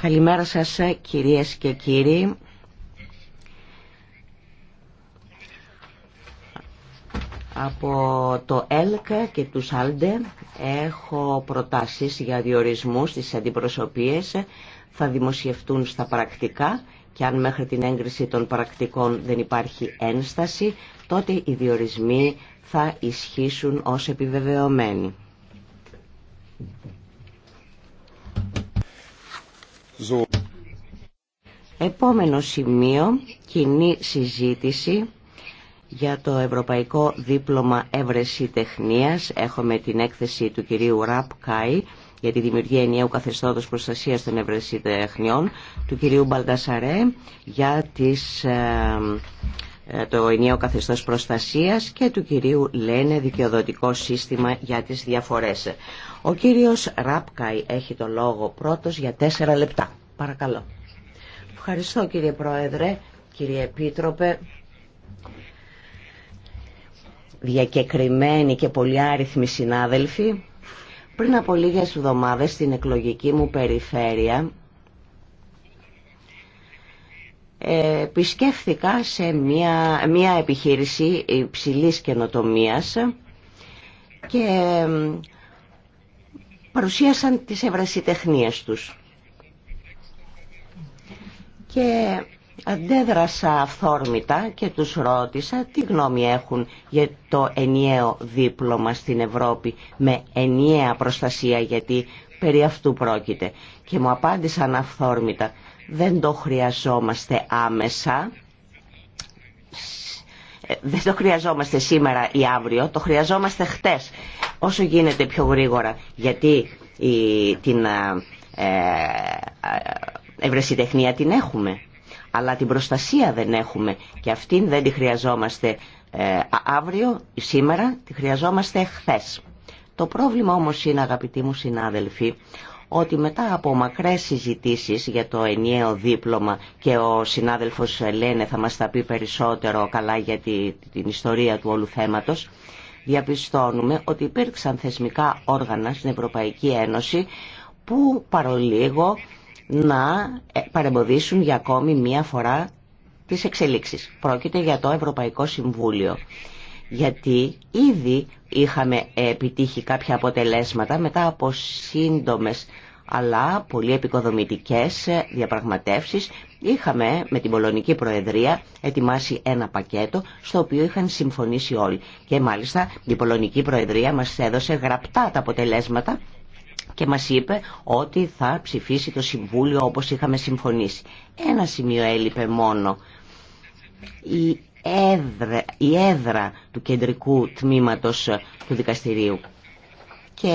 Καλημέρα σας ε, κυρίες και κύριοι. Από το ΕΛΚΑ και του ΣΑΛΔΕ έχω προτάσεις για διορισμούς στις αντιπροσωπείες. Θα δημοσιευτούν στα πρακτικά και αν μέχρι την έγκριση των πρακτικών δεν υπάρχει ένσταση, τότε οι διορισμοί θα ισχύσουν ως επιβεβαιωμένοι. Επόμενο σημείο, κοινή συζήτηση για το Ευρωπαϊκό Δίπλωμα Εύρεση Τεχνίας έχουμε την έκθεση του κυρίου Ραπ Κάι για τη δημιουργία ενιαίου καθεστώτος προστασίας των ευρεσιτεχνιών του κυρίου Μπαλτασαρέ για τις, ε, ε, το ενιαίο καθεστώς προστασίας και του κυρίου Λένε δικαιοδοτικό σύστημα για τις διαφορές. Ο κύριος Κάι έχει το λόγο πρώτος για τέσσερα λεπτά. Παρακαλώ. Ευχαριστώ κύριε Πρόεδρε, κύριε Επίτροπε διακεκριμένοι και πολύ άριθμοι συνάδελφοι, πριν από λίγες εβδομάδες στην εκλογική μου περιφέρεια επισκέφθηκα σε μια, μια επιχείρηση υψηλής καινοτομίας και παρουσίασαν τις ευρασιτεχνίες τους. Και Αντέδρασα αυθόρμητα και τους ρώτησα τι γνώμη έχουν για το ενιαίο δίπλωμα στην Ευρώπη με ενιαία προστασία γιατί περί αυτού πρόκειται. Και μου απάντησαν αυθόρμητα δεν το χρειαζόμαστε άμεσα, δεν το χρειαζόμαστε σήμερα ή αύριο, το χρειαζόμαστε χτες, όσο γίνεται πιο γρήγορα, γιατί την ε, ε, ε, ευρεσιτεχνία την έχουμε αλλά την προστασία δεν έχουμε και αυτήν δεν τη χρειαζόμαστε ε, αύριο, ή σήμερα, τη χρειαζόμαστε χθες. Το πρόβλημα όμως είναι αγαπητοί μου συνάδελφοι ότι μετά από μακρές συζητήσεις για το ενιαίο δίπλωμα και ο συνάδελφος Λένε θα μας τα πει περισσότερο καλά για την ιστορία του όλου θέματος διαπιστώνουμε ότι υπήρξαν θεσμικά όργανα στην Ευρωπαϊκή Ένωση που παρολίγο να ε, παρεμποδίσουν για ακόμη μία φορά τις εξελίξεις. Πρόκειται για το Ευρωπαϊκό Συμβούλιο. Γιατί ήδη είχαμε επιτύχει κάποια αποτελέσματα μετά από σύντομες αλλά πολύ επικοδομητικές ε, διαπραγματεύσεις είχαμε με την Πολωνική Προεδρία ετοιμάσει ένα πακέτο στο οποίο είχαν συμφωνήσει όλοι. Και μάλιστα η Πολωνική Προεδρία μας έδωσε γραπτά τα αποτελέσματα και μας είπε ότι θα ψηφίσει το Συμβούλιο όπως είχαμε συμφωνήσει. Ένα σημείο έλειπε μόνο. Η έδρα, έδρα του κεντρικού τμήματος του δικαστηρίου. Και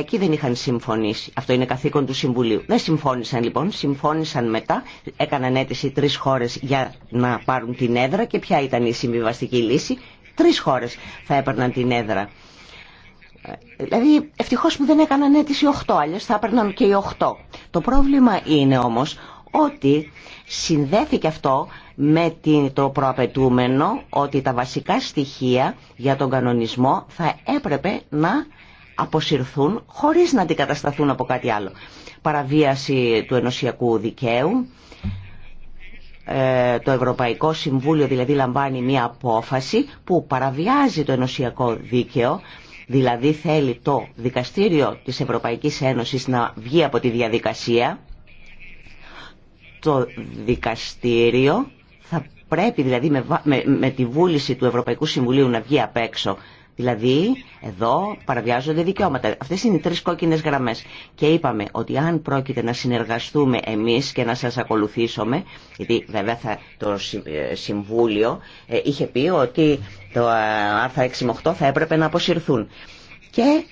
εκεί δεν είχαν συμφωνήσει. Αυτό είναι καθήκον του Συμβουλίου. Δεν συμφώνησαν λοιπόν, συμφώνησαν μετά, έκαναν αίτηση τρεις χώρες για να πάρουν την έδρα και ποια ήταν η συμβιβαστική λύση. Τρεις χώρες θα έπαιρναν την έδρα. Δηλαδή, ευτυχώς που δεν έκαναν αίτηση 8, αλλιώς θα έπαιρναν και οι 8. Το πρόβλημα είναι όμως ότι συνδέθηκε αυτό με το προαπαιτούμενο ότι τα βασικά στοιχεία για τον κανονισμό θα έπρεπε να αποσυρθούν χωρίς να αντικατασταθούν από κάτι άλλο. Παραβίαση του ενωσιακού δικαίου, ε, το Ευρωπαϊκό Συμβούλιο δηλαδή λαμβάνει μια απόφαση που παραβιάζει το ενωσιακό δίκαιο Δηλαδή θέλει το Δικαστήριο της Ευρωπαϊκής Ένωσης να βγει από τη διαδικασία. Το Δικαστήριο θα πρέπει δηλαδή με, με, με τη βούληση του Ευρωπαϊκού Συμβουλίου να βγει απ' έξω. Δηλαδή, εδώ παραβιάζονται δικαιώματα. Αυτές είναι οι τρεις κόκκινες γραμμές. Και είπαμε ότι αν πρόκειται να συνεργαστούμε εμείς και να σας ακολουθήσουμε, γιατί βέβαια θα, το ε, Συμβούλιο ε, είχε πει ότι το ε, άρθρα 6 θα έπρεπε να αποσυρθούν. Και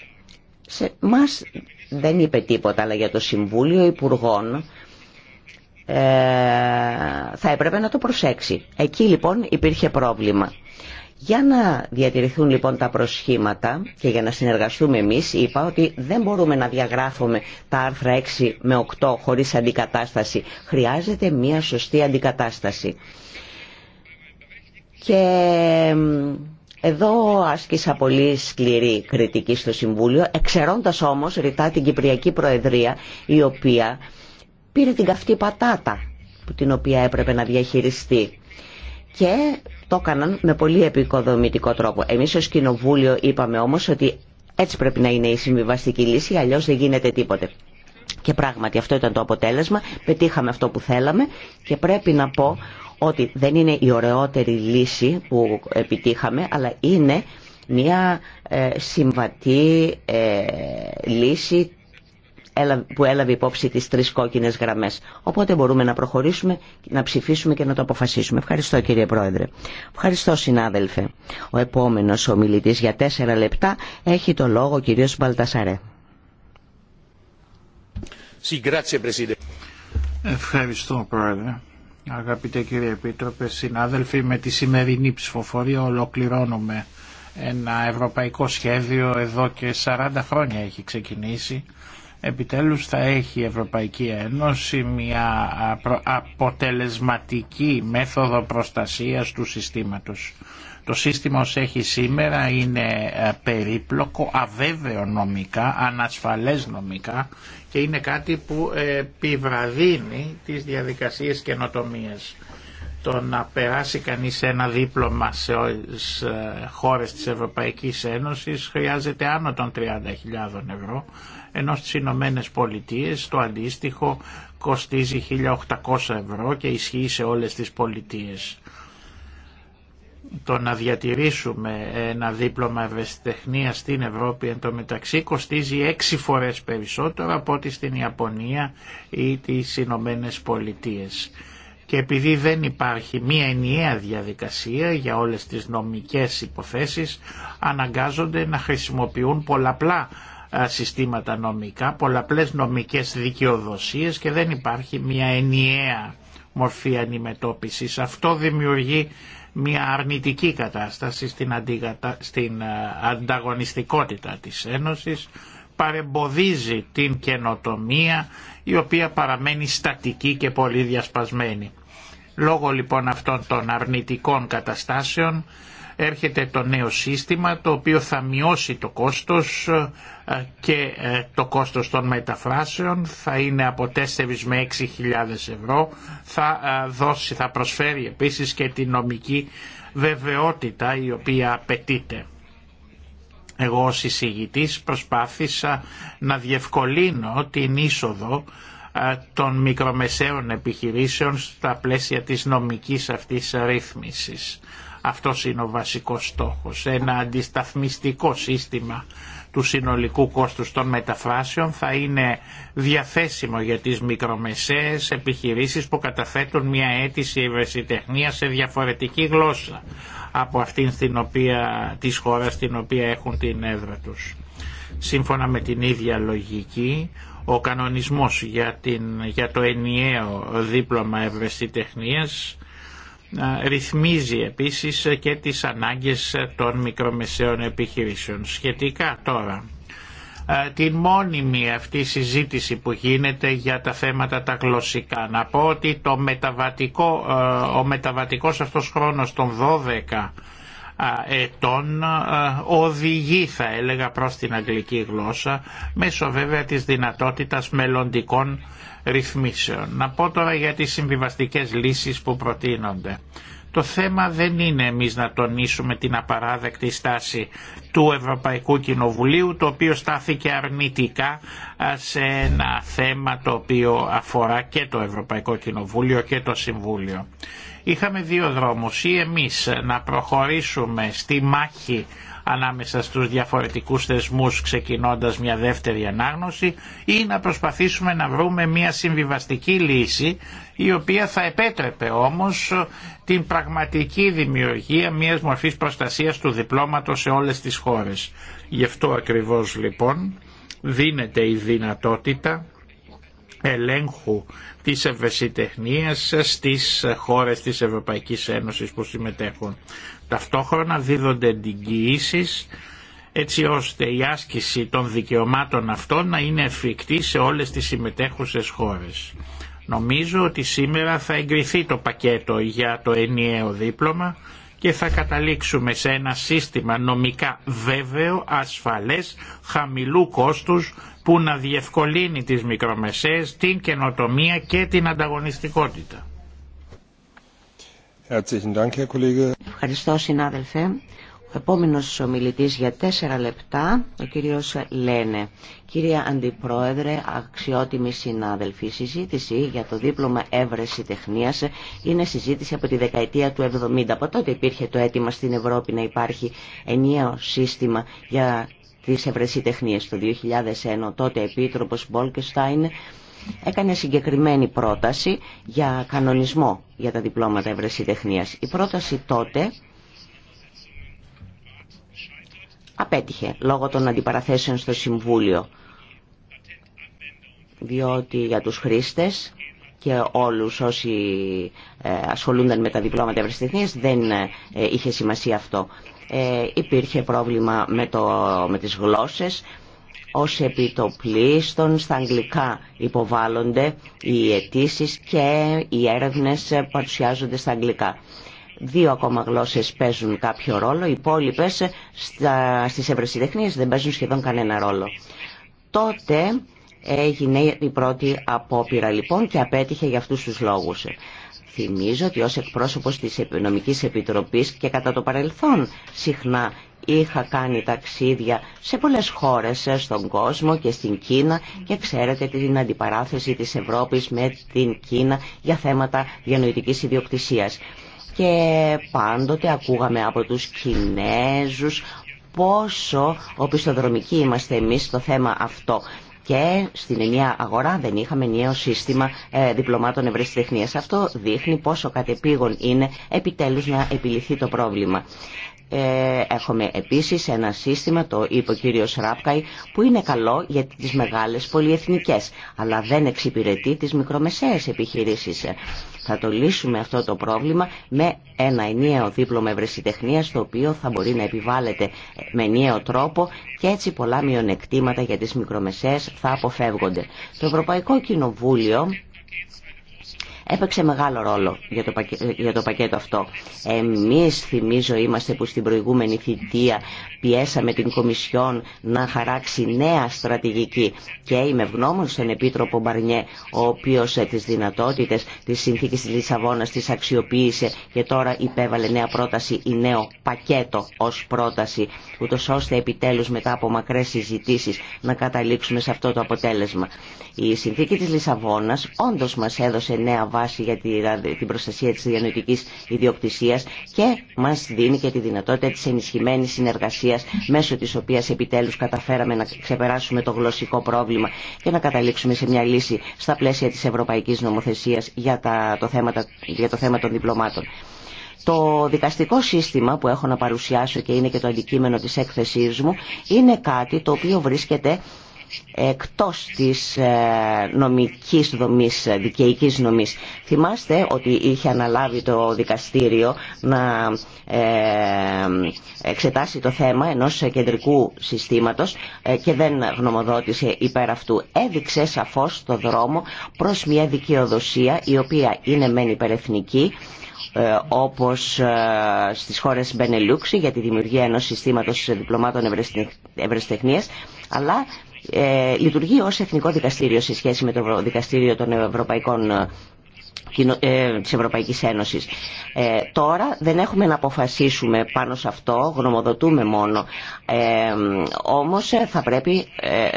σε μας δεν είπε τίποτα, αλλά για το Συμβούλιο Υπουργών ε, θα έπρεπε να το προσέξει. Εκεί λοιπόν υπήρχε πρόβλημα. Για να διατηρηθούν λοιπόν τα προσχήματα και για να συνεργαστούμε εμείς είπα ότι δεν μπορούμε να διαγράφουμε τα άρθρα 6 με 8 χωρίς αντικατάσταση. Χρειάζεται μια σωστή αντικατάσταση. Και εδώ άσκησα πολύ σκληρή κριτική στο Συμβούλιο, εξαιρώντας όμως ρητά την Κυπριακή Προεδρία, η οποία πήρε την καυτή πατάτα την οποία έπρεπε να διαχειριστεί. Και το έκαναν με πολύ επικοδομητικό τρόπο. Εμείς ως Κοινοβούλιο είπαμε όμως ότι έτσι πρέπει να είναι η συμβιβαστική λύση, αλλιώς δεν γίνεται τίποτε. Και πράγματι αυτό ήταν το αποτέλεσμα, πετύχαμε αυτό που θέλαμε και πρέπει να πω ότι δεν είναι η ωραιότερη λύση που επιτύχαμε, αλλά είναι μια ε, συμβατή ε, λύση που έλαβε υπόψη τις τρεις κόκκινες γραμμές. Οπότε μπορούμε να προχωρήσουμε, να ψηφίσουμε και να το αποφασίσουμε. Ευχαριστώ κύριε Πρόεδρε. Ευχαριστώ συνάδελφε. Ο επόμενος ομιλητής για τέσσερα λεπτά έχει το λόγο ο κύριος Μπαλτασαρέ. Ευχαριστώ Πρόεδρε. Αγαπητέ κύριε Επίτροπε, συνάδελφοι, με τη σημερινή ψηφοφορία ολοκληρώνουμε ένα ευρωπαϊκό σχέδιο εδώ και 40 χρόνια έχει ξεκινήσει. Επιτέλους θα έχει η Ευρωπαϊκή Ένωση μια αποτελεσματική μέθοδο προστασίας του συστήματος. Το σύστημα ως έχει σήμερα είναι ε, περίπλοκο, αβέβαιο νομικά, ανασφαλές νομικά και είναι κάτι που ε, επιβραδύνει τις διαδικασίες καινοτομία. Το να περάσει κανείς ένα δίπλωμα σε ε, χώρες της Ευρωπαϊκής Ένωσης χρειάζεται άνω των 30.000 ευρώ, ενώ στις Ηνωμένε Πολιτείες το αντίστοιχο κοστίζει 1.800 ευρώ και ισχύει σε όλες τις πολιτείες το να διατηρήσουμε ένα δίπλωμα ευαισθητεχνία στην Ευρώπη εν τω μεταξύ κοστίζει έξι φορές περισσότερο από ό,τι στην Ιαπωνία ή τις Ηνωμένε Πολιτείε. Και επειδή δεν υπάρχει μία ενιαία διαδικασία για όλες τις νομικές υποθέσεις, αναγκάζονται να χρησιμοποιούν πολλαπλά συστήματα νομικά, πολλαπλές νομικές δικαιοδοσίες και δεν υπάρχει μία ενιαία μορφή αντιμετώπισης. Αυτό δημιουργεί μια αρνητική κατάσταση στην, στην ε, ανταγωνιστικότητα της Ένωσης, παρεμποδίζει την καινοτομία η οποία παραμένει στατική και πολύ διασπασμένη. Λόγω λοιπόν αυτών των αρνητικών καταστάσεων έρχεται το νέο σύστημα το οποίο θα μειώσει το κόστος ε, και ε, το κόστος των μεταφράσεων θα είναι από 4 με 6.000 ευρώ θα, ε, δώσει, θα προσφέρει επίσης και την νομική βεβαιότητα η οποία απαιτείται. Εγώ ως εισηγητής προσπάθησα να διευκολύνω την είσοδο των μικρομεσαίων επιχειρήσεων στα πλαίσια της νομικής αυτής ρύθμισης. Αυτός είναι ο βασικός στόχος. Ένα αντισταθμιστικό σύστημα του συνολικού κόστους των μεταφράσεων θα είναι διαθέσιμο για τις μικρομεσαίες επιχειρήσεις που καταθέτουν μια αίτηση ευρεσιτεχνία σε διαφορετική γλώσσα από αυτήν στην οποία, της χώρας στην οποία έχουν την έδρα τους. Σύμφωνα με την ίδια λογική, ο κανονισμός για, την, για το ενιαίο δίπλωμα τεχνίας ρυθμίζει επίσης και τις ανάγκες των μικρομεσαίων επιχειρήσεων. Σχετικά τώρα ε, την μόνιμη αυτή συζήτηση που γίνεται για τα θέματα τα γλωσσικά. Να πω ότι το μεταβατικό, ε, ο μεταβατικός αυτός χρόνος των 12 ε, ετών οδηγεί θα έλεγα προς την αγγλική γλώσσα μέσω βέβαια της δυνατότητας μελλοντικών ρυθμίσεων. Να πω τώρα για τις συμβιβαστικές λύσεις που προτείνονται. Το θέμα δεν είναι εμείς να τονίσουμε την απαράδεκτη στάση του Ευρωπαϊκού Κοινοβουλίου, το οποίο στάθηκε αρνητικά σε ένα θέμα το οποίο αφορά και το Ευρωπαϊκό Κοινοβούλιο και το Συμβούλιο. Είχαμε δύο δρόμους, ή εμείς να προχωρήσουμε στη μάχη ανάμεσα στους διαφορετικούς θεσμούς ξεκινώντας μια δεύτερη ανάγνωση ή να προσπαθήσουμε να βρούμε μια συμβιβαστική λύση η οποία θα επέτρεπε όμως την πραγματική δημιουργία μιας μορφής προστασίας του διπλώματος σε όλες τις χώρες. Γι' αυτό ακριβώς λοιπόν δίνεται η δυνατότητα ελέγχου της ευαισθητεχνίας στις χώρες της Ευρωπαϊκής Ένωσης που συμμετέχουν. Ταυτόχρονα δίδονται εγγυήσει έτσι ώστε η άσκηση των δικαιωμάτων αυτών να είναι εφικτή σε όλες τις συμμετέχουσες χώρες. Νομίζω ότι σήμερα θα εγκριθεί το πακέτο για το ενιαίο δίπλωμα και θα καταλήξουμε σε ένα σύστημα νομικά βέβαιο, ασφαλές, χαμηλού κόστους που να διευκολύνει τις μικρομεσαίες, την καινοτομία και την ανταγωνιστικότητα. Ευχαριστώ συνάδελφε. Ο επόμενος ομιλητής για τέσσερα λεπτά, ο κύριος Λένε. Κύριε Αντιπρόεδρε, αξιότιμοι συνάδελφοι, η συζήτηση για το δίπλωμα έβρεση τεχνίας είναι συζήτηση από τη δεκαετία του 70. Από τότε υπήρχε το αίτημα στην Ευρώπη να υπάρχει ενιαίο σύστημα για τις ευρεσιτεχνίες. Το 2001 τότε επίτροπος Μπόλκεστάιν έκανε συγκεκριμένη πρόταση για κανονισμό για τα διπλώματα ευρεσιτεχνίας. Η πρόταση τότε απέτυχε λόγω των αντιπαραθέσεων στο Συμβούλιο διότι για τους χρήστες και όλους όσοι ε, ασχολούνταν με τα διπλώματα ευρεσιτεχνίας δεν ε, είχε σημασία αυτό. Ε, υπήρχε πρόβλημα με, το, με τις γλώσσες ως επιτοπλίστων στα αγγλικά υποβάλλονται οι αιτήσει και οι έρευνες παρουσιάζονται στα αγγλικά. Δύο ακόμα γλώσσες παίζουν κάποιο ρόλο, οι υπόλοιπε στις ευρεσιτεχνίες δεν παίζουν σχεδόν κανένα ρόλο. Τότε έγινε η πρώτη απόπειρα λοιπόν και απέτυχε για αυτούς τους λόγους. Θυμίζω ότι ως εκπρόσωπος της Επινομικής Επιτροπής και κατά το παρελθόν συχνά Είχα κάνει ταξίδια σε πολλές χώρες ε, στον κόσμο και στην Κίνα και ξέρετε την αντιπαράθεση της Ευρώπης με την Κίνα για θέματα διανοητικής ιδιοκτησίας. Και πάντοτε ακούγαμε από τους Κινέζους πόσο οπισθοδρομικοί είμαστε εμείς στο θέμα αυτό. Και στην ενιαία αγορά δεν είχαμε νέο σύστημα ε, διπλωμάτων ευρεσιτεχνίας. Αυτό δείχνει πόσο κατεπήγον είναι επιτέλους να επιληθεί το πρόβλημα. Ε, έχουμε επίσης ένα σύστημα, το είπε ο κύριος Ράπκαη, που είναι καλό για τις μεγάλες πολυεθνικές, αλλά δεν εξυπηρετεί τις μικρομεσαίες επιχειρήσεις. Θα το λύσουμε αυτό το πρόβλημα με ένα ενιαίο δίπλωμα ευρεσιτεχνία, το οποίο θα μπορεί να επιβάλλεται με ενιαίο τρόπο και έτσι πολλά μειονεκτήματα για τις μικρομεσαίες θα αποφεύγονται. Το Ευρωπαϊκό Κοινοβούλιο έπαιξε μεγάλο ρόλο για το, πακέτο, για το πακέτο αυτό. Εμείς θυμίζω είμαστε που στην προηγούμενη θητεία πιέσαμε την Κομισιόν να χαράξει νέα στρατηγική και είμαι ευγνώμων στον Επίτροπο Μπαρνιέ ο οποίος ε, τις δυνατότητες της συνθήκης της Λισαβόνας τις αξιοποίησε και τώρα υπέβαλε νέα πρόταση ή νέο πακέτο ως πρόταση ούτως ώστε επιτέλους μετά από μακρές συζητήσεις να καταλήξουμε σε αυτό το αποτέλεσμα. Η συνθήκη της Λισαβόνας όντως μας έδωσε νέα βάση για την προστασία της διανοητικής ιδιοκτησίας και μας δίνει και τη δυνατότητα της ενισχυμένης συνεργασίας μέσω της οποίας επιτέλους καταφέραμε να ξεπεράσουμε το γλωσσικό πρόβλημα και να καταλήξουμε σε μια λύση στα πλαίσια της ευρωπαϊκής νομοθεσίας για, τα, το, θέμα, για το θέμα των διπλωμάτων. Το δικαστικό σύστημα που έχω να παρουσιάσω και είναι και το αντικείμενο της έκθεσής μου είναι κάτι το οποίο βρίσκεται εκτός της ε, νομικής δομής, ε, δικαιικής νομής. Θυμάστε ότι είχε αναλάβει το δικαστήριο να ε, εξετάσει το θέμα ενός κεντρικού συστήματος και δεν γνωμοδότησε υπέρ αυτού. Έδειξε σαφώς το δρόμο προς μια δικαιοδοσία η οποία είναι μεν υπερεθνική όπως στις χώρες Μπενελούξη για τη δημιουργία ενός συστήματος διπλωμάτων ευρεσιτεχνίας αλλά ε, λειτουργεί ως εθνικό δικαστήριο σε σχέση με το Δικαστήριο των Ευρωπαϊκών ε, ε, της Ευρωπαϊκής Ένωσης. Ε, τώρα δεν έχουμε να αποφασίσουμε πάνω σε αυτό, γνωμοδοτούμε μόνο. Ε, όμως ε, θα πρέπει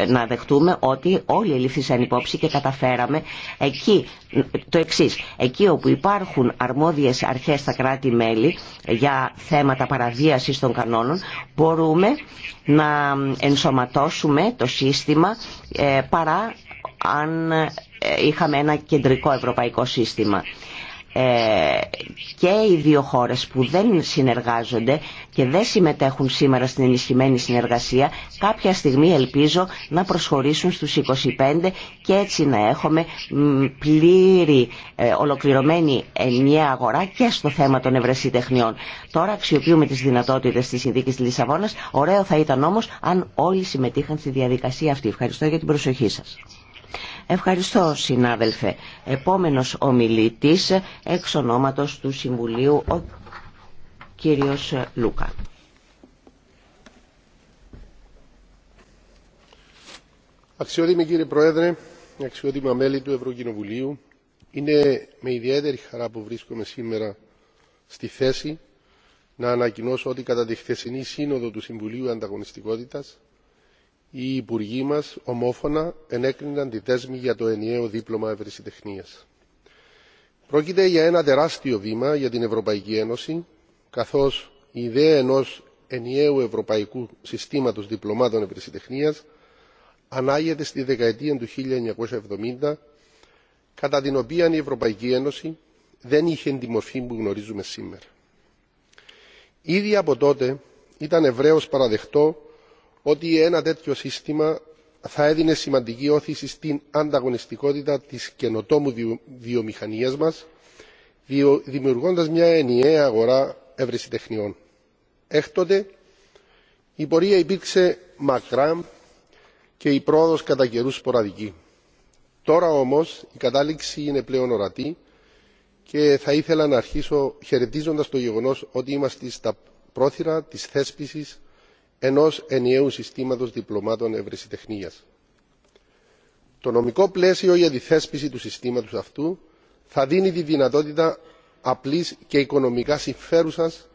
να δεχτούμε ότι όλοι ελήφθησαν υπόψη και καταφέραμε εκεί το εξής. Εκεί όπου υπάρχουν αρμόδιες αρχές στα κράτη-μέλη για θέματα παραβίασης των κανόνων μπορούμε να ενσωματώσουμε το σύστημα παρά αν ε, είχαμε ένα κεντρικό ευρωπαϊκό σύστημα. Ε, και οι δύο χώρες που δεν συνεργάζονται και δεν συμμετέχουν σήμερα στην ενισχυμένη συνεργασία κάποια στιγμή ελπίζω να προσχωρήσουν στους 25 και έτσι να έχουμε πλήρη ε, ολοκληρωμένη ενιαία αγορά και στο θέμα των ευρεσιτεχνιών. Τώρα αξιοποιούμε τις δυνατότητες της συνθήκης της Λισαβόνας. Ωραίο θα ήταν όμως αν όλοι συμμετείχαν στη διαδικασία αυτή. Ευχαριστώ για την προσοχή σας. Ευχαριστώ συνάδελφε. Επόμενος ομιλητής εξ ονόματος του Συμβουλίου ο κύριος Λούκα. Αξιότιμη κύριε Πρόεδρε, αξιότιμα μέλη του Ευρωκοινοβουλίου, είναι με ιδιαίτερη χαρά που βρίσκομαι σήμερα στη θέση να ανακοινώσω ότι κατά τη χθεσινή σύνοδο του Συμβουλίου Ανταγωνιστικότητας οι υπουργοί μα ομόφωνα ενέκριναν τη δέσμη για το ενιαίο δίπλωμα ευρεσιτεχνία. Πρόκειται για ένα τεράστιο βήμα για την Ευρωπαϊκή Ένωση, καθώ η ιδέα ενό ενιαίου ευρωπαϊκού συστήματο διπλωμάτων ευρεσιτεχνία ανάγεται στη δεκαετία του 1970, κατά την οποία η Ευρωπαϊκή Ένωση δεν είχε τη μορφή που γνωρίζουμε σήμερα. Ήδη από τότε ήταν ευρέως παραδεχτό ότι ένα τέτοιο σύστημα θα έδινε σημαντική όθηση στην ανταγωνιστικότητα της καινοτόμου βιομηχανίας μας δημιουργώντας μια ενιαία αγορά ευρεσιτεχνιών. έκτοτε η πορεία υπήρξε μακρά και η πρόοδος κατά καιρού σποραδική. τώρα όμως η κατάληξη είναι πλέον ορατή και θα ήθελα να αρχίσω χαιρετίζοντα το γεγονό ότι είμαστε στα πρόθυρα της θέσπισης ενός ενιαίου συστήματος διπλωμάτων ευρεσιτεχνίας. Το νομικό πλαίσιο για τη θέσπιση του συστήματος αυτού θα δίνει τη δυνατότητα απλής και οικονομικά συμφέρουσας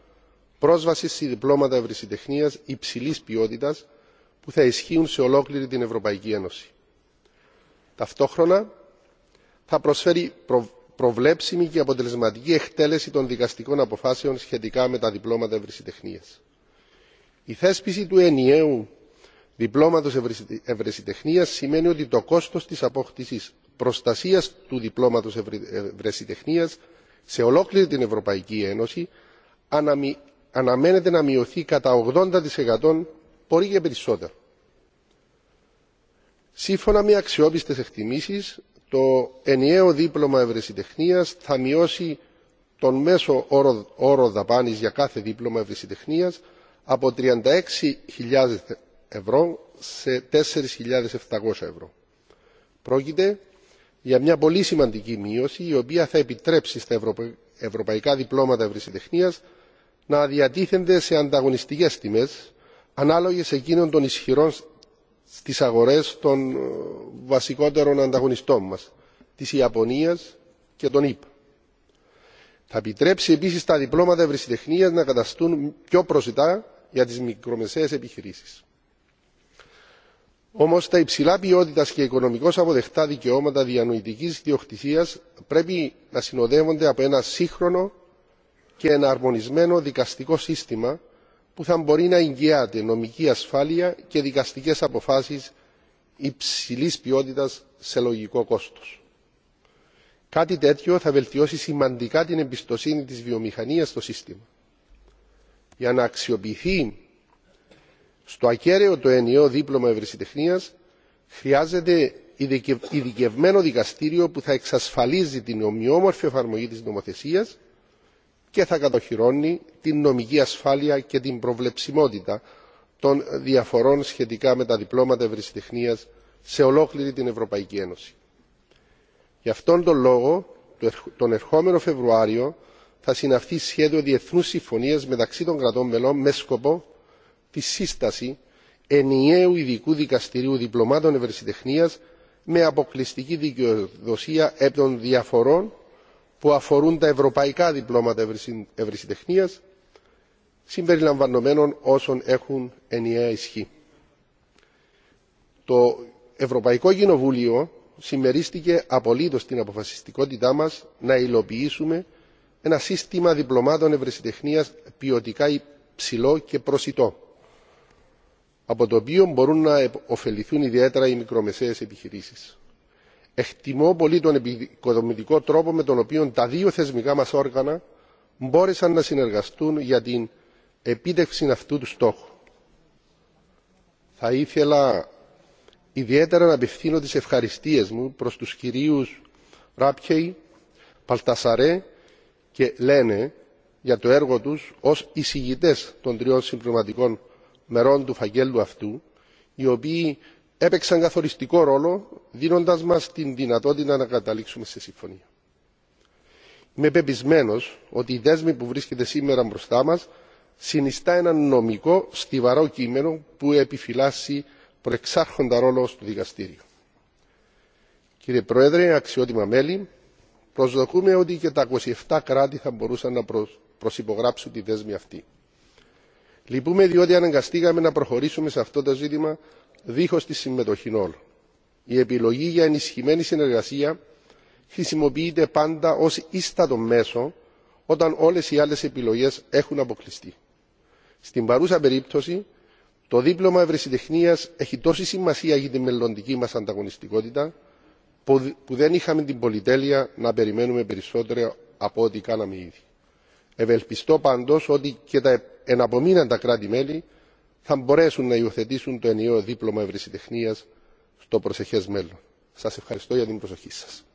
πρόσβασης σε διπλώματα ευρεσιτεχνίας υψηλής ποιότητας που θα ισχύουν σε ολόκληρη την Ευρωπαϊκή Ένωση. Ταυτόχρονα θα προσφέρει προβλέψιμη και αποτελεσματική εκτέλεση των δικαστικών αποφάσεων σχετικά με τα διπλώματα ευρεσιτεχνίας η θέσπιση του ενιαίου διπλώματος ευρεσιτεχνίας σημαίνει ότι το κόστος της απόκτησης προστασίας του διπλώματος ευρεσιτεχνίας σε ολόκληρη την ευρωπαϊκή ένωση αναμένεται να μειωθεί κατά 80% μπορεί και περισσότερο. Σύμφωνα με αξιόπιστες εκτιμήσεις, το ενιαίο δίπλωμα ευρεσιτεχνίας θα μειώσει τον μέσο όρο δαπάνης για κάθε δίπλωμα ευρεσιτεχνίας από 36.000 ευρώ σε 4.700 ευρώ. Πρόκειται για μια πολύ σημαντική μείωση η οποία θα επιτρέψει στα ευρωπαϊκά διπλώματα ευρεσιτεχνίας να διατίθενται σε ανταγωνιστικές τιμές ανάλογες εκείνων των ισχυρών στις αγορές των ε, βασικότερων ανταγωνιστών μας της ιαπωνίας και των ηπα θα επιτρέψει επίση τα διπλώματα ευρεσιτεχνία να καταστούν πιο προσιτά για τι μικρομεσαίε επιχειρήσει. όμω τα υψηλά ποιότητα και οικονομικώ αποδεκτά δικαιώματα διανοητική ιδιοκτησία πρέπει να συνοδεύονται από ένα σύγχρονο και εναρμονισμένο δικαστικό σύστημα που θα μπορεί να εγγυάται νομική ασφάλεια και δικαστικέ αποφάσει υψηλή ποιότητα σε λογικό κόστο κάτι τέτοιο θα βελτιώσει σημαντικά την εμπιστοσύνη της βιομηχανίας στο σύστημα. για να αξιοποιηθεί στο ακέραιο το ενιαίο δίπλωμα ευρεσιτεχνίας χρειάζεται ειδικευμένο δικαστήριο που θα εξασφαλίζει την ομοιόμορφη εφαρμογή της νομοθεσίας και θα κατοχυρώνει την νομική ασφάλεια και την προβλεψιμότητα των διαφορών σχετικά με τα διπλώματα ευρεσιτεχνίας σε ολόκληρη την ευρωπαϊκή ένωση γι' αυτόν τον λόγο τον ερχόμενο φεβρουάριο θα συναυθεί σχέδιο διεθνούς συμφωνίας μεταξύ των κρατών μελών με σκοπό τη σύσταση ενιαίου ειδικού δικαστηρίου διπλωμάτων ευρεσιτεχνίας με αποκλειστική δικαιοδοσία έπτων των διαφορών που αφορούν τα ευρωπαϊκά διπλώματα ευρεσιτεχνίας συμπεριλαμβανομένων όσων έχουν ενιαία ισχύ. το ευρωπαϊκό κοινοβούλιο συμμερίστηκε απολύτως την αποφασιστικότητά μας να υλοποιήσουμε ένα σύστημα διπλωμάτων ευρεσιτεχνία ποιοτικά υψηλό και προσιτό από το οποίο μπορούν να ωφεληθούν ιδιαίτερα οι μικρομεσαίες επιχειρήσεις. Εκτιμώ πολύ τον επικοδομητικό τρόπο με τον οποίο τα δύο θεσμικά μας όργανα μπόρεσαν να συνεργαστούν για την επίτευξη αυτού του στόχου. Θα ήθελα ιδιαίτερα να απευθύνω τις ευχαριστίες μου προς τους κυρίους Ράπχεϊ, παλτασαρέ και λένε για το έργο τους ως εισηγητές των τριών συμπληρωματικών μερών του φαγγέλου αυτού οι οποίοι έπαιξαν καθοριστικό ρόλο δίνοντας μας την δυνατότητα να καταλήξουμε σε συμφωνία. Είμαι πεπισμένο ότι η δέσμη που βρίσκεται σήμερα μπροστά μα συνιστά ένα νομικό στιβαρό κείμενο που επιφυλάσσει προεξάρχοντα ρόλο στο δικαστήριο. Κύριε Πρόεδρε, αξιότιμα μέλη, προσδοκούμε ότι και τα 27 κράτη θα μπορούσαν να προσυπογράψουν τη δέσμη αυτή. Λυπούμε διότι αναγκαστήκαμε να προχωρήσουμε σε αυτό το ζήτημα δίχως τη συμμετοχή όλων. Η επιλογή για ενισχυμένη συνεργασία χρησιμοποιείται πάντα ως ίστατο μέσο όταν όλες οι άλλες επιλογές έχουν αποκλειστεί. Στην παρούσα περίπτωση το δίπλωμα ευρεσιτεχνία έχει τόση σημασία για τη μελλοντική μα ανταγωνιστικότητα που δεν είχαμε την πολυτέλεια να περιμένουμε περισσότερα από ό,τι κάναμε ήδη. ευελπιστώ πάντω ότι και τα εναπομείναντα κράτη μέλη θα μπορέσουν να υιοθετήσουν το ενιαίο δίπλωμα ευρεσιτεχνία στο προσεχέ μέλλον. σα ευχαριστώ για την προσοχή σα.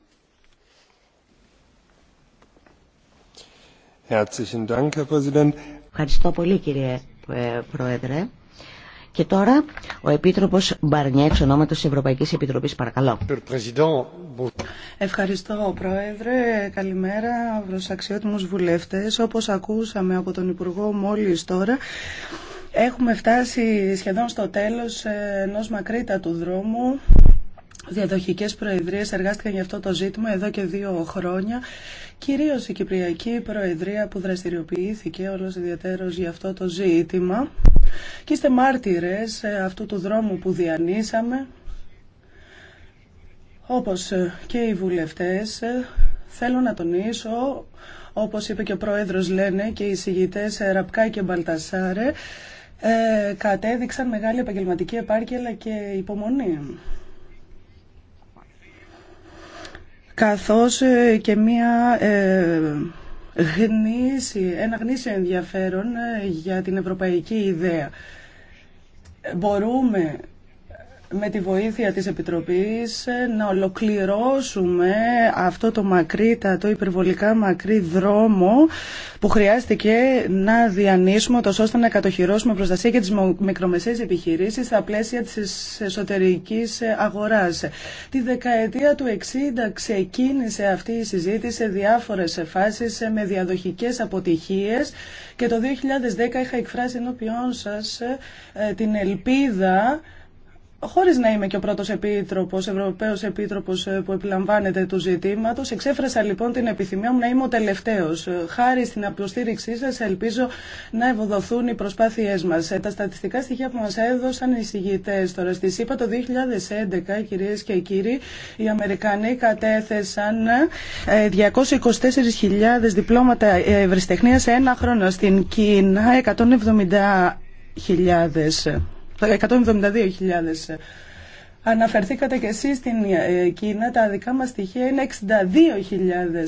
Ευχαριστώ πολύ κύριε ε, Πρόεδρε. Και τώρα ο Επίτροπος Μπαρνιέξ, εξ ονόματος της Ευρωπαϊκής παρακαλώ. Ευχαριστώ Πρόεδρε, καλημέρα αξιότιμου βουλευτέ. βουλευτές. ακούσαμε από τον Υπουργό Μόλι τώρα, έχουμε φτάσει σχεδόν στο τέλος ενό μακρύτατου δρόμου. Διαδοχικές προεδρίες εργάστηκαν για αυτό το ζήτημα εδώ και δύο χρόνια. Κυρίως η Κυπριακή Προεδρία που δραστηριοποιήθηκε όλος ιδιαίτερος για αυτό το ζήτημα και είστε μάρτυρες ε, αυτού του δρόμου που διανύσαμε. Όπως ε, και οι βουλευτές, ε, θέλω να τονίσω, όπως είπε και ο Πρόεδρος λένε και οι συγητές Ραπκά και Μπαλτασάρε, κατέδειξαν μεγάλη επαγγελματική επάρκεια και υπομονή. Καθώς και μία ένα γνήσιο ενδιαφέρον ε, για την ευρωπαϊκή ιδέα. Μπορούμε με τη βοήθεια της Επιτροπής ε, να ολοκληρώσουμε αυτό το μακρύ, το υπερβολικά μακρύ δρόμο που χρειάστηκε να διανύσουμε τόσο ώστε να κατοχυρώσουμε προστασία και τις μικρομεσαίες επιχειρήσεις στα πλαίσια της εσωτερικής αγοράς. Τη δεκαετία του 60 ξεκίνησε αυτή η συζήτηση σε διάφορες φάσεις με διαδοχικές αποτυχίες και το 2010 είχα εκφράσει ενώπιόν σας ε, την ελπίδα Χωρί να είμαι και ο πρώτο επίτροπος, Ευρωπαϊο επίτροπο ε, που επιλαμβάνεται του ζητήματο, εξέφρασα λοιπόν την επιθυμία μου να είμαι ο τελευταίο. Ε, χάρη στην αποστήριξή σα, ελπίζω να ευοδοθούν οι προσπάθειε μα. Ε, τα στατιστικά στοιχεία που μα έδωσαν οι συγγητές τώρα στη ΣΥΠΑ το 2011, κυρίε και κύριοι, οι Αμερικανοί κατέθεσαν 224.000 διπλώματα ευρεσιτεχνία σε ένα χρόνο. Στην Κίνα 170.000. 172.000. Αναφερθήκατε και εσείς στην ε, Κίνα, τα δικά μας στοιχεία είναι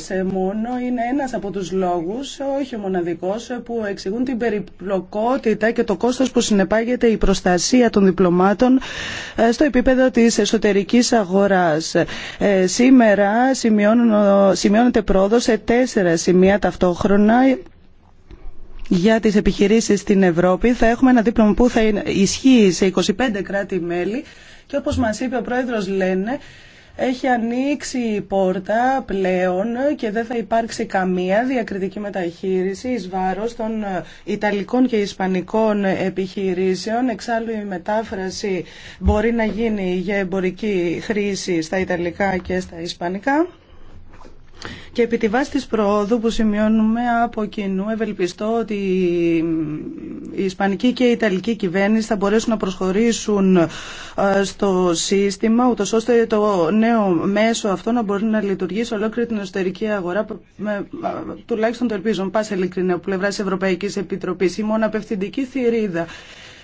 62.000 ε, μόνο, είναι ένας από τους λόγους, όχι ο μοναδικός, που εξηγούν την περιπλοκότητα και το κόστος που συνεπάγεται η προστασία των διπλωμάτων ε, στο επίπεδο της εσωτερικής αγοράς. Σήμερα σημειώνεται πρόοδο σε τέσσερα σημεία ταυτόχρονα για τις επιχειρήσεις στην Ευρώπη. Θα έχουμε ένα δίπλωμα που θα ισχύει σε 25 κράτη-μέλη και όπως μας είπε ο πρόεδρος Λένε, έχει ανοίξει η πόρτα πλέον και δεν θα υπάρξει καμία διακριτική μεταχείριση εις βάρος των ε, Ιταλικών και Ισπανικών επιχειρήσεων. Εξάλλου η μετάφραση μπορεί να γίνει για εμπορική χρήση στα Ιταλικά και στα Ισπανικά. Και επί τη βάση της προόδου που σημειώνουμε από κοινού, ευελπιστώ ότι η Ισπανική και η Ιταλική κυβέρνηση θα μπορέσουν να προσχωρήσουν ε, στο σύστημα, ούτως ώστε το νέο μέσο αυτό να μπορεί να λειτουργήσει ολόκληρη την εσωτερική αγορά, τουλάχιστον το ελπίζω, πάση ειλικρινή από πλευρά Ευρωπαϊκής Επιτροπής, Η μοναπευθυντική θηρίδα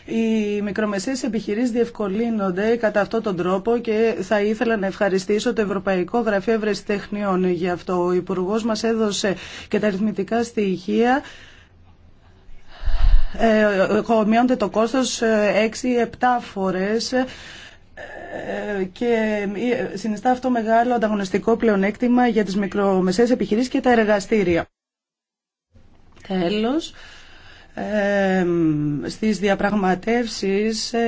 οι μικρομεσαίες επιχειρήσεις διευκολύνονται κατά αυτόν τον τρόπο και θα ήθελα να ευχαριστήσω το Ευρωπαϊκό Γραφείο Ευρεσιτεχνιών για αυτό. Ο Υπουργός μας έδωσε και τα αριθμητικά στοιχεία ε, το κόστος 6-7 ε, φορές ε, και ε, συνιστά αυτό μεγάλο ανταγωνιστικό πλεονέκτημα για τις μικρομεσαίες επιχειρήσεις και τα εργαστήρια. Τέλος στις διαπραγματεύσεις ε,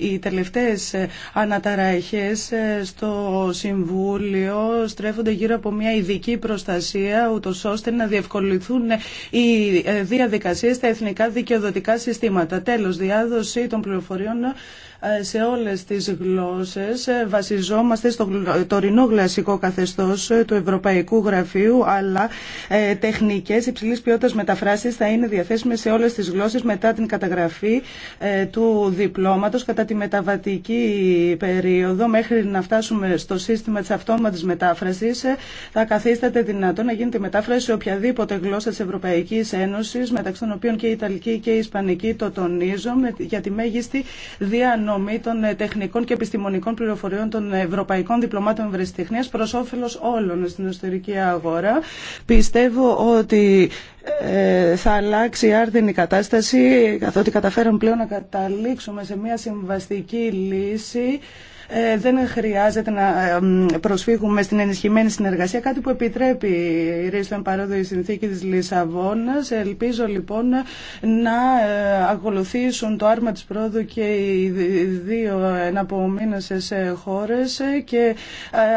οι τελευταίες ε, αναταραχές ε, στο Συμβούλιο στρέφονται γύρω από μια ειδική προστασία ούτως ώστε να διευκολυθούν οι διαδικασίες στα εθνικά δικαιοδοτικά συστήματα. Τέλος, διάδοση των πληροφοριών σε όλες τις γλώσσες. Ε, βασιζόμαστε στο τωρινό γλασικό καθεστώς ε, του Ευρωπαϊκού Γραφείου, αλλά ε, τεχνικές υψηλής ποιότητας μεταφράσεις θα είναι διαθέσιμες σε όλες τις γλώσσες μετά την καταγραφή του διπλώματος κατά τη μεταβατική περίοδο μέχρι να φτάσουμε στο σύστημα της αυτόματης μετάφρασης θα καθίσταται δυνατό να γίνεται μετάφραση σε οποιαδήποτε γλώσσα της Ευρωπαϊκής Ένωσης μεταξύ των οποίων και η Ιταλική και η Ισπανική το τονίζω για τη μέγιστη διανο των ε, τεχνικών και επιστημονικών πληροφοριών των ευρωπαϊκών διπλωμάτων Βρεστιχνίας προς όφελος όλων στην εσωτερική αγορά. Πιστεύω ότι ε, θα αλλάξει άρδινη κατάσταση καθότι καταφέραμε πλέον να καταλήξουμε σε μια συμβαστική λύση ε, δεν χρειάζεται να ε, προσφύγουμε στην ενισχυμένη συνεργασία, κάτι που επιτρέπει η Ρίστον παρόδο η συνθήκη της Λισαβόνας. Ελπίζω λοιπόν να ε, ακολουθήσουν το άρμα της πρόοδου και οι δύο εναπομείνωσες χώρες και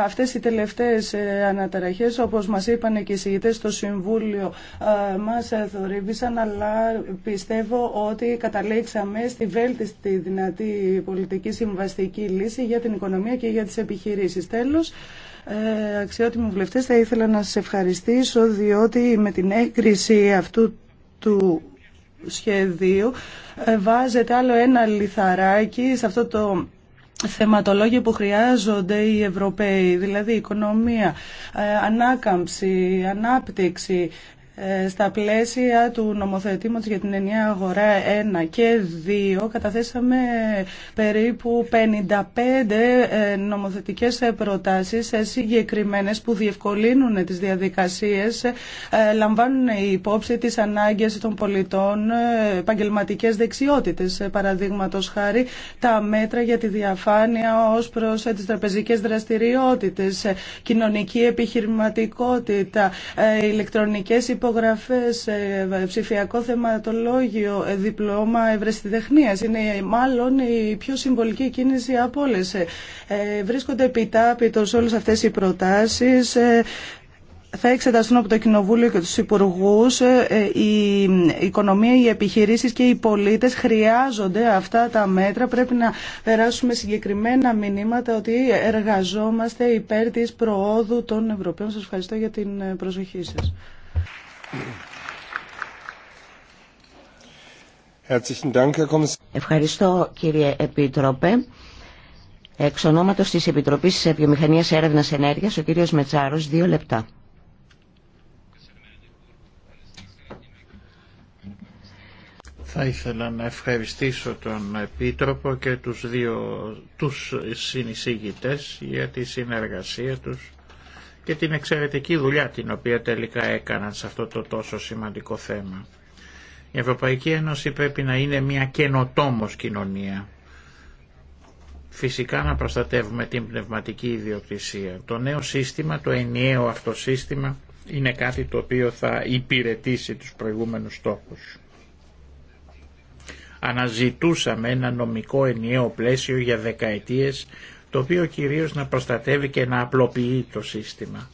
αυτές οι τελευταίες αναταραχές, όπως μας είπαν και οι συγητές στο Συμβούλιο, μας θορύβησαν, αλλά πιστεύω ότι καταλήξαμε στη βέλτιστη δυνατή πολιτική συμβαστική λύση για την οικονομία και για τις επιχειρήσεις. Τέλος, ε, αξιότιμοι βουλευτές, θα ήθελα να σας ευχαριστήσω διότι με την έγκριση αυτού του σχεδίου ε, βάζεται άλλο ένα λιθαράκι σε αυτό το θεματολόγιο που χρειάζονται οι Ευρωπαίοι, δηλαδή οικονομία, ε, ανάκαμψη, ανάπτυξη, στα πλαίσια του νομοθετήματος για την ενιαία αγορά 1 και 2 καταθέσαμε περίπου 55 ε, νομοθετικές προτάσεις ε, συγκεκριμένες που διευκολύνουν τις διαδικασίες, ε, λαμβάνουν υπόψη τις ανάγκες των πολιτών, επαγγελματικές δεξιότητες παραδείγματος χάρη, τα μέτρα για τη διαφάνεια ως προς τις τραπεζικές δραστηριότητες, κοινωνική επιχειρηματικότητα, ηλεκτρονικές υπόψεις, υπογραφές, ε, ψηφιακό θεματολόγιο, ε, διπλώμα ευρεσιτεχνίας. Είναι μάλλον η πιο συμβολική κίνηση από όλες. Ε, βρίσκονται επιτάπητος όλες αυτές οι προτάσεις θα εξεταστούν από το Κοινοβούλιο και τους Υπουργούς. Η οικονομία, οι επιχειρήσεις και οι πολίτες χρειάζονται αυτά τα μέτρα. Πρέπει να περάσουμε συγκεκριμένα μηνύματα ότι εργαζόμαστε υπέρ της προόδου των Ευρωπαίων. Σας ευχαριστώ για την προσοχή σας. Ευχαριστώ κύριε Επίτροπε. Εξ ονόματος της Επιτροπής Βιομηχανίας Έρευνας Ενέργειας, ο κύριος Μετσάρος, δύο λεπτά. Θα ήθελα να ευχαριστήσω τον Επίτροπο και τους δύο τους συνεισήγητες για τη συνεργασία τους και την εξαιρετική δουλειά την οποία τελικά έκαναν σε αυτό το τόσο σημαντικό θέμα. Η Ευρωπαϊκή Ένωση πρέπει να είναι μια καινοτόμο κοινωνία. Φυσικά να προστατεύουμε την πνευματική ιδιοκτησία. Το νέο σύστημα, το ενιαίο αυτό σύστημα, είναι κάτι το οποίο θα υπηρετήσει τους προηγούμενους στόχους. Αναζητούσαμε ένα νομικό ενιαίο πλαίσιο για δεκαετίες το οποίο κυρίως να προστατεύει και να απλοποιεί το σύστημα.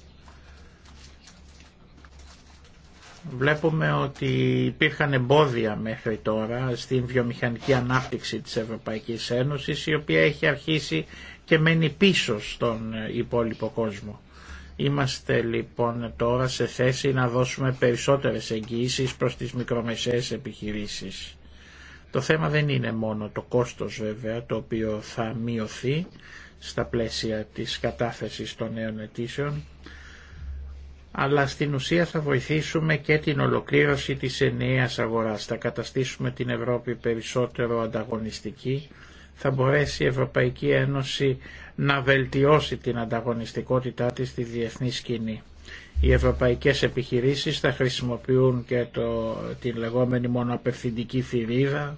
Βλέπουμε ότι υπήρχαν εμπόδια μέχρι τώρα στην βιομηχανική ανάπτυξη της Ευρωπαϊκής Ένωσης η οποία έχει αρχίσει και μένει πίσω στον υπόλοιπο κόσμο. Είμαστε λοιπόν τώρα σε θέση να δώσουμε περισσότερες εγγυήσει προς τις μικρομεσαίες επιχειρήσεις. Το θέμα δεν είναι μόνο το κόστος βέβαια το οποίο θα μειωθεί στα πλαίσια της κατάθεσης των νέων αιτήσεων, αλλά στην ουσία θα βοηθήσουμε και την ολοκλήρωση της ενιαίας αγοράς. Θα καταστήσουμε την Ευρώπη περισσότερο ανταγωνιστική, θα μπορέσει η Ευρωπαϊκή Ένωση να βελτιώσει την ανταγωνιστικότητά της στη διεθνή σκηνή. Οι ευρωπαϊκές επιχειρήσεις θα χρησιμοποιούν και το, την λεγόμενη μονοαπευθυντική θηρίδα,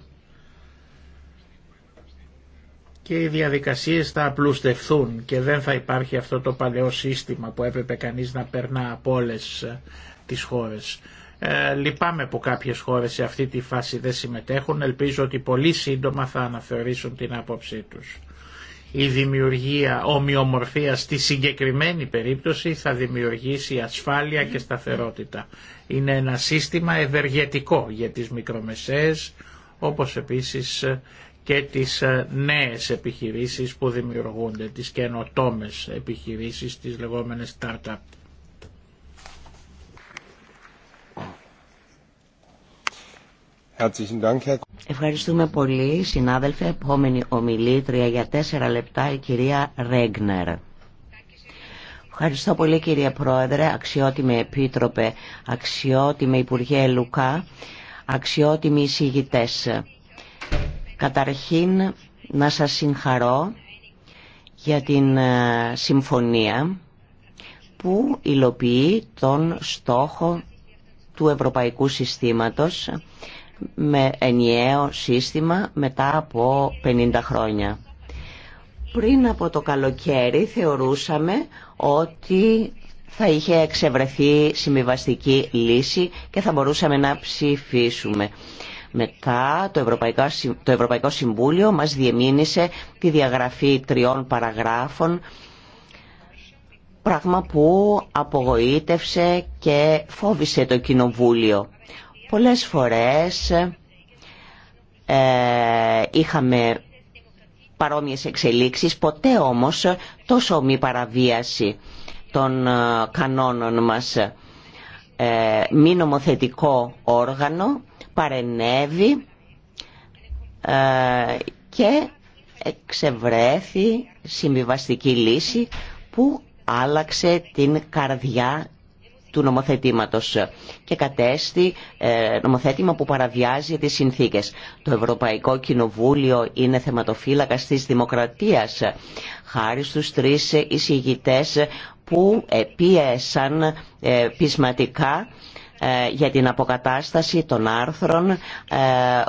και οι διαδικασίες θα απλουστευθούν και δεν θα υπάρχει αυτό το παλαιό σύστημα που έπρεπε κανείς να περνά από όλε ε, τις χώρες. Ε, λυπάμαι που κάποιες χώρες σε αυτή τη φάση δεν συμμετέχουν, ελπίζω ότι πολύ σύντομα θα αναθεωρήσουν την άποψή τους. Η δημιουργία ομοιομορφία στη συγκεκριμένη περίπτωση θα δημιουργήσει ασφάλεια και σταθερότητα. Είναι ένα σύστημα ευεργετικό για τις μικρομεσαίες, όπως επίσης ε, και τις ε, νέες επιχειρήσεις που δημιουργούνται, τις καινοτόμες επιχειρήσεις, τις λεγόμενες startup. Ευχαριστούμε πολύ, συνάδελφε. Επόμενη ομιλήτρια για τέσσερα λεπτά η κυρία Ρέγνερ. Ευχαριστώ πολύ κύριε Πρόεδρε, αξιότιμε Επίτροπε, αξιότιμε Υπουργέ Λουκά, αξιότιμοι εισηγητές. Καταρχήν να σας συγχαρώ για την ε, συμφωνία που υλοποιεί τον στόχο του Ευρωπαϊκού Συστήματος με ενιαίο σύστημα μετά από 50 χρόνια. Πριν από το καλοκαίρι θεωρούσαμε ότι θα είχε εξευρεθεί συμβιβαστική λύση και θα μπορούσαμε να ψηφίσουμε. Μετά το Ευρωπαϊκό, το Συμβούλιο μας διεμήνησε τη διαγραφή τριών παραγράφων πράγμα που απογοήτευσε και φόβησε το Κοινοβούλιο. Πολλές φορές ε, είχαμε παρόμοιες εξελίξεις, ποτέ όμως τόσο μη παραβίαση των ε, κανόνων μας. Ε, μη νομοθετικό όργανο παρενέβη ε, και εξευρέθη συμβιβαστική λύση που άλλαξε την καρδιά του νομοθετήματος και κατέστη ε, νομοθέτημα που παραβιάζει τις συνθήκες. Το Ευρωπαϊκό Κοινοβούλιο είναι θεματοφύλακας της δημοκρατίας χάρη στους τρεις εισηγητές που πίεσαν ε, πεισματικά ε, για την αποκατάσταση των άρθρων ε,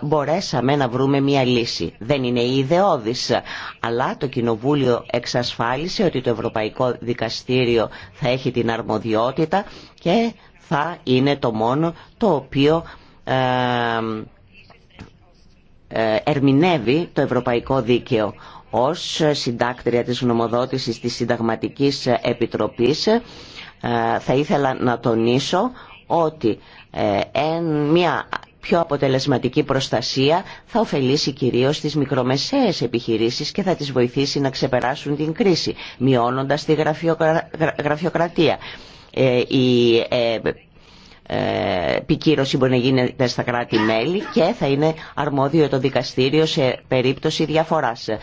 μπορέσαμε να βρούμε μια λύση. Δεν είναι ιδεώδης, αλλά το Κοινοβούλιο εξασφάλισε ότι το Ευρωπαϊκό Δικαστήριο θα έχει την αρμοδιότητα και θα είναι το μόνο το οποίο ε, ερμηνεύει το Ευρωπαϊκό Δίκαιο. Ως συντάκτρια της γνωμοδότησης της Συνταγματικής Επιτροπής θα ήθελα να τονίσω ότι ε, μια πιο αποτελεσματική προστασία θα ωφελήσει κυρίως τις μικρομεσαίες επιχειρήσεις και θα τις βοηθήσει να ξεπεράσουν την κρίση, μειώνοντας τη γραφειοκρατία. Ε, η ε, ε, επικύρωση μπορεί να γίνεται στα κράτη-μέλη και θα είναι αρμόδιο το δικαστήριο σε περίπτωση διαφοράς. Ε,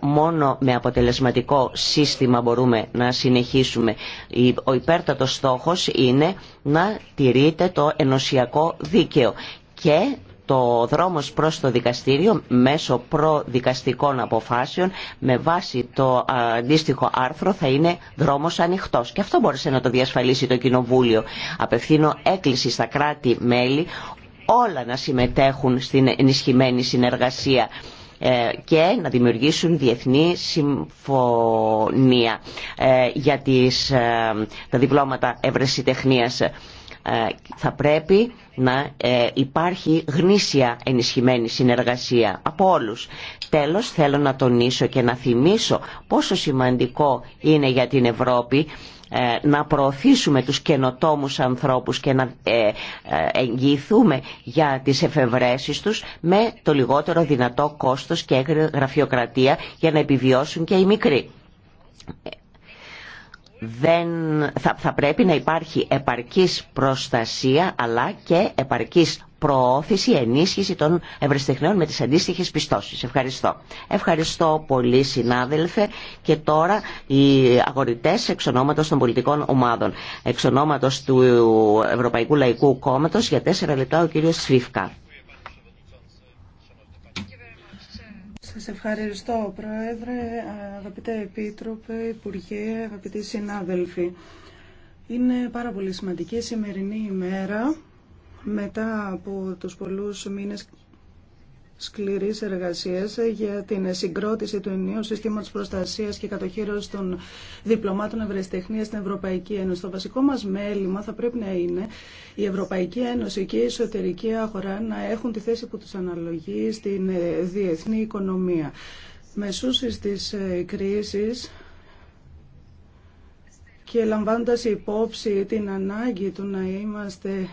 μόνο με αποτελεσματικό σύστημα μπορούμε να συνεχίσουμε. Ο υπέρτατος στόχος είναι να τηρείται το ενωσιακό δίκαιο και το δρόμος προς το δικαστήριο μέσω προδικαστικών αποφάσεων με βάση το αντίστοιχο άρθρο θα είναι δρόμος ανοιχτός. Και αυτό μπορούσε να το διασφαλίσει το Κοινοβούλιο. Απευθύνω έκκληση στα κράτη-μέλη όλα να συμμετέχουν στην ενισχυμένη συνεργασία ε, και να δημιουργήσουν διεθνή συμφωνία ε, για τις, ε, τα διπλώματα ευρεσιτεχνίας. Ε, θα πρέπει να ε, υπάρχει γνήσια ενισχυμένη συνεργασία από όλους. Τέλος θέλω να τονίσω και να θυμίσω πόσο σημαντικό είναι για την Ευρώπη ε, να προωθήσουμε τους καινοτόμους ανθρώπους και να εγγυηθούμε για τις εφευρέσεις τους με το λιγότερο δυνατό κόστος και γραφειοκρατία για να επιβιώσουν και οι μικροί δεν, θα, θα πρέπει να υπάρχει επαρκής προστασία αλλά και επαρκής προώθηση, ενίσχυση των ευρεσιτεχνών με τις αντίστοιχες πιστώσεις. Ευχαριστώ. Ευχαριστώ πολύ συνάδελφε και τώρα οι αγορητές εξ των πολιτικών ομάδων. Εξ του Ευρωπαϊκού Λαϊκού Κόμματος για τέσσερα λεπτά ο κύριος Σφίφκα. Σας ευχαριστώ, Πρόεδρε, αγαπητέ Επίτροπε, Υπουργέ, αγαπητοί συνάδελφοι. Είναι πάρα πολύ σημαντική η σημερινή ημέρα μετά από τους πολλούς μήνες σκληρή εργασία για την συγκρότηση του ενίου συστήματος προστασίας και κατοχήρωση των διπλωμάτων ευρεσιτεχνία στην Ευρωπαϊκή Ένωση. Το βασικό μας μέλημα θα πρέπει να είναι η Ευρωπαϊκή Ένωση και η εσωτερική αγορά να έχουν τη θέση που του αναλογεί στην ε, διεθνή οικονομία. Μεσούσει της ε, κρίσης και λαμβάνοντας υπόψη την ανάγκη του να είμαστε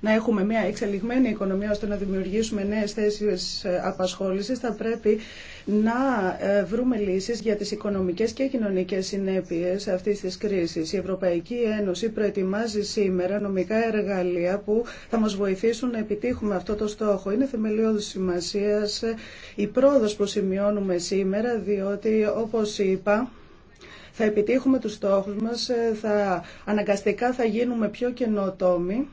να έχουμε μια εξελιγμένη οικονομία ώστε να δημιουργήσουμε νέες θέσεις ε, απασχόλησης, θα πρέπει να ε, βρούμε λύσεις για τις οικονομικές και κοινωνικές συνέπειες αυτής της κρίσης. Η Ευρωπαϊκή Ένωση προετοιμάζει σήμερα νομικά εργαλεία που θα μας βοηθήσουν να επιτύχουμε αυτό το στόχο. Είναι θεμελιώδης σημασίας ε, η πρόοδος που σημειώνουμε σήμερα, διότι όπως είπα θα επιτύχουμε τους στόχους μας, θα, αναγκαστικά θα γίνουμε πιο καινοτόμοι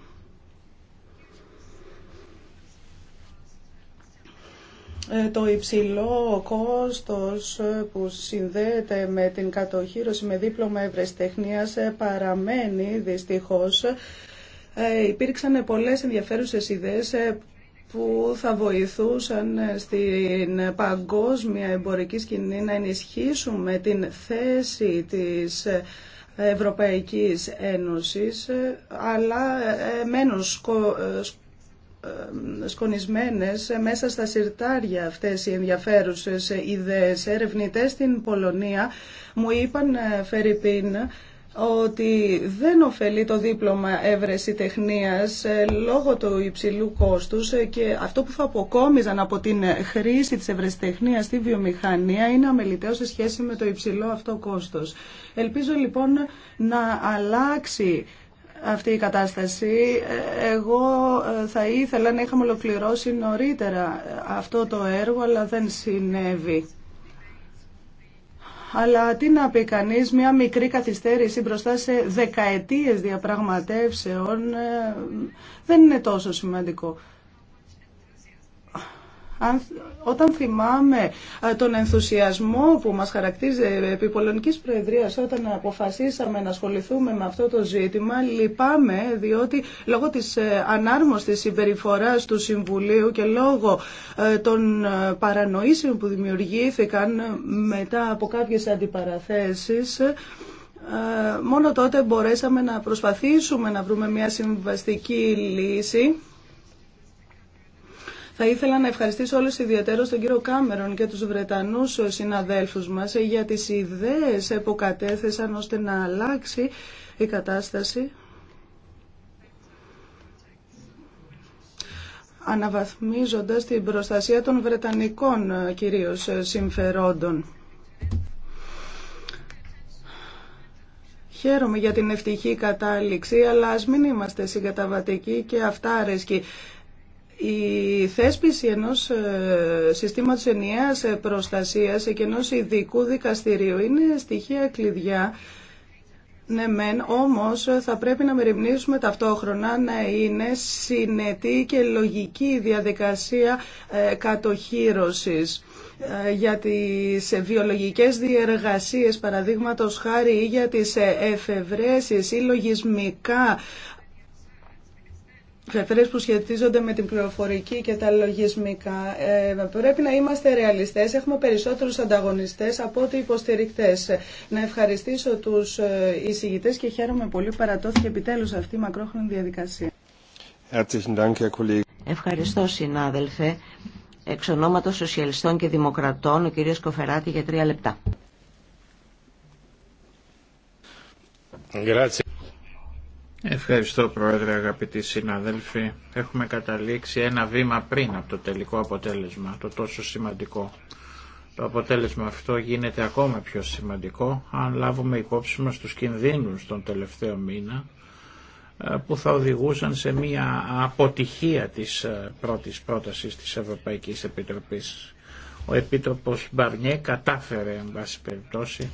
Ε, το υψηλό κόστος ε, που συνδέεται με την κατοχήρωση με δίπλωμα ευρεσιτεχνίας ε, παραμένει δυστυχώς. Υπήρξαν πολλές ενδιαφέρουσες ιδέες που θα βοηθούσαν στην παγκόσμια εμπορική σκηνή να ενισχύσουμε την θέση της Ευρωπαϊκής Ένωσης, αλλά μένουν ε, σκονισμένες ε, μέσα στα συρτάρια αυτές οι ενδιαφέρουσες ε, ιδέες. Ερευνητές στην Πολωνία μου είπαν, Φερρυπίν, ότι δεν ωφελεί το δίπλωμα έβρεση τεχνίας λόγω του υψηλού κόστους και αυτό που θα αποκόμιζαν από την χρήση της τεχνίας στη βιομηχανία είναι αμεληταίο σε σχέση με το υψηλό αυτό κόστος. Ελπίζω λοιπόν να αλλάξει αυτή η κατάσταση. Εγώ ε, θα ήθελα να είχαμε ολοκληρώσει νωρίτερα ε, αυτό το έργο, αλλά δεν συνέβη. Αλλά τι να πει κανεί, μια μικρή καθυστέρηση μπροστά σε δεκαετίες διαπραγματεύσεων ε, δεν είναι τόσο σημαντικό όταν θυμάμαι ε, τον ενθουσιασμό που μας χαρακτήριζε επί Πολωνικής Προεδρίας όταν αποφασίσαμε να ασχοληθούμε με αυτό το ζήτημα, λυπάμαι διότι λόγω της ε, ανάρμοστης συμπεριφοράς του Συμβουλίου και λόγω ε, των παρανοήσεων που δημιουργήθηκαν μετά από κάποιες αντιπαραθέσεις, μόνο τότε μπορέσαμε να προσπαθήσουμε να βρούμε μια συμβαστική λύση θα ήθελα να ευχαριστήσω όλους ιδιαίτερα τον κύριο Κάμερον και τους Βρετανούς συναδέλφου μας για τι ιδέε που κατέθεσαν ώστε να αλλάξει η κατάσταση. αναβαθμίζοντας την προστασία των Βρετανικών ε, κυρίως ε, συμφερόντων. Χαίρομαι για την ευτυχή κατάληξη, αλλά ας μην είμαστε συγκαταβατικοί και αυτάρεσκοι. Η θέσπιση ενός ε, συστήματος ενιαίας ε, προστασίας και ενός ειδικού δικαστηρίου είναι στοιχεία κλειδιά ναι μεν, όμως θα πρέπει να μεριμνήσουμε ταυτόχρονα να είναι συνετή και λογική η διαδικασία ε, κατοχύρωσης για τις βιολογικές διεργασίες παραδείγματος χάρη ή για τις εφευρέσεις ή λογισμικά Φετρές που σχετίζονται με την πληροφορική και τα λογισμικά. Ε, πρέπει να είμαστε ρεαλιστές. Έχουμε περισσότερους ανταγωνιστές από ό,τι υποστηρικτές. Να ευχαριστήσω τους ε, εισηγητές και χαίρομαι πολύ που παρατώθηκε επιτέλους αυτή η μακρόχρονη διαδικασία. Ευχαριστώ συνάδελφε. Εξ ονόματος Σοσιαλιστών και Δημοκρατών, ο κ. Κοφεράτη για τρία λεπτά. Ευχαριστώ Πρόεδρε αγαπητοί συναδέλφοι. Έχουμε καταλήξει ένα βήμα πριν από το τελικό αποτέλεσμα, το τόσο σημαντικό. Το αποτέλεσμα αυτό γίνεται ακόμα πιο σημαντικό αν λάβουμε υπόψη μας τους κινδύνους τον τελευταίο μήνα ε, που θα οδηγούσαν σε μια αποτυχία της ε, πρώτης πρότασης της Ευρωπαϊκής Επιτροπής. Ο Επίτροπος Μπαρνιέ κατάφερε, εν πάση περιπτώσει,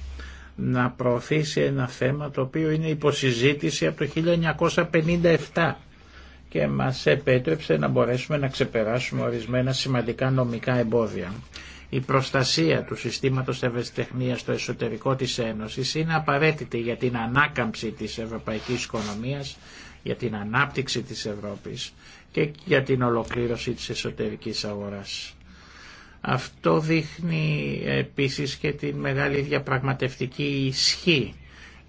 να προωθήσει ένα θέμα το οποίο είναι υποσυζήτηση από το 1957 και μας επέτρεψε να μπορέσουμε να ξεπεράσουμε ορισμένα σημαντικά νομικά εμπόδια. Η προστασία του συστήματος ευαισθητεχνίας στο εσωτερικό της Ένωσης είναι απαραίτητη για την ανάκαμψη της ευρωπαϊκής οικονομίας, για την ανάπτυξη της Ευρώπης και για την ολοκλήρωση της εσωτερικής αγοράς. Αυτό δείχνει επίσης και τη μεγάλη διαπραγματευτική ισχύ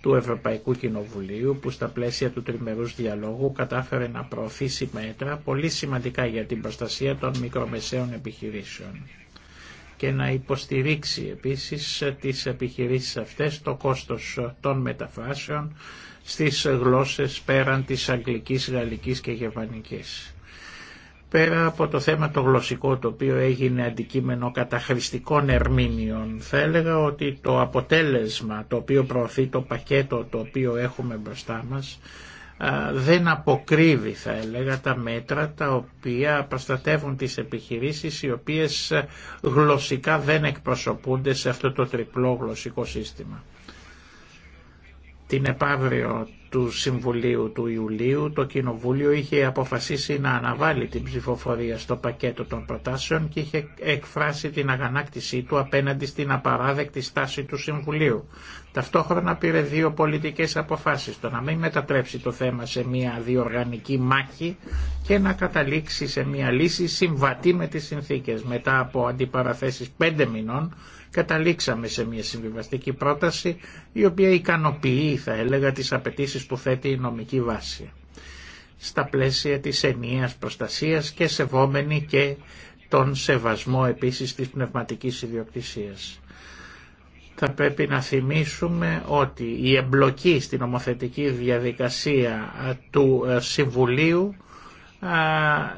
του Ευρωπαϊκού Κοινοβουλίου που στα πλαίσια του τριμερούς διαλόγου κατάφερε να προωθήσει μέτρα πολύ σημαντικά για την προστασία των μικρομεσαίων επιχειρήσεων και να υποστηρίξει επίσης τις επιχειρήσεις αυτές το κόστος των μεταφράσεων στις γλώσσες πέραν της αγγλικής, γαλλικής και γερμανικής πέρα από το θέμα το γλωσσικό το οποίο έγινε αντικείμενο καταχρηστικών ερμήνειων θα έλεγα ότι το αποτέλεσμα το οποίο προωθεί το πακέτο το οποίο έχουμε μπροστά μας δεν αποκρύβει θα έλεγα τα μέτρα τα οποία προστατεύουν τις επιχειρήσεις οι οποίες γλωσσικά δεν εκπροσωπούνται σε αυτό το τριπλό γλωσσικό σύστημα. Την του Συμβουλίου του Ιουλίου το Κοινοβούλιο είχε αποφασίσει να αναβάλει την ψηφοφορία στο πακέτο των προτάσεων και είχε εκφράσει την αγανάκτησή του απέναντι στην απαράδεκτη στάση του Συμβουλίου. Ταυτόχρονα πήρε δύο πολιτικές αποφάσεις, το να μην μετατρέψει το θέμα σε μια διοργανική μάχη και να καταλήξει σε μια λύση συμβατή με τις συνθήκες μετά από αντιπαραθέσεις πέντε μηνών καταλήξαμε σε μια συμβιβαστική πρόταση η οποία ικανοποιεί θα έλεγα τις απαιτήσει που θέτει η νομική βάση στα πλαίσια της ενιαίας προστασίας και σεβόμενη και τον σεβασμό επίσης της πνευματικής ιδιοκτησίας. Θα πρέπει να θυμίσουμε ότι η εμπλοκή στην ομοθετική διαδικασία του Συμβουλίου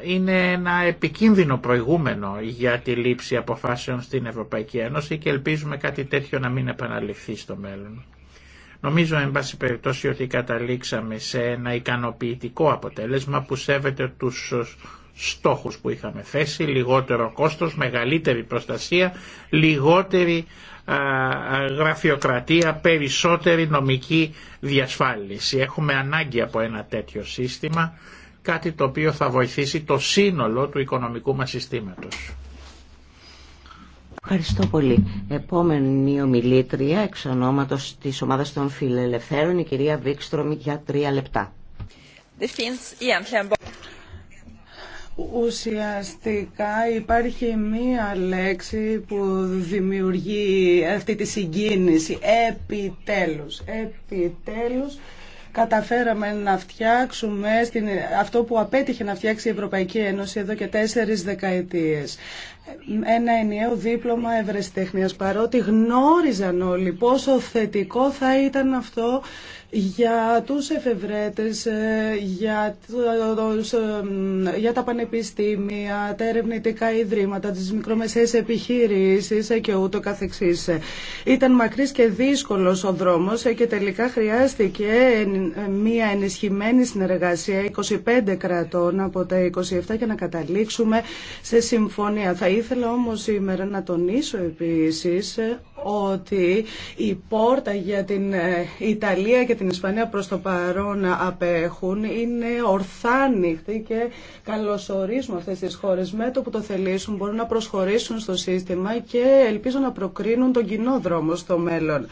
είναι ένα επικίνδυνο προηγούμενο για τη λήψη αποφάσεων στην Ευρωπαϊκή Ένωση και ελπίζουμε κάτι τέτοιο να μην επαναληφθεί στο μέλλον. Νομίζω, εν πάση περιπτώσει, ότι καταλήξαμε σε ένα ικανοποιητικό αποτέλεσμα που σέβεται τους στόχους που είχαμε θέσει, λιγότερο κόστος, μεγαλύτερη προστασία, λιγότερη γραφειοκρατία, περισσότερη νομική διασφάλιση. Έχουμε ανάγκη από ένα τέτοιο σύστημα κάτι το οποίο θα βοηθήσει το σύνολο του οικονομικού μας συστήματος. Ευχαριστώ πολύ. Επόμενη ομιλήτρια εξ ονόματος της ομάδας των φιλελευθέρων, η κυρία Βίξτρομ για τρία λεπτά. Ουσιαστικά υπάρχει μία λέξη που δημιουργεί αυτή τη συγκίνηση. Επιτέλους. Επιτέλους καταφέραμε να φτιάξουμε στην, αυτό που απέτυχε να φτιάξει η Ευρωπαϊκή Ένωση εδώ και τέσσερις δεκαετίες. Ένα ενιαίο δίπλωμα ευρεσιτεχνίας, παρότι γνώριζαν όλοι πόσο θετικό θα ήταν αυτό για τους εφευρέτες, ε, για, τους, ε, για τα πανεπιστήμια, τα ερευνητικά ιδρύματα, τις μικρομεσαίες επιχειρήσεις ε, και ούτω καθεξής. Ήταν μακρύς και δύσκολος ο δρόμος και τελικά χρειάστηκε μια ενισχυμένη συνεργασία 25 κρατών από τα 27 για να καταλήξουμε σε συμφωνία. Θα ήθελα όμως σήμερα να τονίσω επίσης ότι η πόρτα για την ε, Ιταλία και την Ισπανία προς το παρόν απέχουν είναι ορθάνυχτη και καλωσορίζουμε αυτές τις χώρες με το που το θελήσουν μπορούν να προσχωρήσουν στο σύστημα και ελπίζω να προκρίνουν τον κοινό δρόμο στο μέλλον.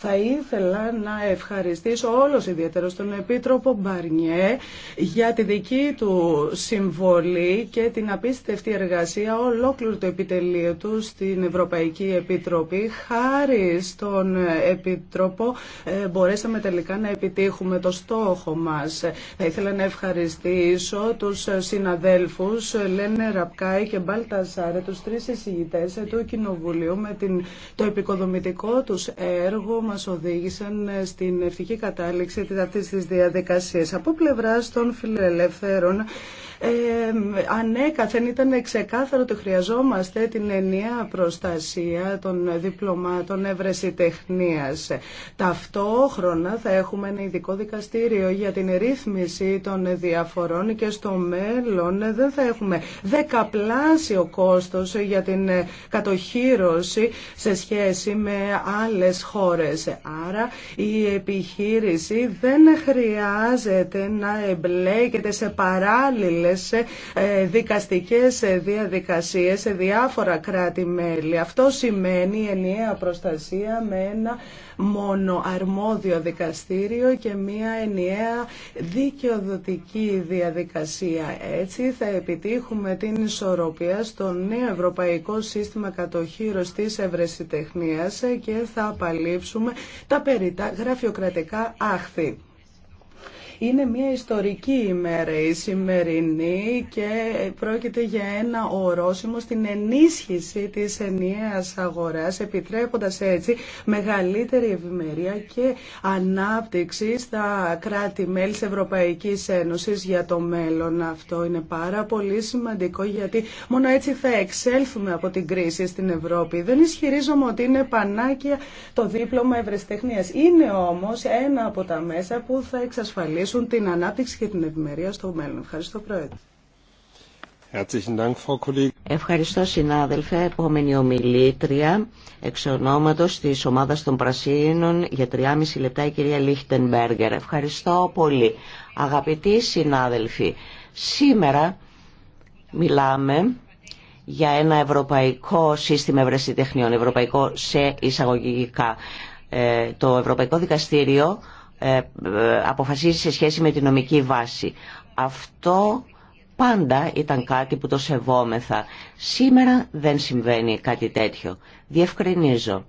Θα ήθελα να ευχαριστήσω όλος ιδιαίτερο τον Επίτροπο Μπαρνιέ για τη δική του συμβολή και την απίστευτη εργασία ολόκληρου του επιτελείου του στην Ευρωπαϊκή Επιτροπή. Χάρη στον Επίτροπο ε, μπορέσαμε τελικά να επιτύχουμε το στόχο μας. Θα ήθελα να ευχαριστήσω τους συναδέλφους Λένε Ραπκάη και Μπάλτασάρε, τους τρεις εισηγητές του Κοινοβουλίου με την, το επικοδομητικό τους έργο μας οδήγησαν ε, στην ευτυχή κατάληξη αυτής της διαδικασίας. Από πλευράς των φιλελεύθερων ανέκαθεν ήταν ξεκάθαρο ότι χρειαζόμαστε την ενιαία προστασία των διπλωμάτων ευρεσιτεχνίας. Ταυτόχρονα θα έχουμε ένα ειδικό δικαστήριο για την ρύθμιση των διαφορών και στο μέλλον δεν θα έχουμε δεκαπλάσιο κόστος για την κατοχήρωση σε σχέση με άλλες χώρες. Άρα η επιχείρηση δεν χρειάζεται να εμπλέκεται σε παράλληλες πολλές ε, δικαστικές ε, διαδικασίες σε διάφορα κράτη-μέλη. Αυτό σημαίνει ενιαία προστασία με ένα μόνο αρμόδιο δικαστήριο και μια ενιαία δικαιοδοτική διαδικασία. Έτσι θα επιτύχουμε την ισορροπία στο νέο ευρωπαϊκό σύστημα κατοχήρωσης της ευρεσιτεχνίας και θα απαλείψουμε τα περιτά γραφειοκρατικά άχθη. Είναι μια ιστορική ημέρα η σημερινή και πρόκειται για ένα ορόσημο στην ενίσχυση της ενιαίας αγοράς, επιτρέποντας έτσι μεγαλύτερη ευημερία και ανάπτυξη στα κράτη-μέλη της Ευρωπαϊκής Ένωσης για το μέλλον. Αυτό είναι πάρα πολύ σημαντικό γιατί μόνο έτσι θα εξέλθουμε από την κρίση στην Ευρώπη. Δεν ισχυρίζομαι ότι είναι πανάκια το δίπλωμα ευρεσιτεχνίας. Είναι όμως ένα από τα μέσα που θα την ανάπτυξη και την ευημερία στο μέλλον. Ευχαριστώ, Πρόεδρε. Ευχαριστώ συνάδελφε. Επόμενη ομιλήτρια εξ ονόματο τη Ομάδα των Πρασίνων για 3,5 λεπτά η κυρία Λίχτενμπέργκερ. Ευχαριστώ πολύ. Αγαπητοί συνάδελφοι, σήμερα μιλάμε για ένα ευρωπαϊκό σύστημα ευρεσιτεχνιών, ευρωπαϊκό σε εισαγωγικά. Ε, το Ευρωπαϊκό Δικαστήριο ε, αποφασίζει σε σχέση με τη νομική βάση. Αυτό πάντα ήταν κάτι που το σεβόμεθα. Σήμερα δεν συμβαίνει κάτι τέτοιο. Διευκρινίζω.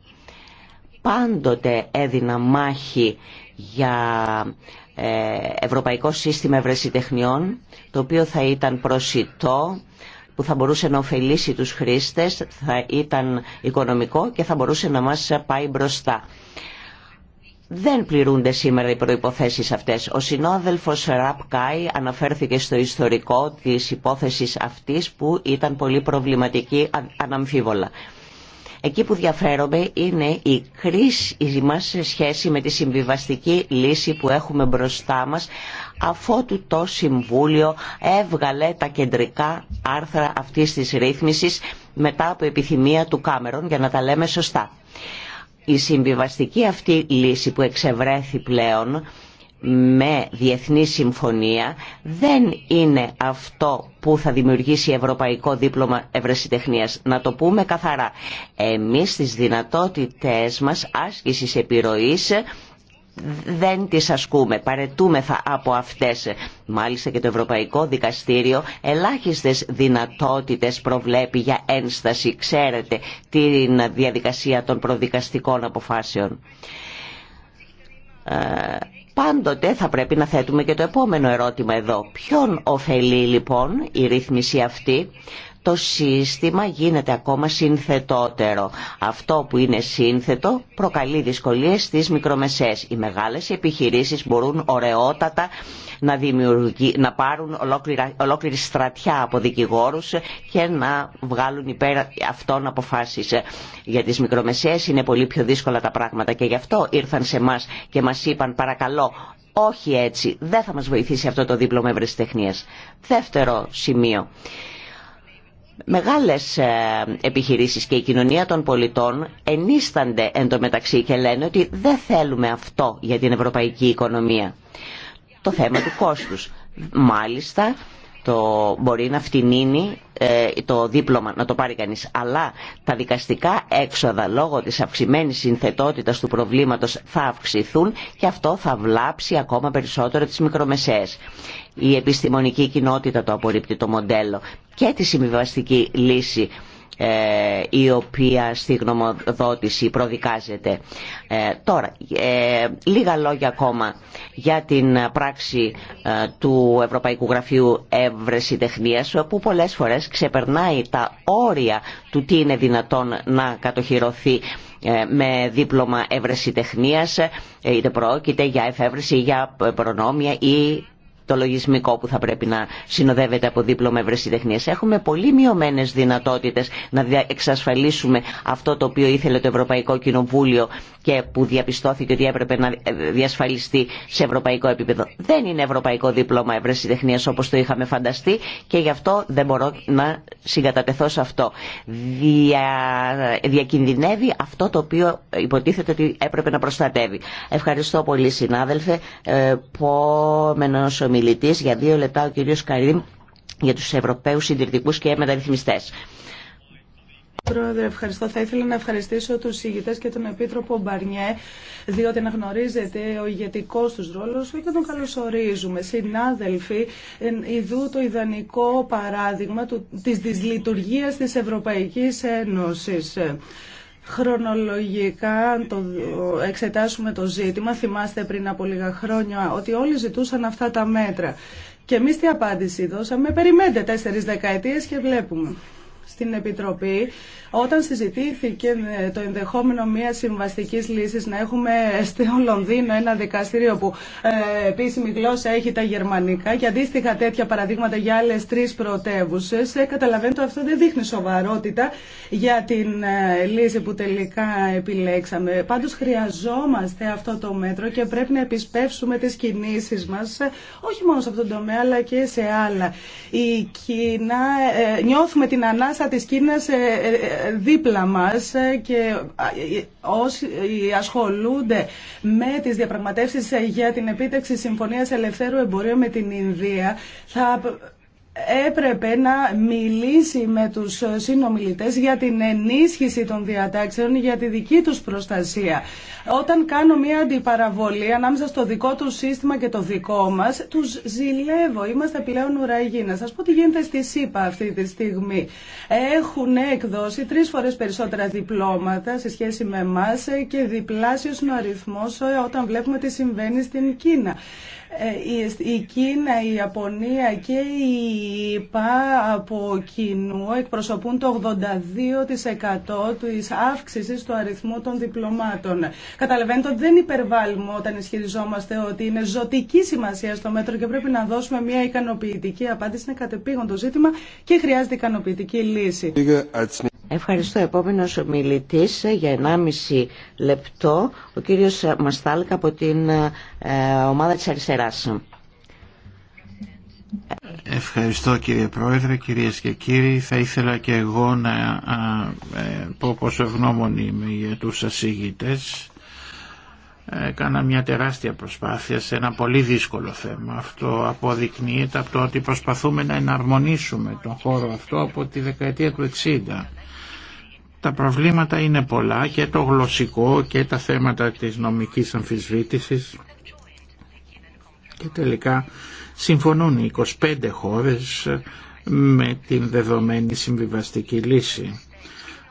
Πάντοτε έδινα μάχη για ε, ευρωπαϊκό σύστημα ευρεσιτεχνιών, το οποίο θα ήταν προσιτό, που θα μπορούσε να ωφελήσει τους χρήστες, θα ήταν οικονομικό και θα μπορούσε να μας πάει μπροστά δεν πληρούνται σήμερα οι προϋποθέσεις αυτές. Ο συνόδελφος Κάι αναφέρθηκε στο ιστορικό της υπόθεσης αυτής που ήταν πολύ προβληματική αναμφίβολα. Εκεί που διαφέρομαι είναι η κρίση μας σε σχέση με τη συμβιβαστική λύση που έχουμε μπροστά μας αφότου το Συμβούλιο έβγαλε τα κεντρικά άρθρα αυτής της ρύθμισης μετά από επιθυμία του Κάμερον για να τα λέμε σωστά. Η συμβιβαστική αυτή λύση που εξευρέθη πλέον με διεθνή συμφωνία δεν είναι αυτό που θα δημιουργήσει ευρωπαϊκό δίπλωμα ευρεσιτεχνίας. Να το πούμε καθαρά. Εμείς τις δυνατότητες μας άσκησης επιρροής δεν τις ασκούμε, παρετούμεθα από αυτές. Μάλιστα και το Ευρωπαϊκό Δικαστήριο ελάχιστες δυνατότητες προβλέπει για ένσταση, ξέρετε, την διαδικασία των προδικαστικών αποφάσεων. Ε, πάντοτε θα πρέπει να θέτουμε και το επόμενο ερώτημα εδώ. Ποιον ωφελεί λοιπόν η ρύθμιση αυτή, το σύστημα γίνεται ακόμα συνθετότερο. Αυτό που είναι σύνθετο προκαλεί δυσκολίες στις μικρομεσές. Οι μεγάλες επιχειρήσεις μπορούν ωραιότατα να, να πάρουν ολόκληρη στρατιά από δικηγόρους και να βγάλουν υπέρ αυτών αποφάσεις. Για τις μικρομεσαίες είναι πολύ πιο δύσκολα τα πράγματα και γι' αυτό ήρθαν σε εμά και μας είπαν παρακαλώ όχι έτσι, δεν θα μας βοηθήσει αυτό το δίπλωμα ευρεσιτεχνίας. Δεύτερο σημείο μεγάλες ε, επιχειρήσεις και η κοινωνία των πολιτών ενίστανται εντωμεταξύ και λένε ότι δεν θέλουμε αυτό για την ευρωπαϊκή οικονομία. Το θέμα του κόστους. Μάλιστα, το μπορεί να φτηνίνει ε, το δίπλωμα να το πάρει κανείς αλλά τα δικαστικά έξοδα λόγω της αυξημένης συνθετότητας του προβλήματος θα αυξηθούν και αυτό θα βλάψει ακόμα περισσότερο τις μικρομεσαίες. Η επιστημονική κοινότητα το απορρίπτει το μοντέλο και τη συμβιβαστική λύση ε, η οποία στη γνωμοδότηση προδικάζεται. Ε, τώρα, ε, λίγα λόγια ακόμα για την πράξη του Ευρωπαϊκού Γραφείου Εύρεση Τεχνίας που πολλές φορές ξεπερνάει τα όρια του τι είναι δυνατόν να κατοχυρωθεί με δίπλωμα εύρεση τεχνίας είτε πρόκειται για εφεύρεση, για προνόμια ή το λογισμικό που θα πρέπει να συνοδεύεται από δίπλωμα ευρεσιτεχνίας. Έχουμε πολύ μειωμένε δυνατότητες να εξασφαλίσουμε αυτό το οποίο ήθελε το Ευρωπαϊκό Κοινοβούλιο και που διαπιστώθηκε ότι έπρεπε να διασφαλιστεί σε ευρωπαϊκό επίπεδο. Δεν είναι ευρωπαϊκό δίπλωμα ευρεσιτεχνίας όπως το είχαμε φανταστεί και γι' αυτό δεν μπορώ να συγκατατεθώ σε αυτό. Δια... Διακινδυνεύει αυτό το οποίο υποτίθεται ότι έπρεπε να προστατεύει. Ευχαριστώ πολύ συνάδελφε. Ε, για δύο λεπτά ο κύριος Καρύμ για τους Ευρωπαίους συντηρητικού και μεταρρυθμιστές. Πρόεδρε, ευχαριστώ. Θα ήθελα να ευχαριστήσω του ηγητέ και τον Επίτροπο Μπαρνιέ, διότι αναγνωρίζεται ο ηγετικό του ρόλο και τον καλωσορίζουμε. Συνάδελφοι, ειδού το ιδανικό παράδειγμα τη δυσλειτουργία τη Ευρωπαϊκή Ένωση χρονολογικά, αν εξετάσουμε το ζήτημα, θυμάστε πριν από λίγα χρόνια ότι όλοι ζητούσαν αυτά τα μέτρα. Και εμείς τι απάντηση δώσαμε, περιμένετε τέσσερις δεκαετίες και βλέπουμε στην Επιτροπή όταν συζητήθηκε ε, το ενδεχόμενο μια συμβαστική λύση να έχουμε στο Λονδίνο ένα δικαστήριο που ε, επίσημη γλώσσα έχει τα γερμανικά και αντίστοιχα τέτοια παραδείγματα για άλλε τρει πρωτεύουσε. Ε, καταλαβαίνετε αυτό δεν δείχνει σοβαρότητα για την λύση που τελικά επιλέξαμε. Πάντω χρειαζόμαστε αυτό το μέτρο και πρέπει να επισπεύσουμε τι κινήσει μα όχι μόνο σε αυτόν τον τομέα αλλά και σε άλλα. Η Κίνα, νιώθουμε την ανάσα θα της Κίνας ε, ε, δίπλα μας ε, και όσοι ασχολούνται με τις διαπραγματεύσεις για την επίτευξη συμφωνίας ελευθέρου εμπορίου με την Ινδία θα έπρεπε να μιλήσει με τους συνομιλητές για την ενίσχυση των διατάξεων για τη δική τους προστασία. Όταν κάνω μια αντιπαραβολή ανάμεσα στο δικό του σύστημα και το δικό μας, τους ζηλεύω. Είμαστε πλέον ουραγοί. Να σας πω τι γίνεται στη ΣΥΠΑ αυτή τη στιγμή. Έχουν εκδώσει τρεις φορές περισσότερα διπλώματα σε σχέση με εμά και διπλάσιος είναι ο αριθμός ε, όταν βλέπουμε τι συμβαίνει στην Κίνα. Ε, η Κίνα, η Ιαπωνία και η ΙΠΑ από κοινού εκπροσωπούν το 82% της αύξησης του αριθμού των διπλωμάτων. Καταλαβαίνετε ότι δεν υπερβάλλουμε όταν ισχυριζόμαστε ότι είναι ζωτική σημασία στο μέτρο και πρέπει να δώσουμε μια ικανοποιητική απάντηση. Είναι κατεπήγοντο το ζήτημα και χρειάζεται ικανοποιητική λύση. Ευχαριστώ. Επόμενο ο για 1,5 λεπτό, ο κύριος Μαστάλκα από την ε, ομάδα τη αριστερά. Ευχαριστώ κύριε Πρόεδρε, κυρίες και κύριοι. Θα ήθελα και εγώ να ε, πω πόσο ευγνώμων είμαι για τους ασύγητες. Ε, κάνα μια τεράστια προσπάθεια σε ένα πολύ δύσκολο θέμα. Αυτό αποδεικνύεται από το ότι προσπαθούμε να εναρμονίσουμε τον χώρο αυτό από τη δεκαετία του τα προβλήματα είναι πολλά και το γλωσσικό και τα θέματα της νομικής αμφισβήτησης και τελικά συμφωνούν οι 25 χώρες με την δεδομένη συμβιβαστική λύση.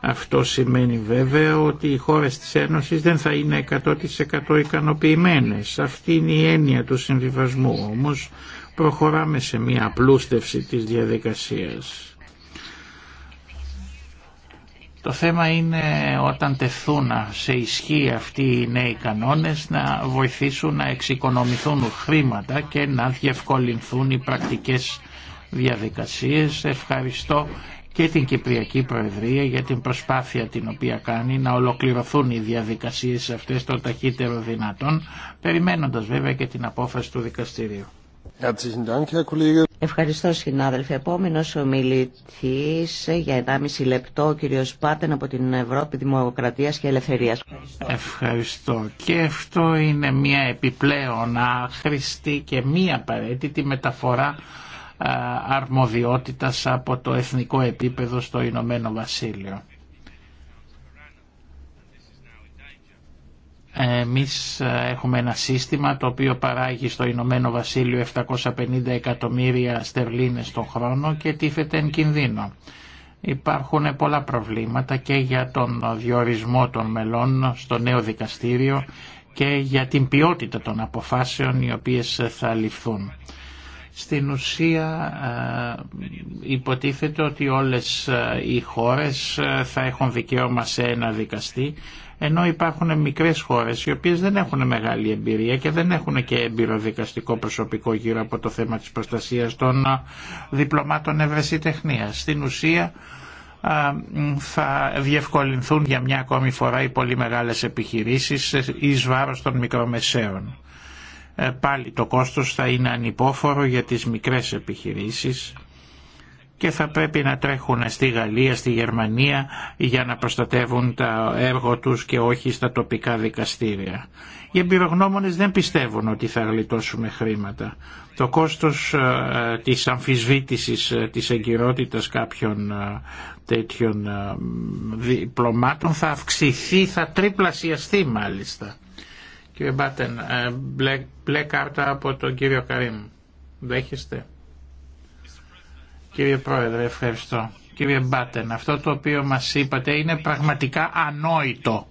Αυτό σημαίνει βέβαια ότι οι χώρες της Ένωσης δεν θα είναι 100% ικανοποιημένες. Αυτή είναι η έννοια του συμβιβασμού. Όμως προχωράμε σε μια απλούστευση της διαδικασίας. Το θέμα είναι όταν τεθούν σε ισχύ αυτοί οι νέοι κανόνες να βοηθήσουν να εξοικονομηθούν χρήματα και να διευκολυνθούν οι πρακτικές διαδικασίες. Ευχαριστώ και την Κυπριακή Προεδρία για την προσπάθεια την οποία κάνει να ολοκληρωθούν οι διαδικασίες αυτές το ταχύτερο δυνατόν, περιμένοντας βέβαια και την απόφαση του δικαστηρίου. Ευχαριστώ συνάδελφε. Επόμενο ο μιλητής για 1,5 λεπτό, ο κύριος Πάτεν από την Ευρώπη Δημοκρατίας και Ελευθερίας. Ευχαριστώ. Ευχαριστώ. Και αυτό είναι μια επιπλέον άχρηστη και μία απαραίτητη μεταφορά αρμοδιότητας από το εθνικό επίπεδο στο Ηνωμένο Βασίλειο. Εμείς ε, έχουμε ένα σύστημα το οποίο παράγει στο Ηνωμένο Βασίλειο 750 εκατομμύρια στερλίνες τον χρόνο και τίθεται εν κινδύνο. Υπάρχουν πολλά προβλήματα και για τον διορισμό των μελών στο νέο δικαστήριο και για την ποιότητα των αποφάσεων οι οποίες θα ληφθούν. Στην ουσία ε, υποτίθεται ότι όλες ε, οι χώρες θα έχουν δικαίωμα σε ένα δικαστή ενώ υπάρχουν μικρές χώρες οι οποίες δεν έχουν μεγάλη εμπειρία και δεν έχουν και εμπειροδικαστικό προσωπικό γύρω από το θέμα της προστασίας των διπλωμάτων ευρεσιτεχνίας. Στην ουσία θα διευκολυνθούν για μια ακόμη φορά οι πολύ μεγάλες επιχειρήσεις εις βάρος των μικρομεσαίων. Ε, πάλι το κόστος θα είναι ανυπόφορο για τις μικρές επιχειρήσεις και θα πρέπει να τρέχουν στη Γαλλία, στη Γερμανία για να προστατεύουν τα έργο τους και όχι στα τοπικά δικαστήρια. Οι εμπειρογνώμονες δεν πιστεύουν ότι θα γλιτώσουμε χρήματα. Το κόστος ε, της αμφισβήτησης ε, της εγκυρότητας κάποιων ε, τέτοιων διπλωμάτων θα αυξηθεί, θα τριπλασιαστεί μάλιστα. Κύριε Μπάτεν, μπλε, μπλε κάρτα από τον κύριο Καρύμ. Δέχεστε. Κύριε Πρόεδρε, ευχαριστώ. Κύριε Μπάτεν, αυτό το οποίο μας είπατε είναι πραγματικά ανόητο.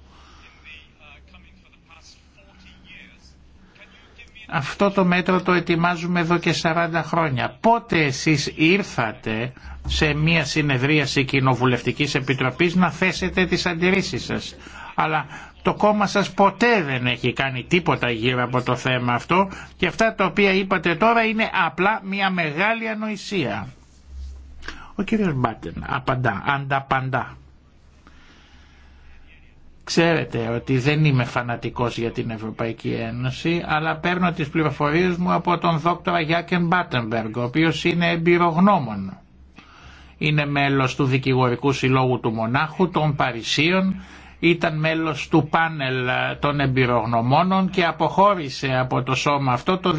Αυτό το μέτρο το ετοιμάζουμε εδώ και 40 χρόνια. Πότε εσείς ήρθατε σε μια συνεδρίαση Κοινοβουλευτικής Επιτροπής να θέσετε τις αντιρρήσεις σας. Αλλά το κόμμα σας ποτέ δεν έχει κάνει τίποτα γύρω από το θέμα αυτό και αυτά τα οποία είπατε τώρα είναι απλά μια μεγάλη ανοησία. Ο κύριος Μπάτεν απαντά, ανταπαντά. Ξέρετε ότι δεν είμαι φανατικός για την Ευρωπαϊκή Ένωση, αλλά παίρνω τις πληροφορίες μου από τον δόκτωρα Γιάκεν Μπάτενμπεργκ, ο οποίος είναι εμπειρογνώμων. Είναι μέλος του Δικηγορικού Συλλόγου του Μονάχου, των Παρισίων ήταν μέλος του πάνελ των εμπειρογνωμόνων και αποχώρησε από το σώμα αυτό το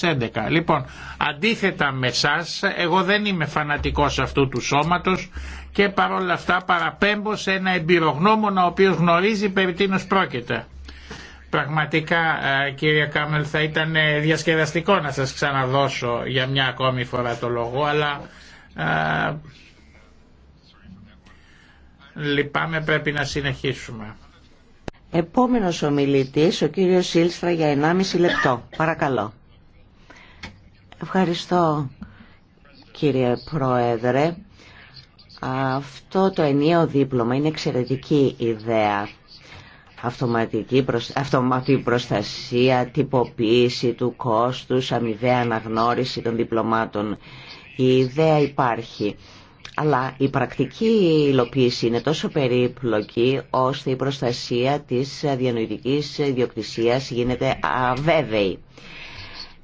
2011. Λοιπόν, αντίθετα με σας, εγώ δεν είμαι φανατικός αυτού του σώματος και παρόλα αυτά παραπέμπω σε ένα εμπειρογνώμονα ο οποίος γνωρίζει περί τίνος πρόκειται. Πραγματικά ε, κύριε Κάμελ θα ήταν διασκεδαστικό να σας ξαναδώσω για μια ακόμη φορά το λόγο αλλά ε, Λυπάμαι πρέπει να συνεχίσουμε. Επόμενος ομιλητής, ο κύριος Σίλστρα για 1,5 λεπτό. Παρακαλώ. Ευχαριστώ κύριε Πρόεδρε. Αυτό το ενίο δίπλωμα είναι εξαιρετική ιδέα. Αυτοματική αυτοματική προστασία, τυποποίηση του κόστους, αμοιβαία αναγνώριση των διπλωμάτων. Η ιδέα υπάρχει. Αλλά η πρακτική υλοποίηση είναι τόσο περίπλοκη ώστε η προστασία της διανοητικής ιδιοκτησίας γίνεται αβέβαιη.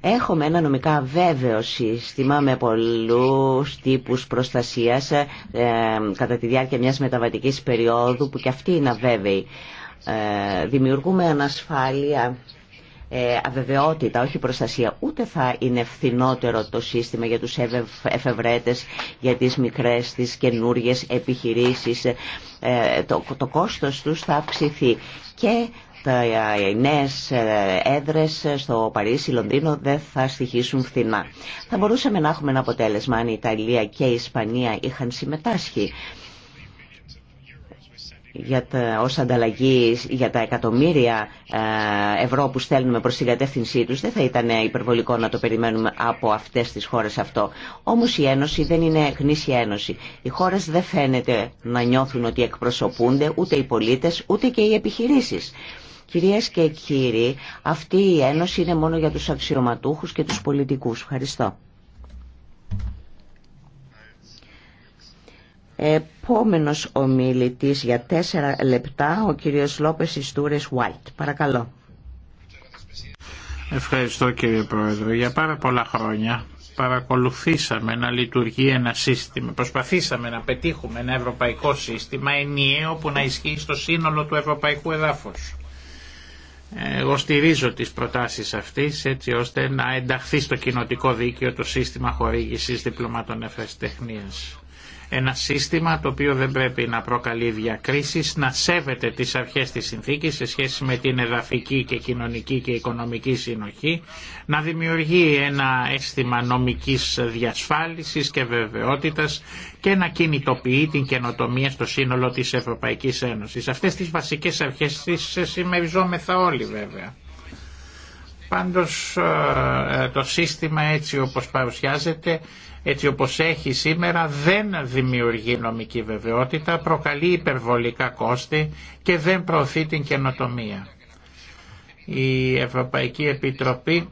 Έχουμε ένα νομικά βέβαιο σύστημα με πολλούς τύπους προστασίας ε, κατά τη διάρκεια μιας μεταβατικής περίοδου που και αυτή είναι αβέβαιη. Ε, δημιουργούμε ανασφάλεια ε, αβεβαιότητα, όχι προστασία. Ούτε θα είναι φθηνότερο το σύστημα για τους εφευρέτες, για τις μικρές, τις καινούριε επιχειρήσεις. Ε, το, το κόστος τους θα αυξηθεί και τα, οι νέες ε, έδρες στο Παρίσι, Λονδίνο δεν θα στοιχήσουν φθηνά. Θα μπορούσαμε να έχουμε ένα αποτέλεσμα αν η Ιταλία και η Ισπανία είχαν συμμετάσχει για τα, ως ανταλλαγή για τα εκατομμύρια ε, ευρώ που στέλνουμε προς την κατεύθυνσή τους δεν θα ήταν υπερβολικό να το περιμένουμε από αυτές τις χώρες αυτό. Όμως η Ένωση δεν είναι γνήσια Ένωση. Οι χώρες δεν φαίνεται να νιώθουν ότι εκπροσωπούνται ούτε οι πολίτες ούτε και οι επιχειρήσεις. Κυρίες και κύριοι, αυτή η Ένωση είναι μόνο για τους αξιωματούχους και τους πολιτικούς. Ευχαριστώ. Επόμενος ομιλητής για τέσσερα λεπτά, ο κύριος Λόπες Ιστούρες White. Παρακαλώ. Ευχαριστώ κύριε Πρόεδρε. Για πάρα πολλά χρόνια παρακολουθήσαμε να λειτουργεί ένα σύστημα, προσπαθήσαμε να πετύχουμε ένα ευρωπαϊκό σύστημα ενιαίο που να ισχύει στο σύνολο του ευρωπαϊκού εδάφους. Εγώ στηρίζω τις προτάσεις αυτής έτσι ώστε να ενταχθεί στο κοινοτικό δίκαιο το σύστημα χορήγησης διπλωμάτων ένα σύστημα το οποίο δεν πρέπει να προκαλεί διακρίσεις, να σέβεται τις αρχές της συνθήκης σε σχέση με την εδαφική και κοινωνική και οικονομική συνοχή, να δημιουργεί ένα αίσθημα νομικής διασφάλισης και βεβαιότητας και να κινητοποιεί την καινοτομία στο σύνολο της Ευρωπαϊκής Ένωσης. Αυτές τις βασικές αρχές τις συμμεριζόμεθα όλοι βέβαια. Πάντως ε, ε, το σύστημα έτσι όπως παρουσιάζεται έτσι όπως έχει σήμερα δεν δημιουργεί νομική βεβαιότητα, προκαλεί υπερβολικά κόστη και δεν προωθεί την καινοτομία. Η Ευρωπαϊκή Επιτροπή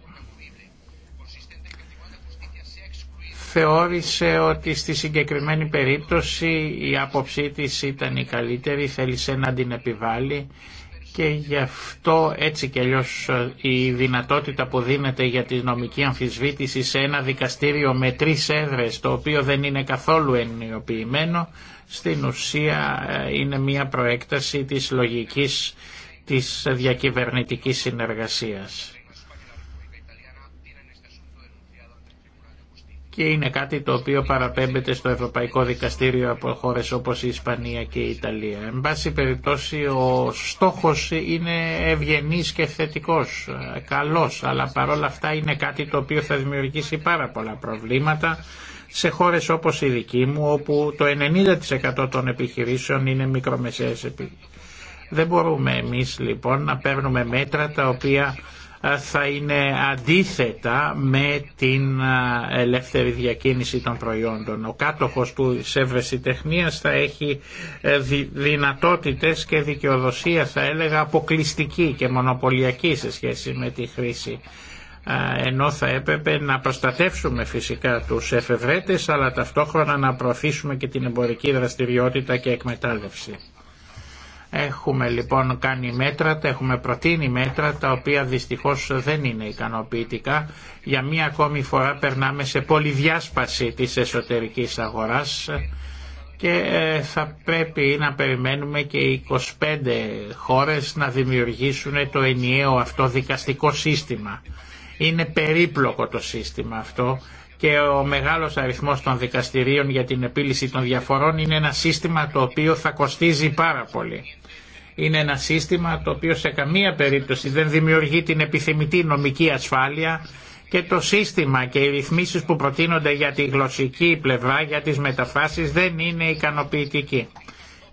θεώρησε ότι στη συγκεκριμένη περίπτωση η άποψή της ήταν η καλύτερη, θέλησε να την επιβάλλει και γι' αυτό έτσι κι αλλιώς η δυνατότητα που δίνεται για τη νομική αμφισβήτηση σε ένα δικαστήριο με τρεις έδρες το οποίο δεν είναι καθόλου ενιοποιημένο στην ουσία ε, είναι μια προέκταση της λογικής της διακυβερνητικής συνεργασίας. και είναι κάτι το οποίο παραπέμπεται στο Ευρωπαϊκό Δικαστήριο από χώρες όπως η Ισπανία και η Ιταλία. Εν πάση περιπτώσει ο στόχος είναι ευγενής και θετικός, καλός, αλλά παρόλα αυτά είναι κάτι το οποίο θα δημιουργήσει πάρα πολλά προβλήματα σε χώρες όπως η δική μου όπου το 90% των επιχειρήσεων είναι μικρομεσαίες επιχειρήσεις. Δεν μπορούμε εμείς λοιπόν να παίρνουμε μέτρα τα οποία θα είναι αντίθετα με την ελεύθερη διακίνηση των προϊόντων. Ο κάτοχος του τεχνίας θα έχει ε, δυνατότητες και δικαιοδοσία θα έλεγα αποκλειστική και μονοπωλιακή σε σχέση με τη χρήση ενώ θα έπρεπε να προστατεύσουμε φυσικά τους εφευρέτες αλλά ταυτόχρονα να προωθήσουμε και την εμπορική δραστηριότητα και εκμετάλλευση. Έχουμε λοιπόν κάνει μέτρα, έχουμε προτείνει μέτρα τα οποία δυστυχώς δεν είναι ικανοποιητικά. Για μία ακόμη φορά περνάμε σε πολυδιάσπαση της εσωτερικής αγοράς και ε, θα πρέπει να περιμένουμε και οι 25 χώρες να δημιουργήσουν το ενιαίο αυτό δικαστικό σύστημα. Είναι περίπλοκο το σύστημα αυτό και ο μεγάλος αριθμός των δικαστηρίων για την επίλυση των διαφορών είναι ένα σύστημα το οποίο θα κοστίζει πάρα πολύ είναι ένα σύστημα το οποίο σε καμία περίπτωση δεν δημιουργεί την επιθυμητή νομική ασφάλεια και το σύστημα και οι ρυθμίσεις που προτείνονται για τη γλωσσική πλευρά, για τις μεταφράσεις δεν είναι ικανοποιητικοί.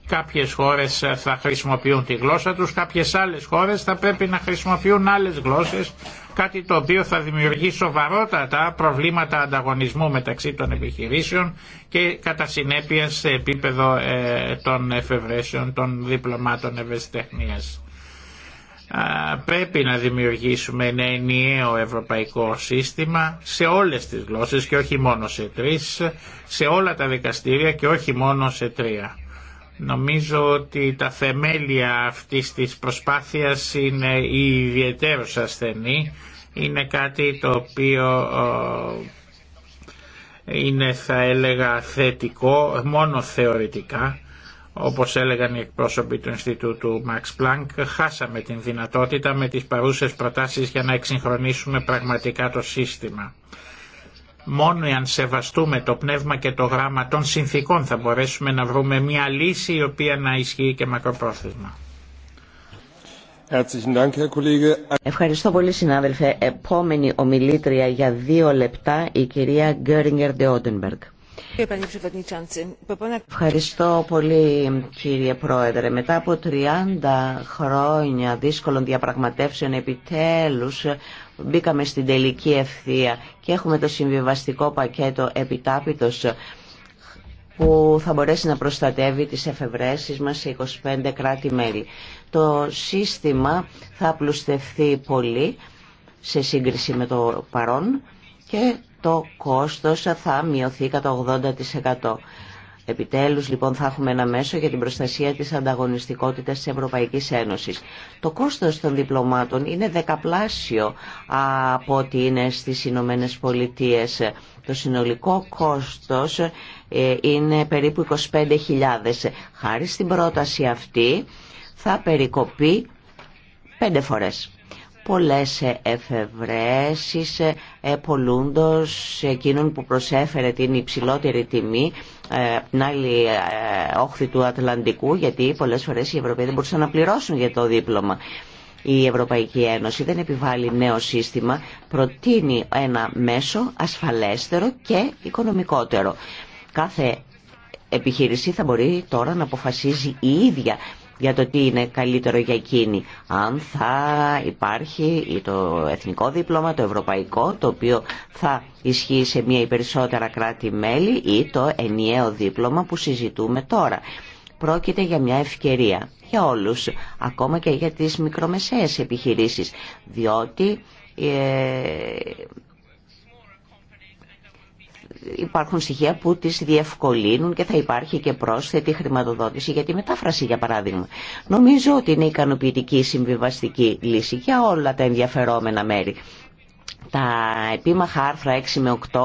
Κάποιες χώρες θα χρησιμοποιούν τη γλώσσα τους, κάποιες άλλες χώρες θα πρέπει να χρησιμοποιούν άλλες γλώσσες, κάτι το οποίο θα δημιουργεί σοβαρότατα προβλήματα ανταγωνισμού μεταξύ των επιχειρήσεων και κατά συνέπεια σε επίπεδο ε, των εφευρέσεων των διπλωμάτων ευαισθητεχνίας πρέπει να δημιουργήσουμε ένα ενιαίο ευρωπαϊκό σύστημα σε όλες τις γλώσσες και όχι μόνο σε τρεις, σε όλα τα δικαστήρια και όχι μόνο σε τρία. Νομίζω ότι τα θεμέλια αυτής της προσπάθειας είναι ιδιαίτερως ασθενή. Είναι κάτι το οποίο είναι θα έλεγα θετικό μόνο θεωρητικά όπως έλεγαν οι εκπρόσωποι του Ινστιτούτου Max Planck, χάσαμε την δυνατότητα με τις παρούσες προτάσεις για να εξυγχρονίσουμε πραγματικά το σύστημα. Μόνο αν σεβαστούμε το πνεύμα και το γράμμα των συνθήκων θα μπορέσουμε να βρούμε μια λύση η οποία να ισχύει και μακροπρόθεσμα. Ευχαριστώ πολύ συνάδελφε. Επόμενη ομιλήτρια για δύο λεπτά η κυρία Γκέρνιερ Ντεόντεμπεργκ. Ευχαριστώ πολύ κύριε Πρόεδρε. Μετά από 30 χρόνια δύσκολων διαπραγματεύσεων επιτέλους μπήκαμε στην τελική ευθεία και έχουμε το συμβιβαστικό πακέτο επιτάπητος ε, που θα μπορέσει να προστατεύει τις εφευρέσεις μας σε 25 κράτη-μέλη. Το σύστημα θα απλουστευθεί πολύ σε σύγκριση με το παρόν και το κόστος θα μειωθεί κατά 80%. Επιτέλους λοιπόν θα έχουμε ένα μέσο για την προστασία της ανταγωνιστικότητας της Ευρωπαϊκής Ένωσης. Το κόστος των διπλωμάτων είναι δεκαπλάσιο από ό,τι είναι στις Ηνωμένε Πολιτείε. Το συνολικό κόστος ε, είναι περίπου 25.000. Χάρη στην πρόταση αυτή θα περικοπεί πέντε φορές πολλές εφευρέσεις ε, πολλούντος εκείνων που προσέφερε την υψηλότερη τιμή από ε, την άλλη ε, όχθη του Ατλαντικού γιατί πολλές φορές οι Ευρωπαίοι δεν μπορούσαν να πληρώσουν για το δίπλωμα. Η Ευρωπαϊκή Ένωση δεν επιβάλλει νέο σύστημα, προτείνει ένα μέσο ασφαλέστερο και οικονομικότερο. Κάθε επιχείρηση θα μπορεί τώρα να αποφασίζει η ίδια για το τι είναι καλύτερο για εκείνη. Αν θα υπάρχει το εθνικό δίπλωμα, το ευρωπαϊκό, το οποίο θα ισχύει σε μία ή περισσότερα κράτη-μέλη ή το ενιαίο δίπλωμα που συζητούμε τώρα. Πρόκειται για μια ευκαιρία για όλους, ακόμα και για τις μικρομεσαίες επιχειρήσεις, διότι ε, υπάρχουν στοιχεία που τις διευκολύνουν και θα υπάρχει και πρόσθετη χρηματοδότηση για τη μετάφραση για παράδειγμα. Νομίζω ότι είναι ικανοποιητική η συμβιβαστική λύση για όλα τα ενδιαφερόμενα μέρη. Τα επίμαχα άρθρα 6 με 8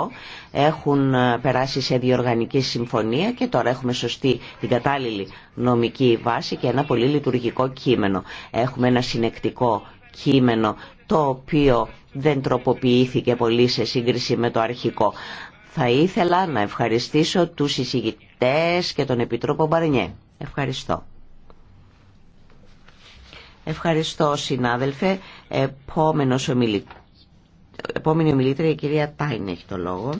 έχουν ε, περάσει σε διοργανική συμφωνία και τώρα έχουμε σωστή την κατάλληλη νομική βάση και ένα πολύ λειτουργικό κείμενο. Έχουμε ένα συνεκτικό κείμενο το οποίο δεν τροποποιήθηκε πολύ σε σύγκριση με το αρχικό. Θα ήθελα να ευχαριστήσω τους εισηγητές και τον Επιτρόπο Μπαρνιέ. Ευχαριστώ. Ευχαριστώ συνάδελφε. Επόμενος ομιλη... Επόμενη ομιλήτρια η κυρία Τάιν έχει το λόγο.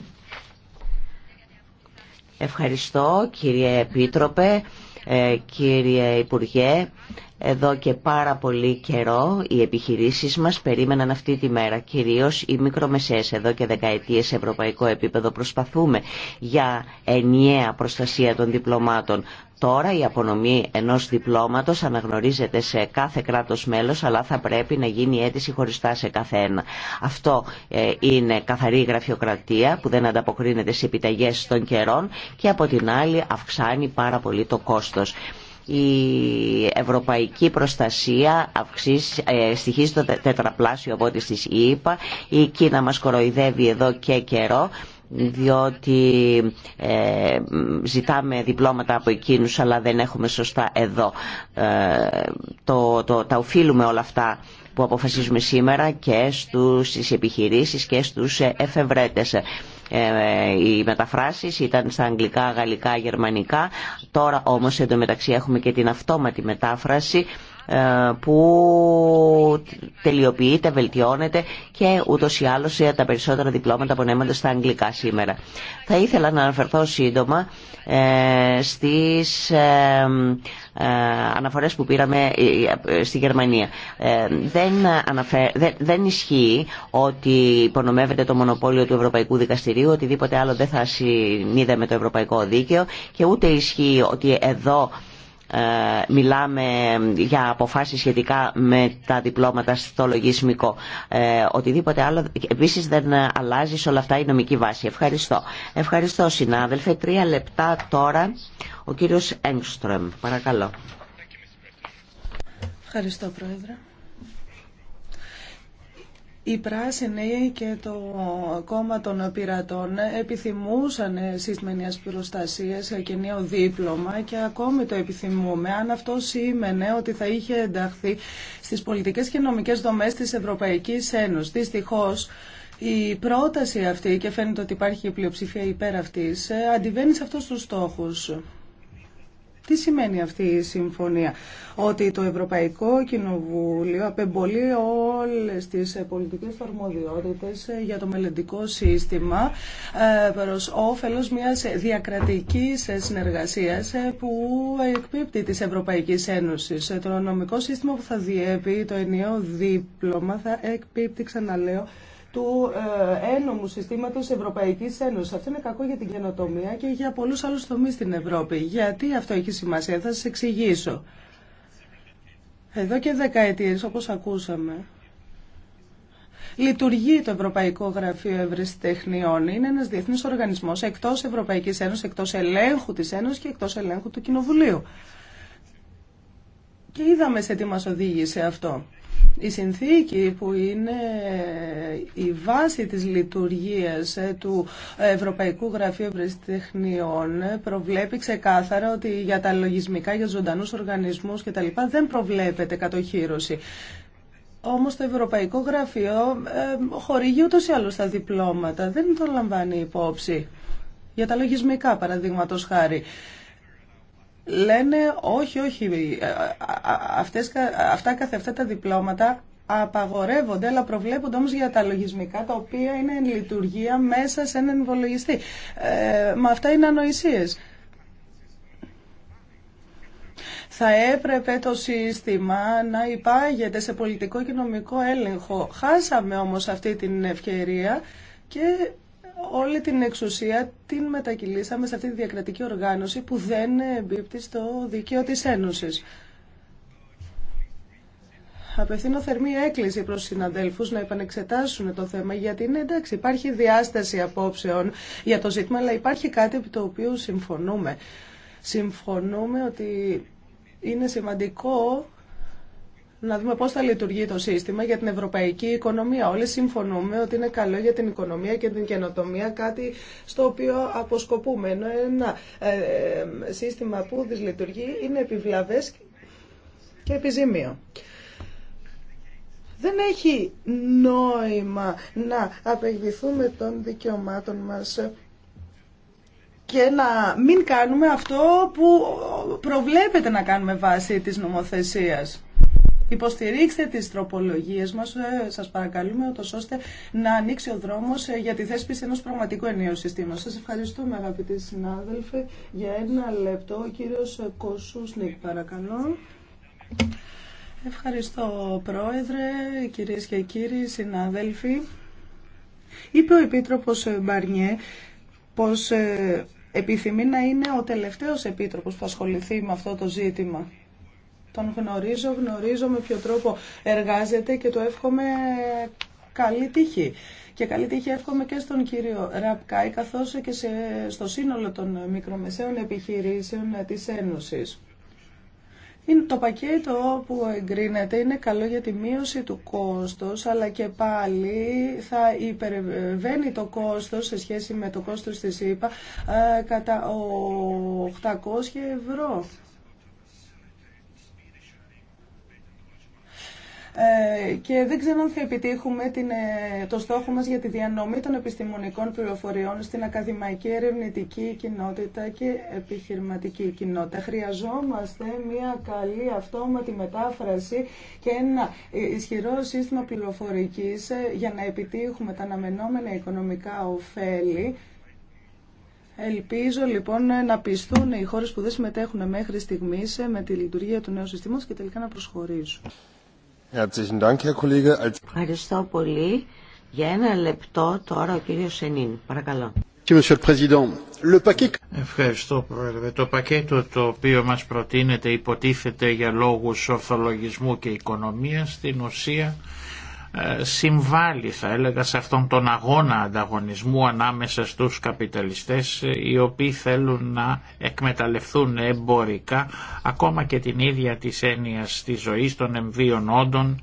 Ευχαριστώ κύριε Επίτροπε, ε, κύριε Υπουργέ. Εδώ και πάρα πολύ καιρό οι επιχειρήσεις μας περίμεναν αυτή τη μέρα, κυρίως οι μικρομεσαίες. Εδώ και δεκαετίες σε ευρωπαϊκό επίπεδο προσπαθούμε για ενιαία προστασία των διπλωμάτων. Τώρα η απονομή ενός διπλώματος αναγνωρίζεται σε κάθε κράτος μέλος, αλλά θα πρέπει να γίνει αίτηση χωριστά σε κάθε ένα. Αυτό ε, είναι καθαρή γραφειοκρατία που δεν ανταποκρίνεται σε επιταγές των καιρών και από την άλλη αυξάνει πάρα πολύ το κόστος η ευρωπαϊκή προστασία αυξήσει, ε, στοιχίζει το τετραπλάσιο από ό,τι στις είπα. Η Κίνα μας κοροϊδεύει εδώ και καιρό διότι ε, ζητάμε διπλώματα από εκείνους αλλά δεν έχουμε σωστά εδώ. Ε, το, το, τα οφείλουμε όλα αυτά που αποφασίζουμε σήμερα και στους, στις επιχειρήσεις και στους ε, εφευρέτες. Ε, οι μεταφράσεις ήταν στα αγγλικά, γαλλικά, γερμανικά. Τώρα όμως εντωμεταξύ έχουμε και την αυτόματη μετάφραση ε, που τελειοποιείται, βελτιώνεται και ούτως ή άλλως ε, τα περισσότερα διπλώματα απονέμονται στα αγγλικά σήμερα. Θα ήθελα να αναφερθώ σύντομα ε, στις αναφορές που πήραμε στη Γερμανία. Δεν, αναφε... δεν ισχύει ότι υπονομεύεται το μονοπόλιο του Ευρωπαϊκού Δικαστηρίου, οτιδήποτε άλλο δεν θα συνείδε με το Ευρωπαϊκό Δίκαιο και ούτε ισχύει ότι εδώ ε, μιλάμε για αποφάσεις σχετικά με τα διπλώματα στο λογισμικό. Ε, οτιδήποτε άλλο επίσης δεν αλλάζει σε όλα αυτά η νομική βάση. Ευχαριστώ. Ευχαριστώ συνάδελφε. Τρία λεπτά τώρα ο κύριος Έγκστρομ. Παρακαλώ. Ευχαριστώ πρόεδρε. Οι πράσινοι και το κόμμα των πειρατών επιθυμούσαν σύστημα νέας προστασίας και νέο δίπλωμα και ακόμη το επιθυμούμε. Αν αυτό σήμαινε ότι θα είχε ενταχθεί στις πολιτικές και νομικές δομές της Ευρωπαϊκής Ένωσης. Δυστυχώ. η πρόταση αυτή, και φαίνεται ότι υπάρχει πλειοψηφία υπέρ αυτής, αντιβαίνει σε αυτούς τους στόχους. Τι σημαίνει αυτή η συμφωνία. Ότι το Ευρωπαϊκό Κοινοβούλιο απεμπολεί όλες τις πολιτικές αρμοδιότητες για το μελλοντικό σύστημα ε, προς όφελος μιας διακρατικής συνεργασίας ε, που εκπίπτει της Ευρωπαϊκής Ένωσης. Ε, το νομικό σύστημα που θα διέπει το ενιαίο δίπλωμα θα εκπίπτει, ξαναλέω, του ε, ένομου συστήματο Ευρωπαϊκής Ένωσης. Αυτό είναι κακό για την καινοτομία και για πολλού άλλου τομεί στην Ευρώπη. Γιατί αυτό έχει σημασία, θα σα εξηγήσω. Εδώ και δεκαετίε, όπως ακούσαμε, Λειτουργεί το Ευρωπαϊκό Γραφείο Ευρεσιτεχνιών. Είναι ένα διεθνή οργανισμό εκτό Ευρωπαϊκή Ένωση, εκτό ελέγχου τη Ένωση και εκτό ελέγχου του Κοινοβουλίου. Και είδαμε σε τι μα οδήγησε αυτό. Η συνθήκη που είναι η βάση της λειτουργίας ε, του Ευρωπαϊκού Γραφείου Ευρεσιτεχνιών ε, προβλέπει ξεκάθαρα ότι για τα λογισμικά, για ζωντανούς οργανισμούς κτλ. δεν προβλέπεται κατοχήρωση. Όμως το Ευρωπαϊκό Γραφείο ε, χορηγεί ούτως ή άλλως τα διπλώματα. Δεν το λαμβάνει υπόψη. Για τα λογισμικά, παραδείγματος χάρη λένε όχι, όχι, ε, ε, ε, αυτές, αυτά καθε αυτά τα διπλώματα απαγορεύονται, αλλά προβλέπονται όμως για τα λογισμικά τα οποία είναι εν λειτουργία μέσα σε έναν υπολογιστή. Ε, μα αυτά είναι ανοησίες. Θα έπρεπε το σύστημα να υπάγεται σε πολιτικό και νομικό έλεγχο. Χάσαμε όμως αυτή την ευκαιρία και όλη την εξουσία την μετακυλήσαμε σε αυτή τη διακρατική οργάνωση που δεν εμπίπτει στο δίκαιο της Ένωσης. Απευθύνω θερμή έκκληση προς συναδέλφους να επανεξετάσουν το θέμα γιατί είναι εντάξει υπάρχει διάσταση απόψεων για το ζήτημα αλλά υπάρχει κάτι επί το οποίο συμφωνούμε. Συμφωνούμε ότι είναι σημαντικό να δούμε πώς θα λειτουργεί το σύστημα για την ευρωπαϊκή οικονομία. Όλοι συμφωνούμε ότι είναι καλό για την οικονομία και την καινοτομία κάτι στο οποίο αποσκοπούμε. Ενώ ένα ε, σύστημα που δυσλειτουργεί είναι επιβλαβές και επιζήμιο. Δεν έχει νόημα να απεγγυθούμε των δικαιωμάτων μας και να μην κάνουμε αυτό που προβλέπεται να κάνουμε βάσει της νομοθεσίας. Υποστηρίξτε τις τροπολογίες μας, ε, σας παρακαλούμε, ώστε να ανοίξει ο δρόμος ε, για τη θέσπιση ενός πραγματικού ενιαίου συστήματος. Σας ευχαριστούμε αγαπητοί συνάδελφοι. Για ένα λεπτό, ο κύριος Κοσούσνικ, παρακαλώ. Ευχαριστώ Πρόεδρε, κυρίες και κύριοι, συναδέλφοι. Είπε ο Επίτροπος Μπαρνιέ πως ε, επιθυμεί να είναι ο τελευταίος Επίτροπος που ασχοληθεί με αυτό το ζήτημα. Τον γνωρίζω, γνωρίζω με ποιο τρόπο εργάζεται και το εύχομαι καλή τύχη. Και καλή τύχη εύχομαι και στον κύριο Ραπκάη, καθώς και σε, στο σύνολο των μικρομεσαίων επιχειρήσεων της Ένωσης. Είναι το πακέτο που εγκρίνεται είναι καλό για τη μείωση του κόστος, αλλά και πάλι θα υπερβαίνει το κόστος σε σχέση με το κόστος της ΕΥΠΑ ε, κατά 800 ευρώ. Ε, και δεν ξέρω αν θα επιτύχουμε την, ε, το στόχο μας για τη διανομή των επιστημονικών πληροφοριών στην ακαδημαϊκή ερευνητική κοινότητα και επιχειρηματική κοινότητα. Χρειαζόμαστε μια καλή αυτόματη μετάφραση και ένα ισχυρό σύστημα πληροφορικής ε, για να επιτύχουμε τα αναμενόμενα οικονομικά ωφέλη Ελπίζω λοιπόν να πιστούν οι χώρες που δεν συμμετέχουν μέχρι στιγμής με τη λειτουργία του νέου συστήματος και τελικά να προσχωρήσουν. Ευχαριστώ πολύ. Για ένα λεπτό τώρα ο κύριος Σενίν. Παρακαλώ. Ευχαριστώ Πρόεδρε. Το πακέτο το οποίο μας προτείνεται υποτίθεται για λόγους ορθολογισμού και οικονομίας στην ουσία ε, συμβάλλει θα έλεγα σε αυτόν τον αγώνα ανταγωνισμού ανάμεσα στους καπιταλιστές οι οποίοι θέλουν να εκμεταλλευτούν εμπορικά ακόμα και την ίδια της έννοια της ζωή των εμβίων όντων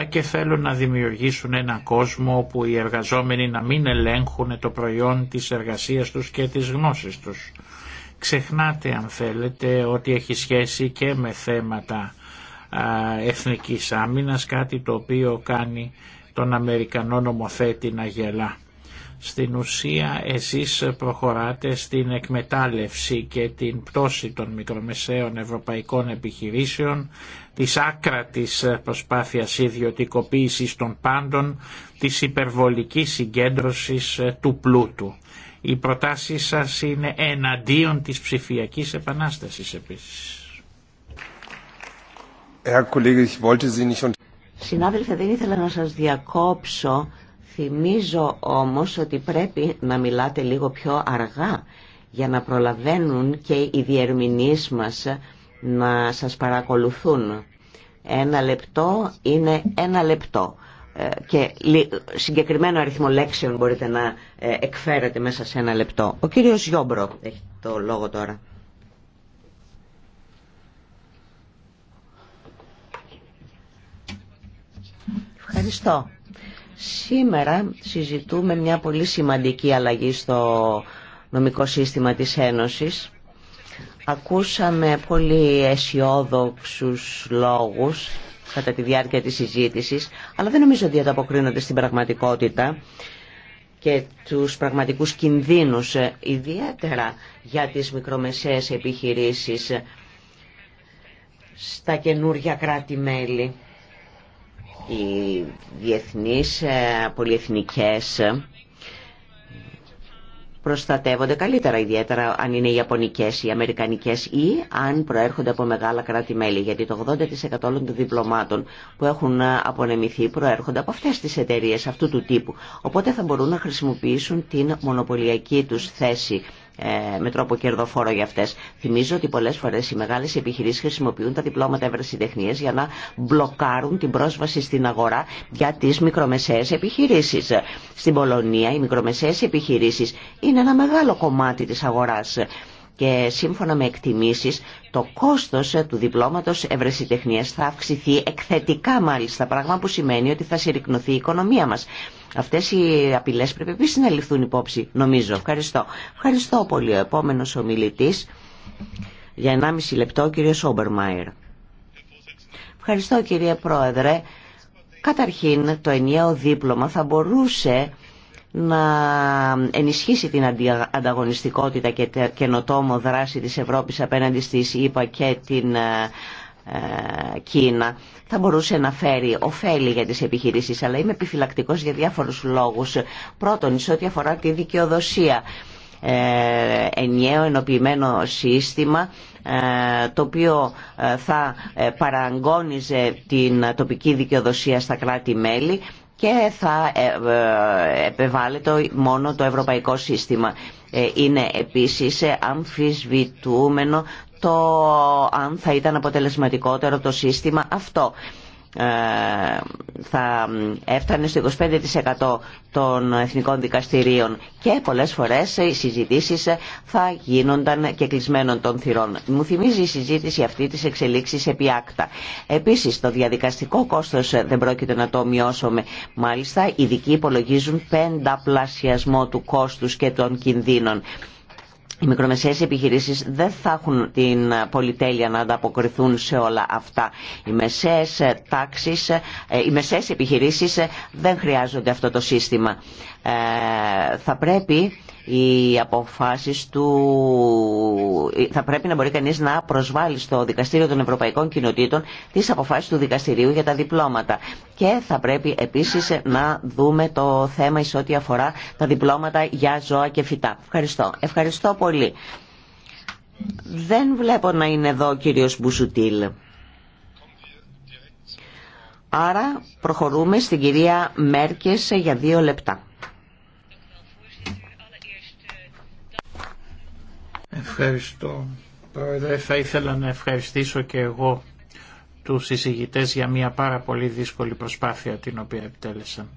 ε, και θέλουν να δημιουργήσουν έναν κόσμο όπου οι εργαζόμενοι να μην ελέγχουν το προϊόν της εργασίας τους και της γνώσης τους. Ξεχνάτε αν θέλετε ότι έχει σχέση και με θέματα εθνικής άμυνας, κάτι το οποίο κάνει τον Αμερικανό νομοθέτη να γελά. Στην ουσία εσείς προχωράτε στην εκμετάλλευση και την πτώση των μικρομεσαίων ευρωπαϊκών επιχειρήσεων, της άκρατης προσπάθειας ιδιωτικοποίησης των πάντων, της υπερβολικής συγκέντρωσης του πλούτου. Οι προτάσεις σας είναι εναντίον της ψηφιακής επανάστασης επίσης. Συνάδελφε, δεν ήθελα να σας διακόψω. Θυμίζω όμως ότι πρέπει να μιλάτε λίγο πιο αργά για να προλαβαίνουν και οι διερμηνείς μας να σας παρακολουθούν. Ένα λεπτό είναι ένα λεπτό ε, και συγκεκριμένο αριθμό λέξεων μπορείτε να ε, εκφέρετε μέσα σε ένα λεπτό. Ο κύριος Γιόμπρο έχει το λόγο τώρα. Ευχαριστώ. Σήμερα συζητούμε μια πολύ σημαντική αλλαγή στο νομικό σύστημα της Ένωσης. Ακούσαμε πολύ αισιόδοξου λόγους κατά τη διάρκεια της συζήτησης, αλλά δεν νομίζω ότι ανταποκρίνονται στην πραγματικότητα και τους πραγματικούς κινδύνους, ε, ιδιαίτερα για τις μικρομεσαίες επιχειρήσεις στα καινούργια κράτη-μέλη οι διεθνείς ε, πολυεθνικές ε, προστατεύονται καλύτερα, ιδιαίτερα αν είναι οι Ιαπωνικές, οι Αμερικανικές ή αν προέρχονται από μεγάλα κράτη-μέλη, γιατί το 80% των διπλωμάτων που έχουν ε, απονεμηθεί προέρχονται από αυτές τις εταιρείες αυτού του τύπου. Οπότε θα μπορούν να χρησιμοποιήσουν την μονοπωλιακή τους θέση ε, με τρόπο κερδοφόρο για αυτές. Θυμίζω ότι πολλέ φορέ οι μεγάλε επιχειρήσει χρησιμοποιούν τα διπλώματα ευρεσιτεχνίας για να μπλοκάρουν την πρόσβαση στην αγορά για τι μικρομεσαίες επιχειρήσει. Στην Πολωνία οι μικρομεσαίε επιχειρήσει είναι ένα μεγάλο κομμάτι τη αγορά και σύμφωνα με εκτιμήσεις το κόστος του διπλώματος ευρεσιτεχνίας θα αυξηθεί εκθετικά μάλιστα, πράγμα που σημαίνει ότι θα συρρυκνωθεί η οικονομία μας. Αυτές οι απειλές πρέπει επίσης να ληφθούν υπόψη, νομίζω. Ευχαριστώ. Ευχαριστώ πολύ. Ο επόμενος ομιλητής για 1,5 λεπτό, ο κύριος Όμπερμαϊρ. Ευχαριστώ κύριε Πρόεδρε. Καταρχήν το ενιαίο δίπλωμα θα μπορούσε να ενισχύσει την ανταγωνιστικότητα και καινοτόμο δράση της Ευρώπης απέναντι στη ΗΠΑ και την ε, ε, Κίνα θα μπορούσε να φέρει ωφέλη για τις επιχειρήσεις αλλά είμαι επιφυλακτικός για διάφορους λόγους πρώτον σε ό,τι αφορά τη δικαιοδοσία ε, ενιαίο ενοποιημένο σύστημα ε, το οποίο θα παραγκώνιζε την τοπική δικαιοδοσία στα κράτη-μέλη και θα ε, ε, επεβάλλεται μόνο το ευρωπαϊκό σύστημα. Ε, είναι επίσης αμφισβητούμενο το αν θα ήταν αποτελεσματικότερο το σύστημα αυτό. Ε, θα έφτανε στο 25% των εθνικών δικαστηρίων και πολλές φορές οι συζητήσεις θα γίνονταν και κλεισμένων των θυρών. Μου θυμίζει η συζήτηση αυτή της εξελίξης επί άκτα. Επίσης το διαδικαστικό κόστος δεν πρόκειται να το μειώσουμε. Μάλιστα οι ειδικοί υπολογίζουν πλασιασμό του κόστους και των κινδύνων οι μικρομεσαίε επιχειρήσει δεν θα έχουν την πολυτέλεια να ανταποκριθούν σε όλα αυτά. Οι μεσαίε ε, τάξεις, ε, ε, οι επιχειρήσεις δεν χρειάζονται αυτό το σύστημα. Ε, θα πρέπει οι αποφάσεις του... Θα πρέπει να μπορεί κανείς να προσβάλλει στο Δικαστήριο των Ευρωπαϊκών Κοινοτήτων τις αποφάσεις του Δικαστηρίου για τα διπλώματα. Και θα πρέπει επίσης να δούμε το θέμα εις ό,τι αφορά τα διπλώματα για ζώα και φυτά. Ευχαριστώ. Ευχαριστώ πολύ. Δεν βλέπω να είναι εδώ ο κύριος Μπουσουτήλ. Άρα προχωρούμε στην κυρία Μέρκες για δύο λεπτά. Ευχαριστώ. Πρόεδρε, θα ήθελα να ευχαριστήσω και εγώ τους συζητητές για μια πάρα πολύ δύσκολη προσπάθεια την οποία επιτέλεσαν.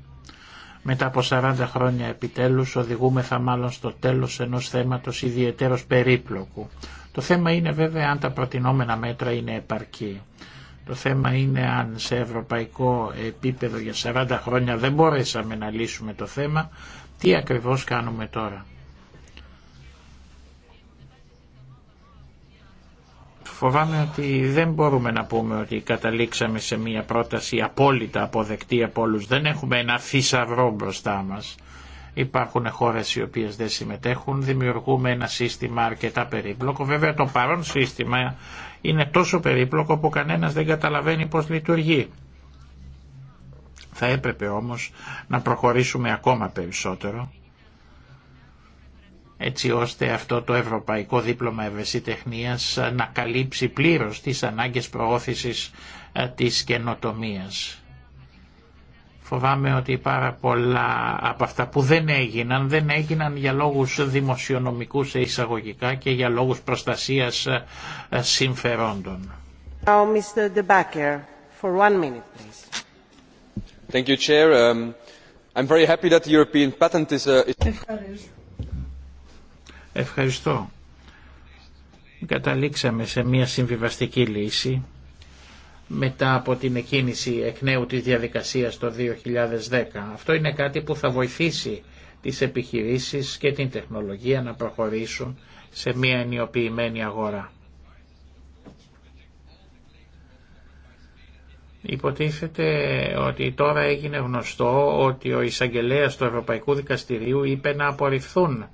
Μετά από 40 χρόνια επιτέλους οδηγούμεθα μάλλον στο τέλος ενός θέματος ιδιαίτερος περίπλοκου. Το θέμα είναι βέβαια αν τα προτινόμενα μέτρα είναι επαρκή. Το θέμα είναι αν σε ευρωπαϊκό επίπεδο για 40 χρόνια δεν μπορέσαμε να λύσουμε το θέμα, τι ακριβώς κάνουμε τώρα. Φοβάμαι ότι δεν μπορούμε να πούμε ότι καταλήξαμε σε μια πρόταση απόλυτα αποδεκτή από όλους. Δεν έχουμε ένα θησαυρό μπροστά μας. Υπάρχουν χώρες οι οποίες δεν συμμετέχουν, δημιουργούμε ένα σύστημα αρκετά περίπλοκο. Βέβαια το παρόν σύστημα είναι τόσο περίπλοκο που κανένας δεν καταλαβαίνει πώς λειτουργεί. Θα έπρεπε όμως να προχωρήσουμε ακόμα περισσότερο έτσι ώστε αυτό το Ευρωπαϊκό Δίπλωμα Ευαισθητεχνίας να καλύψει πλήρως τις ανάγκες προώθησης ε, της καινοτομίας. Φοβάμαι ότι πάρα πολλά από αυτά που δεν έγιναν, δεν έγιναν για λόγους δημοσιονομικούς εισαγωγικά και για λόγους προστασίας ε, ε, συμφερόντων. Mr. for one minute, please. Thank you, Chair. Um, I'm very happy that the European patent is, uh, Ευχαριστώ. Ευχαριστώ. Καταλήξαμε σε μια συμβιβαστική λύση μετά από την εκκίνηση εκ νέου της διαδικασίας το 2010. Αυτό είναι κάτι που θα βοηθήσει τις επιχειρήσεις και την τεχνολογία να προχωρήσουν σε μια ενιοποιημένη αγορά. Υποτίθεται ότι τώρα έγινε γνωστό ότι ο εισαγγελέα του Ευρωπαϊκού Δικαστηρίου είπε να απορριφθούν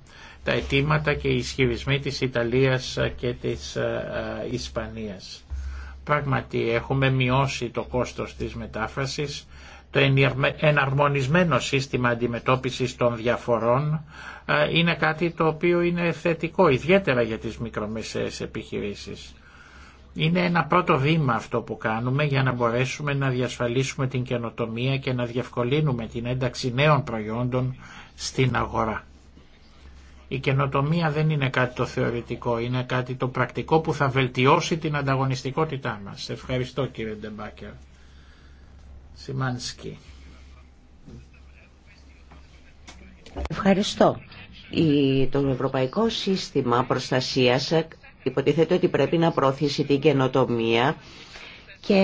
τα αιτήματα και οι ισχυρισμοί της Ιταλίας και της ε, ε, Ισπανίας. Πράγματι έχουμε μειώσει το κόστος της μετάφρασης, το εναρμονισμένο σύστημα αντιμετώπισης των διαφορών ε, είναι κάτι το οποίο είναι θετικό, ιδιαίτερα για τις μικρομεσαίες επιχειρήσεις. Είναι ένα πρώτο βήμα αυτό που κάνουμε για να μπορέσουμε να διασφαλίσουμε την καινοτομία και να διευκολύνουμε την ένταξη νέων προϊόντων στην αγορά. Η καινοτομία δεν είναι κάτι το θεωρητικό, είναι κάτι το πρακτικό που θα βελτιώσει την ανταγωνιστικότητά μας. Ευχαριστώ κύριε Ντεμπάκερ. Σιμάνσκι. Ευχαριστώ. Η, το Ευρωπαϊκό Σύστημα Προστασίας υποτίθεται ότι πρέπει να προωθήσει την καινοτομία και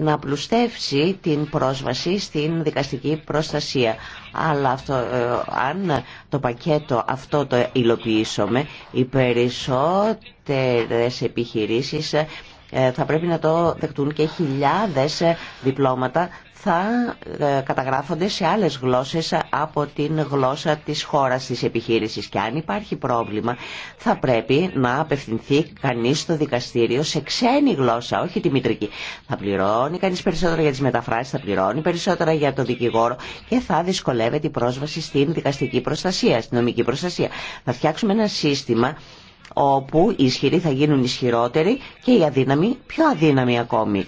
να πλουστεύσει την πρόσβαση στην δικαστική προστασία. Αλλά αυτό, ε, αν το πακέτο αυτό το υλοποιήσουμε, οι περισσότερες επιχειρήσεις ε, θα πρέπει να το δεχτούν και χιλιάδες διπλώματα θα ε, καταγράφονται σε άλλες γλώσσες από την γλώσσα της χώρας της επιχείρησης και αν υπάρχει πρόβλημα θα πρέπει να απευθυνθεί κανείς στο δικαστήριο σε ξένη γλώσσα, όχι τη μητρική. Θα πληρώνει κανείς περισσότερο για τις μεταφράσεις, θα πληρώνει περισσότερα για τον δικηγόρο και θα δυσκολεύεται η πρόσβαση στην δικαστική προστασία, στην νομική προστασία. Θα φτιάξουμε ένα σύστημα όπου οι ισχυροί θα γίνουν ισχυρότεροι και οι αδύναμοι πιο αδύναμοι ακόμη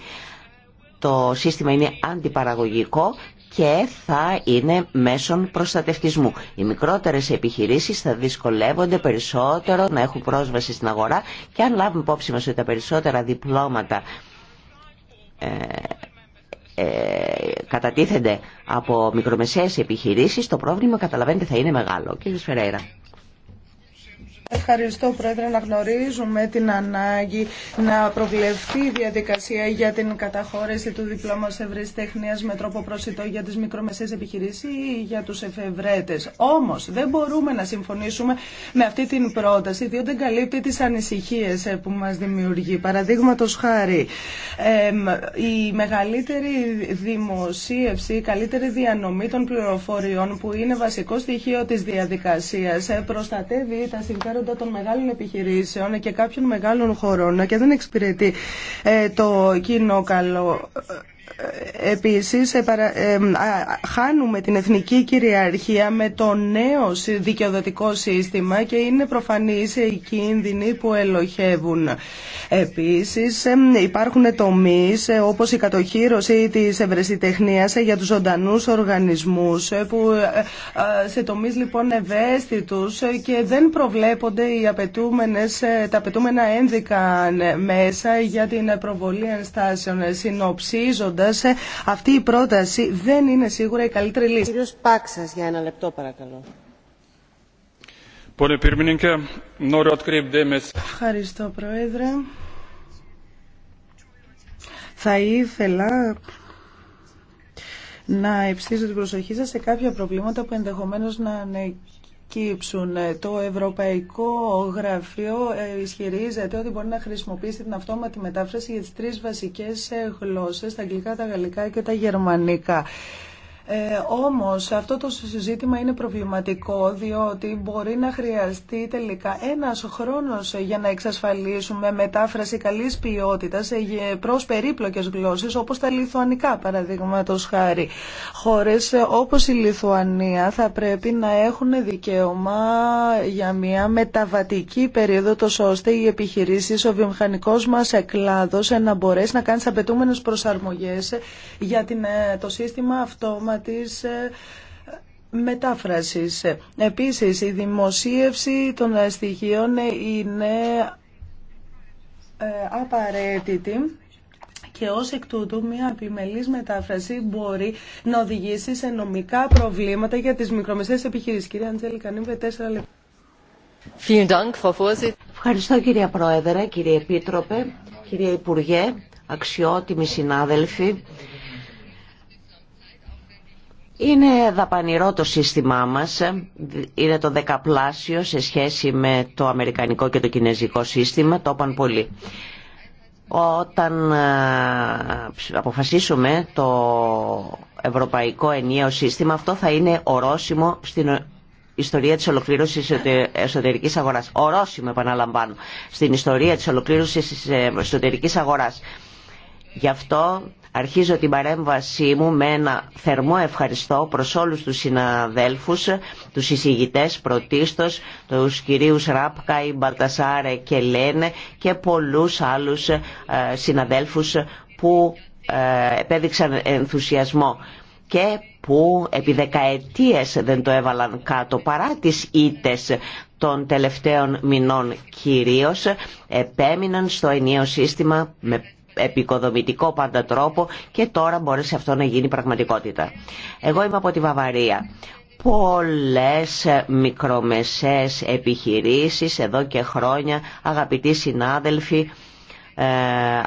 το σύστημα είναι αντιπαραγωγικό και θα είναι μέσον προστατευτισμού. Οι μικρότερες επιχειρήσεις θα δυσκολεύονται περισσότερο να έχουν πρόσβαση στην αγορά και αν λάβουμε υπόψη μας ότι τα περισσότερα διπλώματα ε, ε κατατίθενται από μικρομεσαίες επιχειρήσεις, το πρόβλημα καταλαβαίνετε θα είναι μεγάλο. Κύριε Σφεραίρα. Ευχαριστώ Πρόεδρε να γνωρίζουμε την ανάγκη να προβλεφθεί η διαδικασία για την καταχώρηση του διπλώματος τέχνιας με τρόπο προσιτό για τις μικρομεσαίες επιχειρήσεις ή για τους εφευρέτες. Όμως δεν μπορούμε να συμφωνήσουμε με αυτή την πρόταση διότι δεν καλύπτει τις ανησυχίες ε, που μας δημιουργεί. Παραδείγματο χάρη, η μεγαλύτερη δημοσίευση, η καλύτερη διανομή των πληροφοριών που είναι βασικό στοιχείο της διαδικασίας ε, προστατεύει τα συμφέροντα συμφέροντα των μεγάλων επιχειρήσεων και κάποιων μεγάλων χωρών και δεν εξυπηρετεί ε, το κοινό καλό. Επίσης, ε, ε, χάνουμε την εθνική κυριαρχία με το νέο δικαιοδοτικό σύστημα και είναι προφανής οι κίνδυνοι που ελοχεύουν. Επίσης, ε, υπάρχουν τομείς όπως η κατοχήρωση της ευρεσιτεχνίας για τους ζωντανού οργανισμούς που σε τομείς λοιπόν ευαίσθητους και δεν προβλέπονται οι απαιτούμενες, τα απαιτούμενα ένδικα μέσα για την προβολή ενστάσεων. Συνοψίζονται Τελειώνοντας, ε, αυτή η πρόταση δεν είναι σίγουρα η καλύτερη λύση. Κύριος Πάξας, για ένα λεπτό παρακαλώ. Ευχαριστώ, Πρόεδρε. Θα ήθελα να υψίσω την προσοχή σας σε κάποια προβλήματα που ενδεχομένως να είναι. Ε, το Ευρωπαϊκό Γραφείο ε, ισχυρίζεται ότι μπορεί να χρησιμοποιήσει την αυτόματη μετάφραση για τις τρεις βασικές ε, γλώσσες, τα αγγλικά, τα γαλλικά και τα γερμανικά. Ε, όμως αυτό το συζήτημα είναι προβληματικό διότι μπορεί να χρειαστεί τελικά ένας χρόνος για να εξασφαλίσουμε μετάφραση καλής ποιότητας προς περίπλοκες γλώσσες όπως τα λιθουανικά παραδείγματο χάρη. Χώρες όπως η Λιθουανία θα πρέπει να έχουν δικαίωμα για μια μεταβατική περίοδο ώστε οι επιχειρήσεις, ο βιομηχανικός μας κλάδος να μπορέσει να κάνει απαιτούμενες προσαρμογές για ε, το σύστημα αυτό θέμα της ε, μετάφρασης. Επίσης, η δημοσίευση των στοιχείων είναι ε, απαραίτητη και ως εκ τούτου μια επιμελής μετάφραση μπορεί να οδηγήσει σε νομικά προβλήματα για τις μικρομεσαίες επιχειρήσεις. Κυρία Αντζέλη Κανίμπε, τέσσερα λεπτά. Ευχαριστώ κύριε Πρόεδρε, κύριε Επίτροπε, κύριε Υπουργέ, αξιότιμοι συνάδελφοι. Είναι δαπανηρό το σύστημά μας, είναι το δεκαπλάσιο σε σχέση με το αμερικανικό και το κινέζικο σύστημα, το είπαν πολύ. Όταν αποφασίσουμε το ευρωπαϊκό ενιαίο σύστημα, αυτό θα είναι ορόσημο στην ιστορία της ολοκλήρωσης της εσωτερικής αγοράς. Ορόσημο, επαναλαμβάνω, στην ιστορία της ολοκλήρωσης της ε, εσωτερικής αγοράς. Γι' αυτό Αρχίζω την παρέμβασή μου με ένα θερμό ευχαριστώ προς όλους τους συναδέλφους, τους εισηγητές πρωτίστως, τους κυρίους Ράπκα, Μπαλτασάρε και Λένε και πολλούς άλλους ε, συναδέλφους που ε, επέδειξαν ενθουσιασμό και που επί δεκαετίες δεν το έβαλαν κάτω παρά τις ήτες των τελευταίων μηνών κυρίως επέμειναν στο ενίο σύστημα με επικοδομητικό πάντα τρόπο και τώρα μπόρεσε αυτό να γίνει πραγματικότητα. Εγώ είμαι από τη Βαβαρία. Πολλές μικρομεσές επιχειρήσεις εδώ και χρόνια, αγαπητοί συνάδελφοι, ε,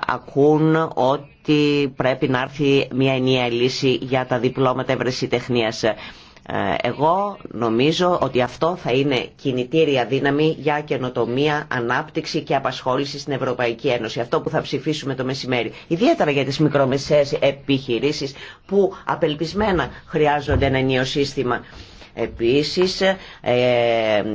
ακούν ότι πρέπει να έρθει μια ενιαία λύση για τα διπλώματα ευρεσιτεχνίας. Ε, εγώ νομίζω ότι αυτό θα είναι κινητήρια δύναμη για καινοτομία, ανάπτυξη και απασχόληση στην Ευρωπαϊκή Ένωση. Αυτό που θα ψηφίσουμε το μεσημέρι. Ιδιαίτερα για τις μικρομεσαίες επιχειρήσεις που απελπισμένα χρειάζονται ένα νέο σύστημα Επίσης, ε,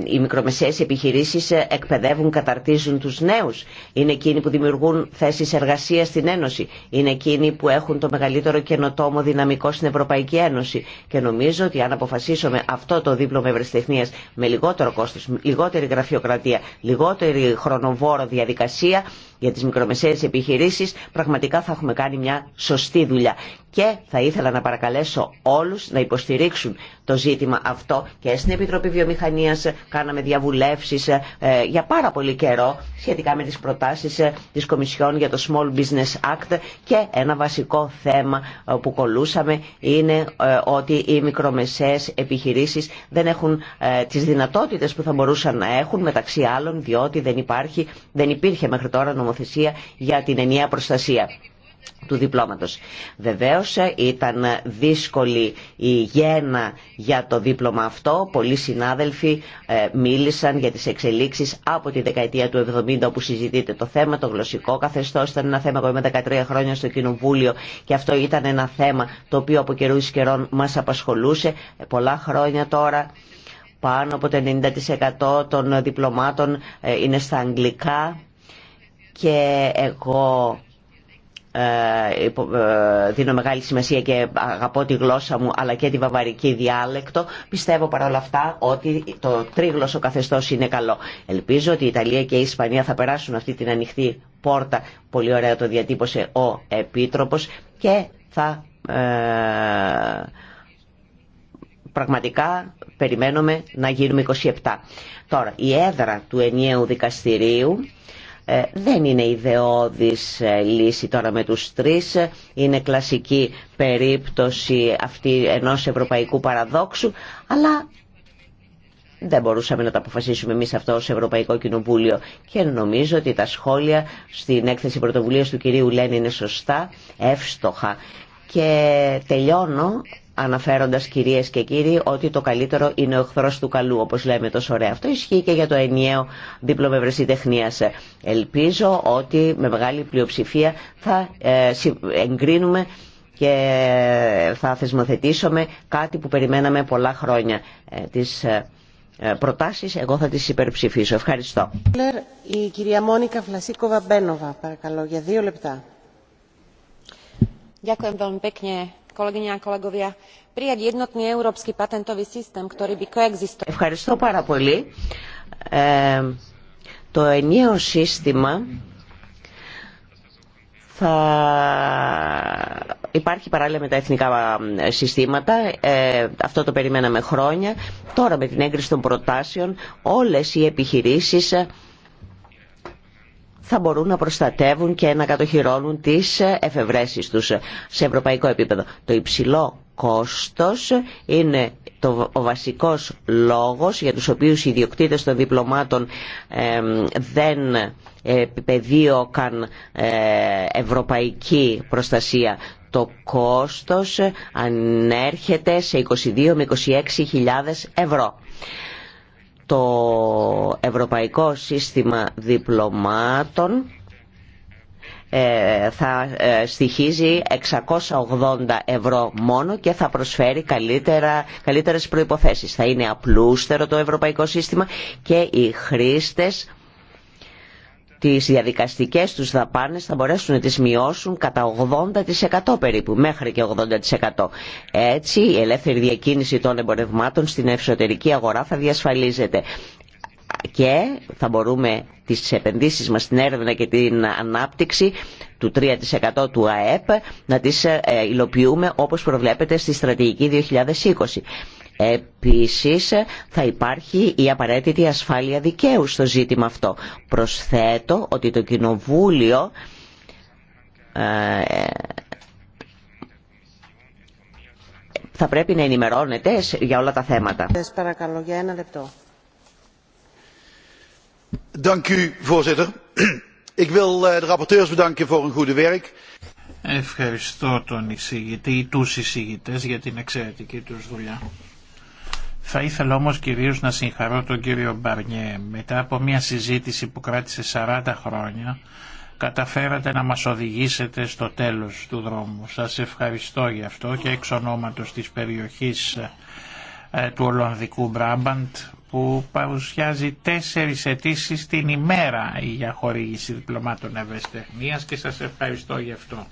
οι μικρομεσαίες επιχειρήσεις ε, εκπαιδεύουν, καταρτίζουν τους νέους. Είναι εκείνοι που δημιουργούν θέσεις εργασίας στην Ένωση. Είναι εκείνοι που έχουν το μεγαλύτερο καινοτόμο δυναμικό στην Ευρωπαϊκή Ένωση. Και νομίζω ότι αν αποφασίσουμε αυτό το δίπλωμα ευρεσιτεχνίας με λιγότερο κόστος, λιγότερη γραφειοκρατία, λιγότερη χρονοβόρο διαδικασία, για τις μικρομεσαίες επιχειρήσεις, πραγματικά θα έχουμε κάνει μια σωστή δουλειά. Και θα ήθελα να παρακαλέσω όλους να υποστηρίξουν το ζήτημα αυτό και στην Επιτροπή Βιομηχανίας κάναμε διαβουλεύσεις ε, για πάρα πολύ καιρό σχετικά με τις προτάσεις ε, της Κομισιόν για το Small Business Act και ένα βασικό θέμα ε, που κολούσαμε είναι ότι οι μικρομεσαίες επιχειρήσεις δεν έχουν τις δυνατότητες που θα μπορούσαν να έχουν μεταξύ άλλων διότι δεν, υπάρχει, δεν υπήρχε μέχρι τώρα νομοθεσία νομοθεσία για την ενιαία προστασία του διπλώματος. Βεβαίως ε, ήταν δύσκολη η γένα για το δίπλωμα αυτό. Πολλοί συνάδελφοι ε, μίλησαν για τις εξελίξεις από τη δεκαετία του 70 όπου συζητείται το θέμα, το γλωσσικό καθεστώς ήταν ένα θέμα που είμαι 13 χρόνια στο Κοινοβούλιο και αυτό ήταν ένα θέμα το οποίο από καιρού εις καιρών μας απασχολούσε ε, πολλά χρόνια τώρα. Πάνω από το 90% των διπλωμάτων είναι στα αγγλικά και εγώ ε, ε, δίνω μεγάλη σημασία και αγαπώ τη γλώσσα μου αλλά και τη βαβαρική διάλεκτο πιστεύω παρόλα αυτά ότι το τρίγλωσσο καθεστώς είναι καλό ελπίζω ότι η Ιταλία και η Ισπανία θα περάσουν αυτή την ανοιχτή πόρτα πολύ ωραία το διατύπωσε ο Επίτροπος και θα ε, πραγματικά περιμένουμε να γίνουμε 27 τώρα η έδρα του ενιαίου δικαστηρίου ε, δεν είναι ιδεώδης ε, λύση τώρα με τους τρεις, είναι κλασική περίπτωση αυτή ενός ευρωπαϊκού παραδόξου, αλλά δεν μπορούσαμε να τα αποφασίσουμε εμείς αυτό ως Ευρωπαϊκό Κοινοβούλιο και νομίζω ότι τα σχόλια στην έκθεση πρωτοβουλίας του κυρίου Λένι είναι σωστά, εύστοχα και τελειώνω αναφέροντας κυρίες και κύριοι ότι το καλύτερο είναι ο εχθρός του καλού όπως λέμε τόσο ωραία. Αυτό ισχύει και για το ενιαίο δίπλωμα τεχνίας. Ελπίζω ότι με μεγάλη πλειοψηφία θα ε, εγκρίνουμε και θα θεσμοθετήσουμε κάτι που περιμέναμε πολλά χρόνια. Ε, τις ε, προτάσεις εγώ θα τις υπερψηφίσω. Ευχαριστώ. Η κυρία Μόνικα Φλασίκοβα Μπένοβα, παρακαλώ, για δύο λεπτά. Ευχαριστώ πάρα πολύ. Ε, το ενιαίο σύστημα θα υπάρχει παράλληλα με τα εθνικά συστήματα, ε, αυτό το περιμέναμε χρόνια. Τώρα με την έγκριση των προτάσεων όλες οι επιχειρήσεις θα μπορούν να προστατεύουν και να κατοχυρώνουν τις εφευρέσεις τους σε ευρωπαϊκό επίπεδο. Το υψηλό κόστος είναι το, ο βασικός λόγος για τους οποίους οι ιδιοκτήτες των διπλωμάτων δεν επίπεδίωκαν ε, ευρωπαϊκή προστασία. Το κόστος ανέρχεται σε 22 με 26 ευρώ το Ευρωπαϊκό Σύστημα Διπλωμάτων ε, θα ε, στοιχίζει 680 ευρώ μόνο και θα προσφέρει καλύτερα, καλύτερες προϋποθέσεις. Θα είναι απλούστερο το ευρωπαϊκό σύστημα και οι χρήστες τις διαδικαστικές τους δαπάνες θα μπορέσουν να τις μειώσουν κατά 80% περίπου, μέχρι και 80%. Έτσι η ελεύθερη διακίνηση των εμπορευμάτων στην εσωτερική αγορά θα διασφαλίζεται και θα μπορούμε τις επενδύσεις μας στην έρευνα και την ανάπτυξη του 3% του ΑΕΠ να τις ε, υλοποιούμε όπως προβλέπεται στη στρατηγική 2020. Επίσης θα υπάρχει η απαραίτητη ασφάλεια δικαίου στο ζήτημα αυτό. Προσθέτω ότι το Κοινοβούλιο ε, θα πρέπει να ενημερώνεται για όλα τα θέματα. παρακαλώ για λεπτό. Ευχαριστώ τον εισηγητή ή τους εισηγητές για την εξαιρετική τους δουλειά. Θα ήθελα όμως κυρίως να συγχαρώ τον κύριο Μπαρνιέ. Μετά από μια συζήτηση που κράτησε 40 χρόνια, καταφέρατε να μας οδηγήσετε στο τέλος του δρόμου. Σας ευχαριστώ για αυτό και εξ ονόματος της περιοχής ε, του Ολλανδικού Μπράμπαντ που παρουσιάζει τέσσερις αιτήσει την ημέρα για χορήγηση διπλωμάτων ευαισθητεχνίας και σας ευχαριστώ γι' αυτό.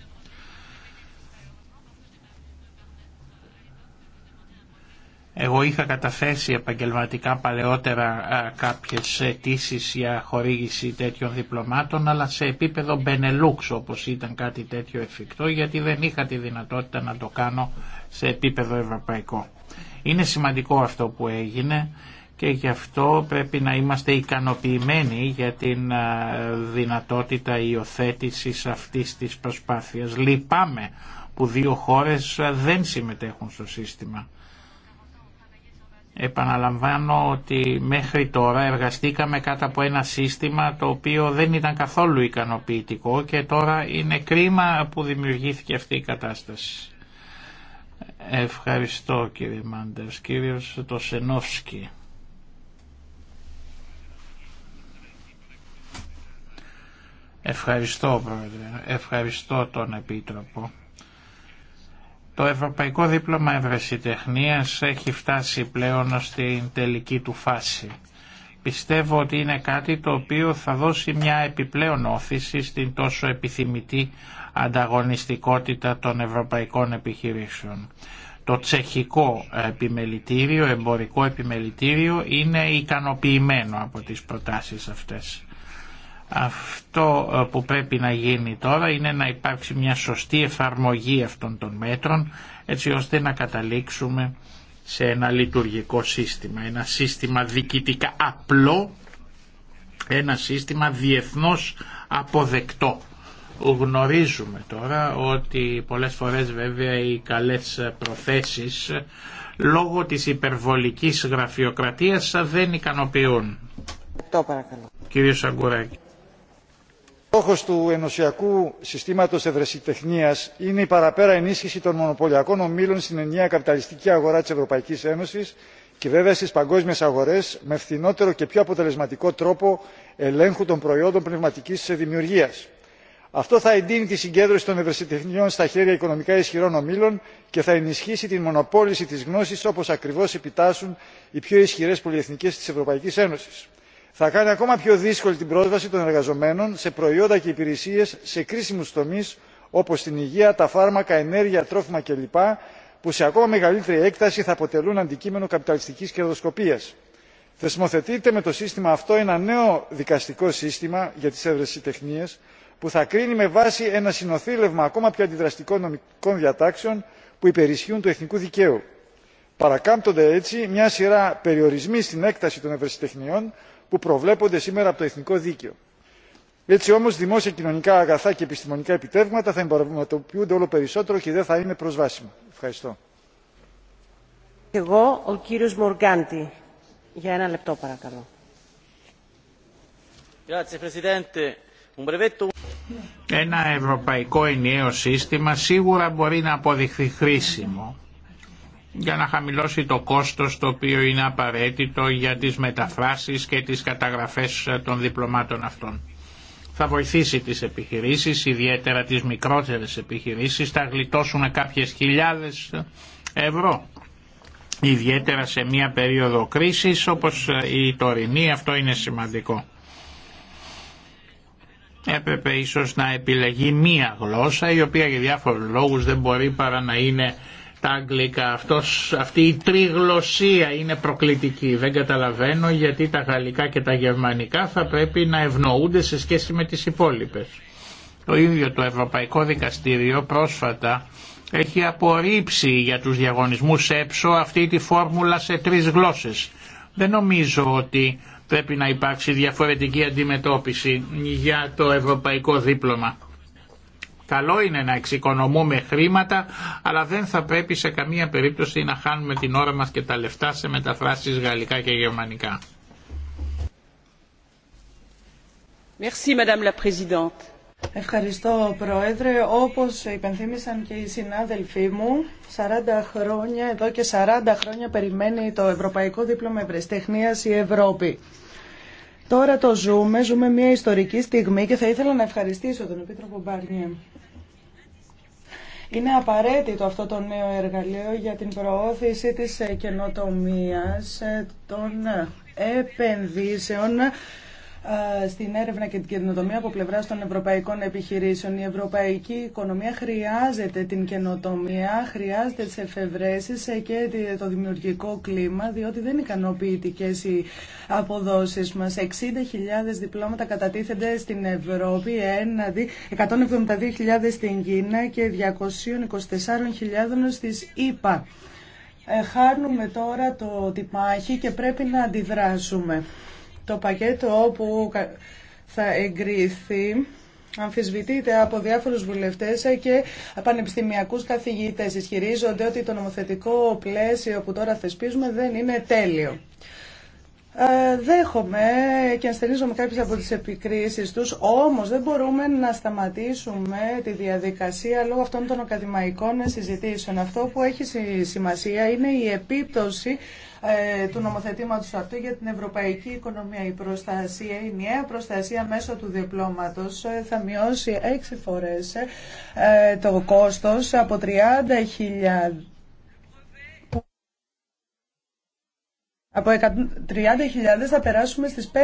Εγώ είχα καταθέσει επαγγελματικά παλαιότερα κάποιες αιτήσει για χορήγηση τέτοιων διπλωμάτων αλλά σε επίπεδο Μπενελούξ όπως ήταν κάτι τέτοιο εφικτό γιατί δεν είχα τη δυνατότητα να το κάνω σε επίπεδο ευρωπαϊκό. Είναι σημαντικό αυτό που έγινε και γι' αυτό πρέπει να είμαστε ικανοποιημένοι για την δυνατότητα υιοθέτηση αυτής της προσπάθειας. Λυπάμαι που δύο χώρες δεν συμμετέχουν στο σύστημα. Επαναλαμβάνω ότι μέχρι τώρα εργαστήκαμε κάτω από ένα σύστημα το οποίο δεν ήταν καθόλου ικανοποιητικό και τώρα είναι κρίμα που δημιουργήθηκε αυτή η κατάσταση. Ευχαριστώ κύριε Μάντερς. Κύριος Τοσενόφσκι. Ευχαριστώ πρόεδρε. Ευχαριστώ τον Επίτροπο το Ευρωπαϊκό Δίπλωμα Ευρεσιτεχνίας έχει φτάσει πλέον στην τελική του φάση. Πιστεύω ότι είναι κάτι το οποίο θα δώσει μια επιπλέον όθηση στην τόσο επιθυμητή ανταγωνιστικότητα των ευρωπαϊκών επιχειρήσεων. Το τσεχικό επιμελητήριο, εμπορικό επιμελητήριο είναι ικανοποιημένο από τις προτάσεις αυτές. Αυτό ε, που πρέπει να γίνει τώρα είναι να υπάρξει μια σωστή εφαρμογή αυτών των μέτρων έτσι ώστε να καταλήξουμε σε ένα λειτουργικό σύστημα, ένα σύστημα διοικητικά απλό, ένα σύστημα διεθνώς αποδεκτό. Γνωρίζουμε τώρα ότι πολλές φορές βέβαια οι καλές προθέσεις λόγω της υπερβολικής γραφειοκρατίας δεν ικανοποιούν. Το παρακαλώ. Κύριε Σαγκουράκη. Στόχος του ενωσιακού συστήματος ευρεσιτεχνίας είναι η παραπέρα ενίσχυση των μονοπωλιακών ομίλων στην ενιαία καπιταλιστική αγορά της Ευρωπαϊκής Ένωσης και βέβαια στις παγκόσμιες αγορές με φθηνότερο και πιο αποτελεσματικό τρόπο ελέγχου των προϊόντων πνευματικής δημιουργίας. Αυτό θα εντείνει τη συγκέντρωση των ευρεσιτεχνιών στα χέρια οικονομικά ισχυρών ομίλων και θα ενισχύσει την μονοπόληση της γνώση όπω ακριβώ επιτάσσουν οι πιο ισχυρέ πολυεθνικές τη Ευρωπαϊκής Ένωσης θα κάνει ακόμα πιο δύσκολη την πρόσβαση των εργαζομένων σε προϊόντα και υπηρεσίε σε κρίσιμου τομεί όπω την υγεία τα φάρμακα ενέργεια τρόφιμα κλπ που σε ακόμα μεγαλύτερη έκταση θα αποτελούν αντικείμενο καπιταλιστική κερδοσκοπία. θεσμοθετείται με το σύστημα αυτό ένα νέο δικαστικό σύστημα για τις ευρεσιτεχνίες που θα κρίνει με βάση ένα συνοθήλευμα ακόμα πιο αντιδραστικών νομικών διατάξεων που υπερισχύουν του εθνικού δικαίου. παρακάμπτονται έτσι μια σειρά περιορισμοί στην έκταση των ευρεσιτεχνιών που προβλέπονται σήμερα από το εθνικό δίκαιο. έτσι όμω δημόσια κοινωνικά αγαθά και επιστημονικά επιτεύγματα θα εμπορευματοποιούνται όλο περισσότερο και δεν θα είναι προσβάσιμα. ευχαριστώ. Εγώ, ο Για ένα λεπτό, παρακαλώ. Ένα ευρωπαϊκό ενιαίο σύστημα σίγουρα μπορεί να αποδειχθεί χρήσιμο για να χαμηλώσει το κόστος το οποίο είναι απαραίτητο για τις μεταφράσεις και τις καταγραφές ε, των διπλωμάτων αυτών. Θα βοηθήσει τις επιχειρήσεις, ιδιαίτερα τις μικρότερες επιχειρήσεις, θα γλιτώσουν κάποιες χιλιάδες ε, ευρώ. Ιδιαίτερα σε μια περίοδο κρίσης όπως ε, η τωρινή, αυτό είναι σημαντικό έπρεπε ίσως να επιλεγεί μία γλώσσα η οποία για διάφορους λόγους δεν μπορεί παρά να είναι τα αγγλικά. Αυτός, αυτή η τριγλωσία είναι προκλητική. Δεν καταλαβαίνω γιατί τα γαλλικά και τα γερμανικά θα πρέπει να ευνοούνται σε σχέση με τις υπόλοιπες. Το ίδιο το Ευρωπαϊκό Δικαστήριο πρόσφατα έχει απορρίψει για τους διαγωνισμούς έψω αυτή τη φόρμουλα σε τρεις γλώσσες. Δεν νομίζω ότι πρέπει να υπάρξει διαφορετική αντιμετώπιση για το ευρωπαϊκό δίπλωμα. Καλό είναι να εξοικονομούμε χρήματα, αλλά δεν θα πρέπει σε καμία περίπτωση να χάνουμε την ώρα μας και τα λεφτά σε μεταφράσεις γαλλικά και γερμανικά. Ευχαριστώ Πρόεδρε. Όπως υπενθύμησαν και οι συνάδελφοί μου, 40 χρόνια, εδώ και 40 χρόνια περιμένει το Ευρωπαϊκό Δίπλωμα Ευρεστεχνίας η Ευρώπη. Τώρα το ζούμε, ζούμε μια ιστορική στιγμή και θα ήθελα να ευχαριστήσω τον Επίτροπο Μπάρνιε είναι απαραίτητο αυτό το νέο εργαλείο για την προώθηση της καινοτομίας ε, των επενδύσεων ε, στην έρευνα και την καινοτομία από πλευρά των ευρωπαϊκών επιχειρήσεων. Η ευρωπαϊκή οικονομία χρειάζεται την καινοτομία, χρειάζεται τι εφευρέσει ε, και το δημιουργικό κλίμα, διότι δεν είναι ικανοποιητικέ οι αποδόσει μα. 60.000 διπλώματα κατατίθενται στην Ευρώπη, έναντι 172.000 στην Κίνα και 224.000 στι ΗΠΑ. Ε, χάνουμε τώρα το τυπάχι και πρέπει να αντιδράσουμε. Το πακέτο όπου θα εγκρίθει αμφισβητείται από διάφορους βουλευτές και πανεπιστημιακούς καθηγητές. Ισχυρίζονται ότι το νομοθετικό πλαίσιο που τώρα θεσπίζουμε δεν είναι τέλειο. Ε, δέχομαι και ασθενίζομαι κάποιες από τις επικρίσεις τους, όμως δεν μπορούμε να σταματήσουμε τη διαδικασία λόγω αυτών των ακαδημαϊκών συζητήσεων. Αυτό που έχει σημασία είναι η επίπτωση ε, του νομοθετήματο αυτού για την ευρωπαϊκή οικονομία. Η προστασία, η νέα προστασία μέσω του διπλώματο ε, θα μειώσει έξι φορές ε, το κόστος από 30.000 Από 30.000 θα περάσουμε στις 5.000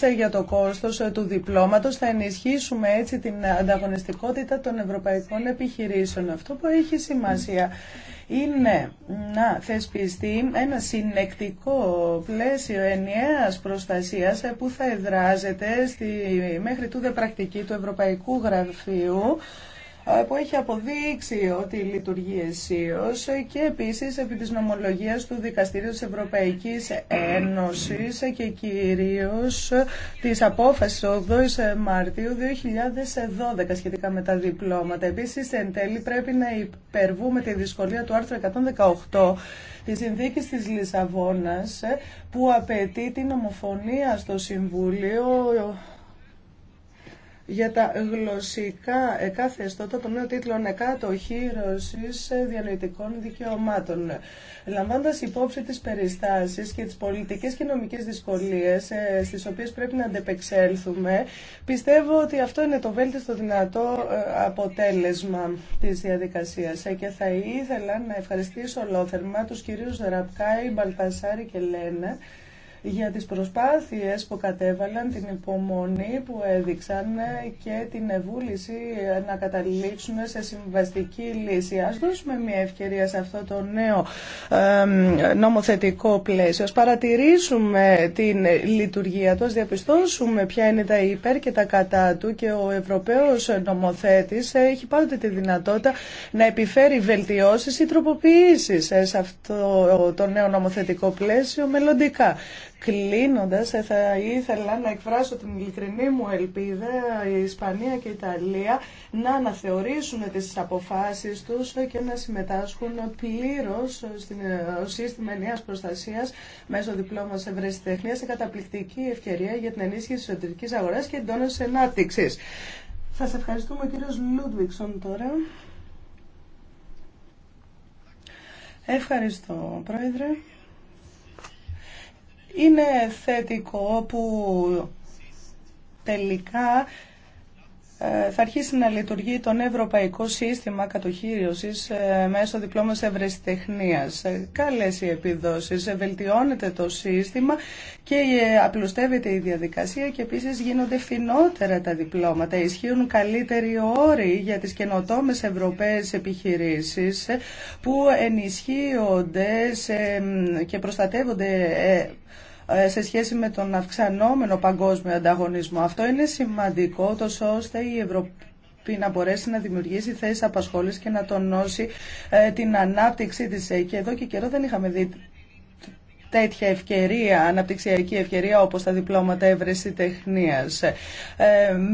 ε, για το κόστος ε, του διπλώματος. Θα ενισχύσουμε έτσι την ανταγωνιστικότητα των ευρωπαϊκών επιχειρήσεων. Αυτό που έχει σημασία είναι να θεσπιστεί ένα συνεκτικό πλαίσιο ενιαίας προστασίας ε, που θα εδράζεται στη μέχρι τούδε πρακτική του Ευρωπαϊκού Γραφείου ε, που έχει αποδείξει ότι λειτουργεί αισίως και επίσης επί της νομολογίας του Δικαστηρίου της Ευρωπαϊκής Ένωσης και κυρίως της απόφασης 8 Μαρτίου 2012 σχετικά με τα διπλώματα. Επίσης εν τέλει πρέπει να υπερβούμε τη δυσκολία του άρθρου 118 της συνθήκης της Λισαβόνας που απαιτεί την ομοφωνία στο Συμβούλιο για τα γλωσσικά ε, κάθε εστότα των νέων τίτλων εκατοχήρωσης ε, διανοητικών δικαιωμάτων. Λαμβάνοντας υπόψη τις περιστάσεις και τις πολιτικές και νομικές δυσκολίες ε, στις οποίες πρέπει να αντεπεξέλθουμε, πιστεύω ότι αυτό είναι το βέλτιστο δυνατό αποτέλεσμα της διαδικασίας. Και θα ήθελα να ευχαριστήσω ολόθερμα τους κυρίους Ραπκάη, Μπαλτασάρη και Λένα για τις προσπάθειες που κατέβαλαν, την υπομονή που έδειξαν και την ευούληση να καταλήξουν σε συμβαστική λύση. Ας δώσουμε μια ευκαιρία σε αυτό το νέο νομοθετικό πλαίσιο. Ας παρατηρήσουμε την λειτουργία του, διαπιστώσουμε ποια είναι τα υπέρ και τα κατά του και ο Ευρωπαίος νομοθέτης έχει πάντοτε τη δυνατότητα να επιφέρει βελτιώσεις ή τροποποιήσεις σε αυτό το νέο νομοθετικό πλαίσιο μελλοντικά. Κλείνοντας, θα ήθελα να εκφράσω την ειλικρινή μου ελπίδα η Ισπανία και η Ιταλία να αναθεωρήσουν τις αποφάσεις τους και να συμμετάσχουν πλήρως στο ε, σύστημα ενιαίας προστασίας μέσω διπλώματος ευρεσιτεχνίας σε καταπληκτική ευκαιρία για την ενίσχυση της εσωτερικής αγοράς και ενάπτυξης. Θα Σας ευχαριστούμε κύριος Λούντβιξον τώρα. Ευχαριστώ, Πρόεδρε. Είναι θετικό που τελικά ε, θα αρχίσει να λειτουργεί τον Ευρωπαϊκό Σύστημα Κατοχήριωση ε, μέσω διπλώματος ευρεσιτεχνίας. Ε, καλές οι επιδόσεις, βελτιώνεται το σύστημα και απλουστεύεται η διαδικασία και επίσης γίνονται φινότερα τα διπλώματα. Ισχύουν καλύτεροι όροι για τις καινοτόμες ευρωπαίες επιχειρήσεις που ενισχύονται και προστατεύονται ε, σε σχέση με τον αυξανόμενο παγκόσμιο ανταγωνισμό. Αυτό είναι σημαντικό, τόσο ώστε η Ευρωπή να μπορέσει να δημιουργήσει θέσεις απασχόλησης και να τονώσει ε, την ανάπτυξή της Και εδώ και καιρό δεν είχαμε δει τέτοια ευκαιρία, αναπτυξιακή ευκαιρία όπως τα διπλώματα έβρεση τεχνίας. Ε,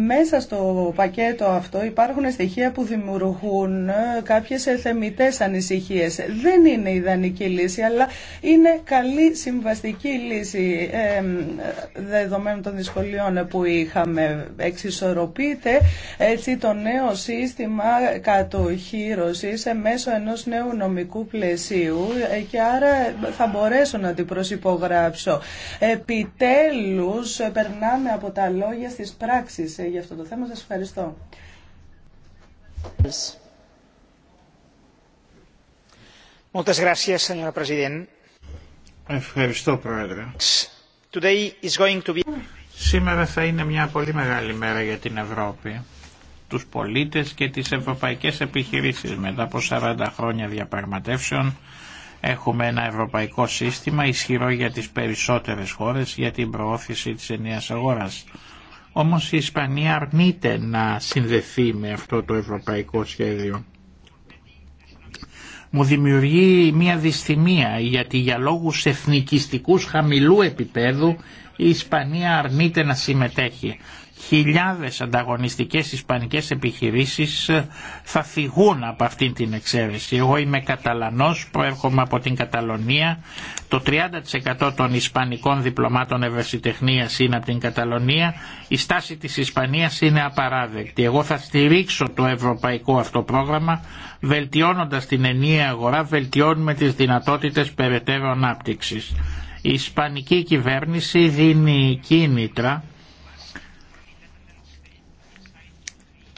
μέσα στο πακέτο αυτό υπάρχουν στοιχεία που δημιουργούν ε, κάποιες θεμητές ανησυχίες. Δεν είναι ιδανική λύση, αλλά είναι καλή συμβαστική λύση ε, δεδομένων των δυσκολιών που είχαμε. Εξισορροπείται έτσι το νέο σύστημα κατοχύρωσης ε, μέσω ενός νέου νομικού πλαισίου και άρα θα μπορέσουν να προσυπογράψω. Επιτέλους ε, περνάμε από τα λόγια στις πράξεις ε, για αυτό το θέμα. Σας ευχαριστώ. Ευχαριστώ, Πρόεδρε. Today is going to be... Σήμερα θα είναι μια πολύ μεγάλη μέρα για την Ευρώπη, τους πολίτες και τις ευρωπαϊκές επιχειρήσεις μετά από 40 χρόνια διαπραγματεύσεων Έχουμε ένα ευρωπαϊκό σύστημα ισχυρό για τις περισσότερες χώρες για την προώθηση της ενιαίας αγοράς. Όμως η Ισπανία αρνείται να συνδεθεί με αυτό το ευρωπαϊκό σχέδιο. Μου δημιουργεί μια δυστημία γιατί για λόγους εθνικιστικούς χαμηλού επίπεδου η Ισπανία αρνείται να συμμετέχει χιλιάδες ανταγωνιστικές ισπανικές επιχειρήσεις ε, θα φυγούν από αυτήν την εξαίρεση. Εγώ είμαι Καταλανός, προέρχομαι από την Καταλωνία. Το 30% των ισπανικών διπλωμάτων ευρεσιτεχνίας είναι από την Καταλωνία. Η στάση της Ισπανίας είναι απαράδεκτη. Εγώ θα στηρίξω το ευρωπαϊκό αυτό πρόγραμμα, βελτιώνοντας την ενιαία αγορά, βελτιώνουμε τις δυνατότητες περαιτέρω ανάπτυξης. Η ισπανική κυβέρνηση δίνει κίνητρα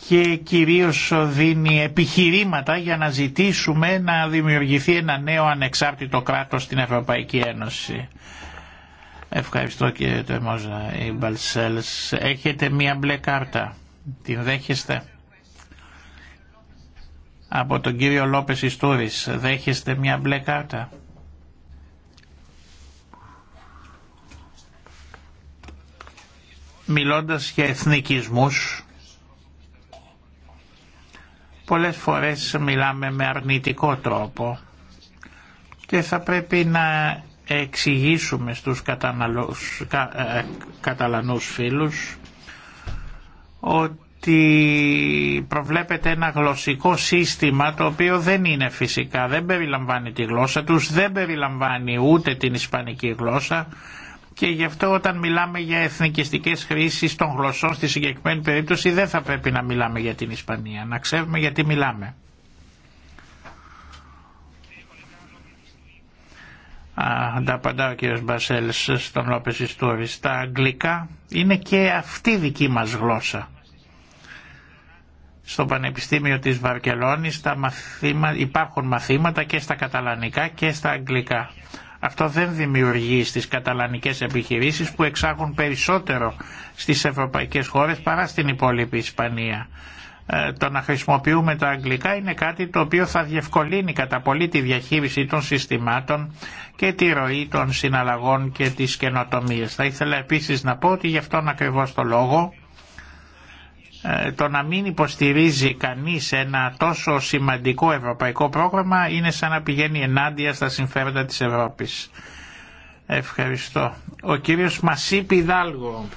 και κυρίως δίνει επιχειρήματα για να ζητήσουμε να δημιουργηθεί ένα νέο ανεξάρτητο κράτος στην Ευρωπαϊκή Ένωση. Ευχαριστώ κύριε Τεμόζα. Ιμπαλσέλς. Έχετε μία μπλε κάρτα. Την δέχεστε. Από τον κύριο Λόπες Ιστούρης. Δέχεστε μία μπλε κάρτα. Μιλώντας για εθνικισμούς, Πολλές φορές μιλάμε με αρνητικό τρόπο και θα πρέπει να εξηγήσουμε στους καταναλούς, κα, ε, καταλανούς φίλους ότι προβλέπεται ένα γλωσσικό σύστημα το οποίο δεν είναι φυσικά, δεν περιλαμβάνει τη γλώσσα τους, δεν περιλαμβάνει ούτε την ισπανική γλώσσα και γι' αυτό όταν μιλάμε για εθνικιστικές χρήσεις των γλωσσών στη συγκεκριμένη περίπτωση δεν θα πρέπει να μιλάμε για την Ισπανία, να ξέρουμε γιατί μιλάμε. Ανταπαντά ο κύριος Μπασέλς στον Λόπες Ιστούρης. Τα αγγλικά είναι και αυτή δική μας γλώσσα. Στο Πανεπιστήμιο της Βαρκελόνης τα υπάρχουν μαθήματα και στα καταλανικά και στα αγγλικά. Αυτό δεν δημιουργεί στις καταλανικές επιχειρήσεις που εξάγουν περισσότερο στις ευρωπαϊκές χώρες παρά στην υπόλοιπη Ισπανία. Ε, το να χρησιμοποιούμε τα αγγλικά είναι κάτι το οποίο θα διευκολύνει κατά πολύ τη διαχείριση των συστημάτων και τη ροή των συναλλαγών και της καινοτομίες. Θα ήθελα επίσης να πω ότι γι' αυτόν ακριβώς το λόγο ε, το να μην υποστηρίζει κανείς ένα τόσο σημαντικό ευρωπαϊκό πρόγραμμα είναι σαν να πηγαίνει ενάντια στα συμφέροντα της Ευρώπης. Ευχαριστώ. Ο κύριος Μασίπη Δάλγο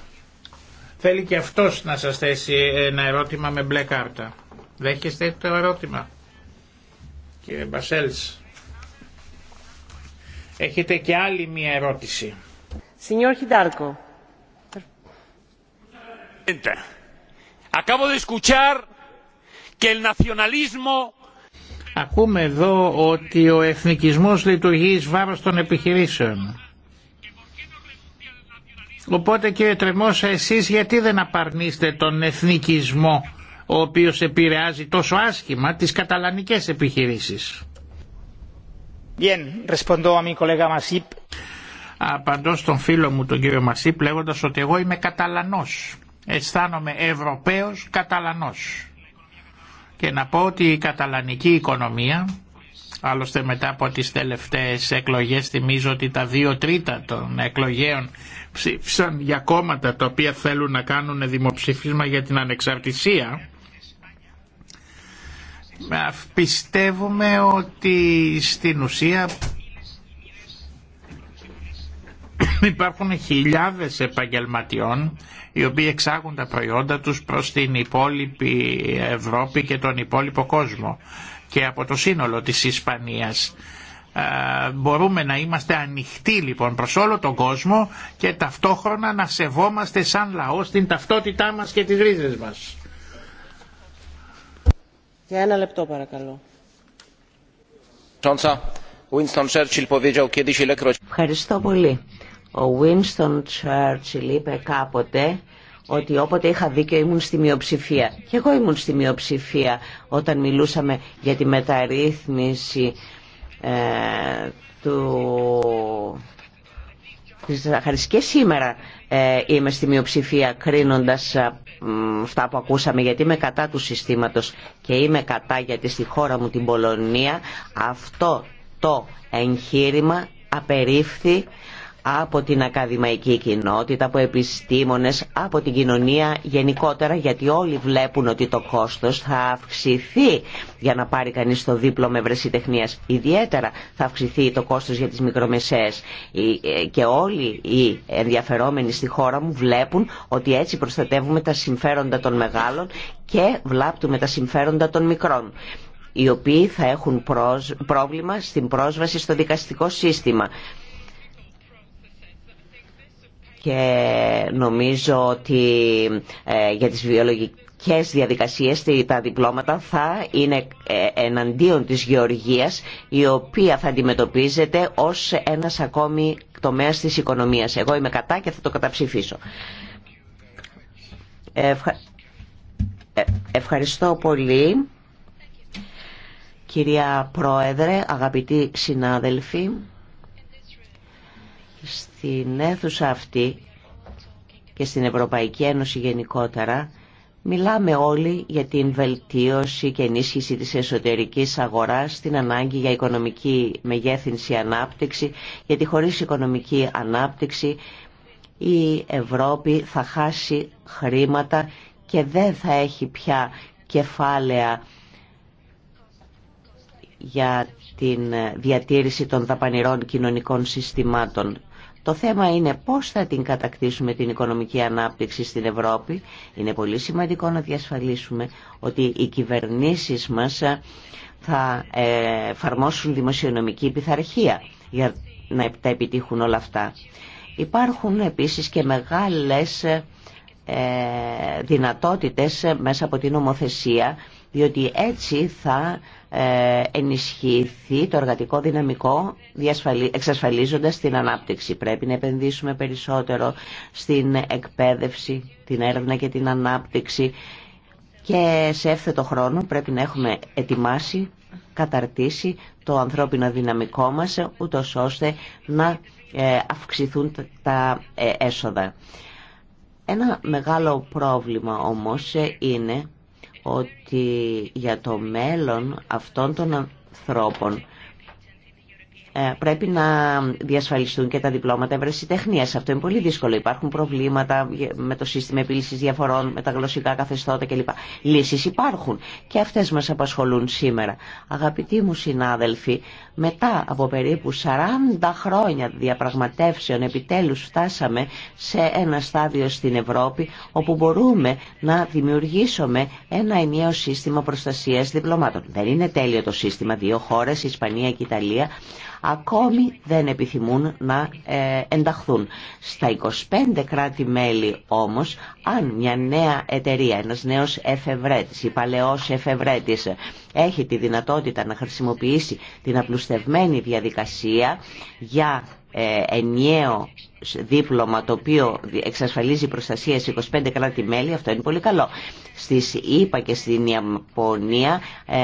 θέλει και αυτός να σας θέσει ένα ερώτημα με μπλε κάρτα. Δέχεστε το ερώτημα. Κύριε Μπασέλς. Έχετε και άλλη μία ερώτηση. Signor Ντάρκο. Ακούμε εδώ ότι ο εθνικισμός λειτουργεί εις βάρος των επιχειρήσεων. Οπότε κύριε Τρεμόσα εσείς γιατί δεν απαρνείστε τον εθνικισμό ο οποίος επηρεάζει τόσο άσχημα τις καταλανικές επιχειρήσεις. Bien, Απαντώ στον φίλο μου τον κύριο Μασίπ λέγοντας ότι εγώ είμαι καταλανός αισθάνομαι Ευρωπαίος Καταλανός. Και να πω ότι η καταλανική οικονομία, άλλωστε μετά από τις τελευταίες εκλογές θυμίζω ότι τα δύο τρίτα των εκλογέων ψήφισαν για κόμματα τα οποία θέλουν να κάνουν δημοψήφισμα για την ανεξαρτησία, πιστεύουμε ότι στην ουσία Υπάρχουν χιλιάδες επαγγελματιών οι οποίοι εξάγουν τα προϊόντα τους προς την υπόλοιπη Ευρώπη και τον υπόλοιπο κόσμο και από το σύνολο της Ισπανίας. Ε, μπορούμε να είμαστε ανοιχτοί λοιπόν προς όλο τον κόσμο και ταυτόχρονα να σεβόμαστε σαν λαό την ταυτότητά μας και τις ρίζες μας. Για ένα λεπτό Ευχαριστώ πολύ. Ο Winston Churchill είπε κάποτε ότι όποτε είχα δίκιο ήμουν στη μειοψηφία. Και εγώ ήμουν στη μειοψηφία όταν μιλούσαμε για τη μεταρρύθμιση ε, του... Και σήμερα ε, είμαι στη μειοψηφία κρίνοντας ε, αυτά που ακούσαμε γιατί είμαι κατά του συστήματος και είμαι κατά γιατί στη χώρα μου την Πολωνία αυτό το εγχείρημα απερίφθη από την ακαδημαϊκή κοινότητα, από επιστήμονες, από την κοινωνία γενικότερα γιατί όλοι βλέπουν ότι το κόστος θα αυξηθεί για να πάρει κανείς το δίπλωμα ευρεσιτεχνίας. Ιδιαίτερα θα αυξηθεί το κόστος για τις μικρομεσαίες ε, και όλοι οι ενδιαφερόμενοι στη χώρα μου βλέπουν ότι έτσι προστατεύουμε τα συμφέροντα των μεγάλων και βλάπτουμε τα συμφέροντα των μικρών οι οποίοι θα έχουν πρόβλημα στην πρόσβαση στο δικαστικό σύστημα και νομίζω ότι ε, για τις βιολογικές διαδικασίες τα διπλώματα θα είναι ε, εναντίον της γεωργίας η οποία θα αντιμετωπίζεται ως ένας ακόμη τομέας της οικονομίας. Εγώ είμαι κατά και θα το καταψηφίσω. Ε, ευχαριστώ πολύ. Κυρία Πρόεδρε, αγαπητοί συνάδελφοι. Στην αίθουσα αυτή και στην Ευρωπαϊκή Ένωση γενικότερα μιλάμε όλοι για την βελτίωση και ενίσχυση της εσωτερικής αγοράς, την ανάγκη για οικονομική μεγέθυνση ανάπτυξη, γιατί χωρίς οικονομική ανάπτυξη η Ευρώπη θα χάσει χρήματα και δεν θα έχει πια κεφάλαια για την διατήρηση των δαπανηρών κοινωνικών συστημάτων. Το θέμα είναι πώς θα την κατακτήσουμε την οικονομική ανάπτυξη στην Ευρώπη. Είναι πολύ σημαντικό να διασφαλίσουμε ότι οι κυβερνήσεις μας ε, θα ε, εφαρμόσουν δημοσιονομική πειθαρχία για να τα επιτύχουν όλα αυτά. Υπάρχουν επίσης και μεγάλες ε, δυνατότητες μέσα από την νομοθεσία διότι έτσι θα ε, ενισχυθεί το εργατικό δυναμικό εξασφαλίζοντας την ανάπτυξη. Πρέπει να επενδύσουμε περισσότερο στην εκπαίδευση, την έρευνα και την ανάπτυξη και σε έφθετο χρόνο πρέπει να έχουμε ετοιμάσει, καταρτήσει το ανθρώπινο δυναμικό μας ούτως ώστε να ε, αυξηθούν τα ε, έσοδα. Ένα μεγάλο πρόβλημα όμως είναι ότι για το μέλλον αυτών των ανθρώπων ε, πρέπει να διασφαλιστούν και τα διπλώματα ευρεσιτεχνία. Αυτό είναι πολύ δύσκολο. Υπάρχουν προβλήματα με το σύστημα επίλυση διαφορών, με τα γλωσσικά καθεστώτα κλπ. Λύσει υπάρχουν και αυτέ μα απασχολούν σήμερα. Αγαπητοί μου συνάδελφοι, μετά από περίπου 40 χρόνια διαπραγματεύσεων, επιτέλου φτάσαμε σε ένα στάδιο στην Ευρώπη όπου μπορούμε να δημιουργήσουμε ένα ενιαίο σύστημα προστασία διπλωμάτων. Δεν είναι τέλειο το σύστημα. Δύο χώρε, Ισπανία και Ιταλία, ακόμη δεν επιθυμούν να ε, ενταχθούν. Στα 25 κράτη-μέλη όμως, αν μια νέα εταιρεία, ένας νέος εφευρέτης ή παλαιός εφευρέτης έχει τη δυνατότητα να χρησιμοποιήσει την απλουστευμένη διαδικασία για ε, ενιαίο δίπλωμα το οποίο εξασφαλίζει προστασία σε 25 κράτη-μέλη, αυτό είναι πολύ καλό. Στις ΗΠΑ και στην Ιαπωνία ε,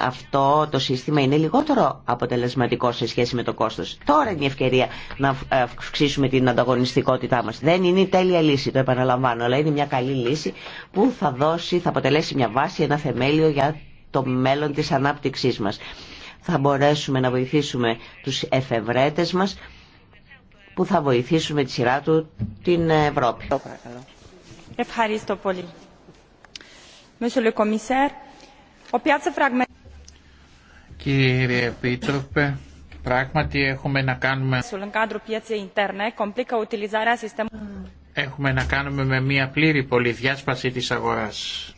αυτό το σύστημα είναι λιγότερο αποτελεσματικό σε σχέση με το κόστος. Τώρα είναι η ευκαιρία να ε, αυξήσουμε την ανταγωνιστικότητά μας. Δεν είναι η τέλεια λύση, το επαναλαμβάνω, αλλά είναι μια καλή λύση που θα δώσει, θα αποτελέσει μια βάση, ένα θεμέλιο για το μέλλον της ανάπτυξής μας. Θα μπορέσουμε να βοηθήσουμε τους εφευρέτες μας που θα βοηθήσουν με τη σειρά του την Ευρώπη. Ευχαριστώ πολύ. Κύριε Επίτροπε, πράγματι έχουμε να κάνουμε... Έχουμε να κάνουμε με μια πλήρη πολυδιάσπαση της αγοράς.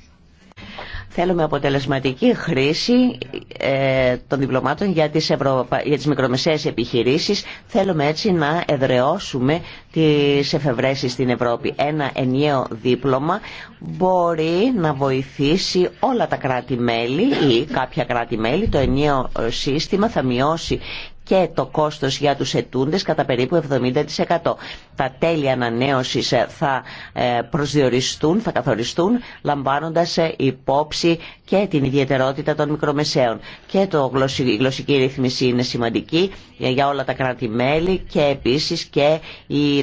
Θέλουμε αποτελεσματική χρήση ε, των διπλωμάτων για τις, Ευρωπα... για τις μικρομεσαίες επιχειρήσεις. Θέλουμε έτσι να εδρεώσουμε τις εφευρέσεις στην Ευρώπη. Ένα ενιαίο δίπλωμα μπορεί να βοηθήσει όλα τα κράτη-μέλη ή κάποια κράτη-μέλη. Το ενιαίο σύστημα θα μειώσει και το κόστος για τους ετούντες κατά περίπου 70%. Τα τέλη ανανέωσης ε, θα ε, προσδιοριστούν, θα καθοριστούν λαμβάνοντας ε, υπόψη και την ιδιαιτερότητα των μικρομεσαίων. Και το η γλωσσική ρύθμιση είναι σημαντική για όλα τα κράτη-μέλη και επίσης και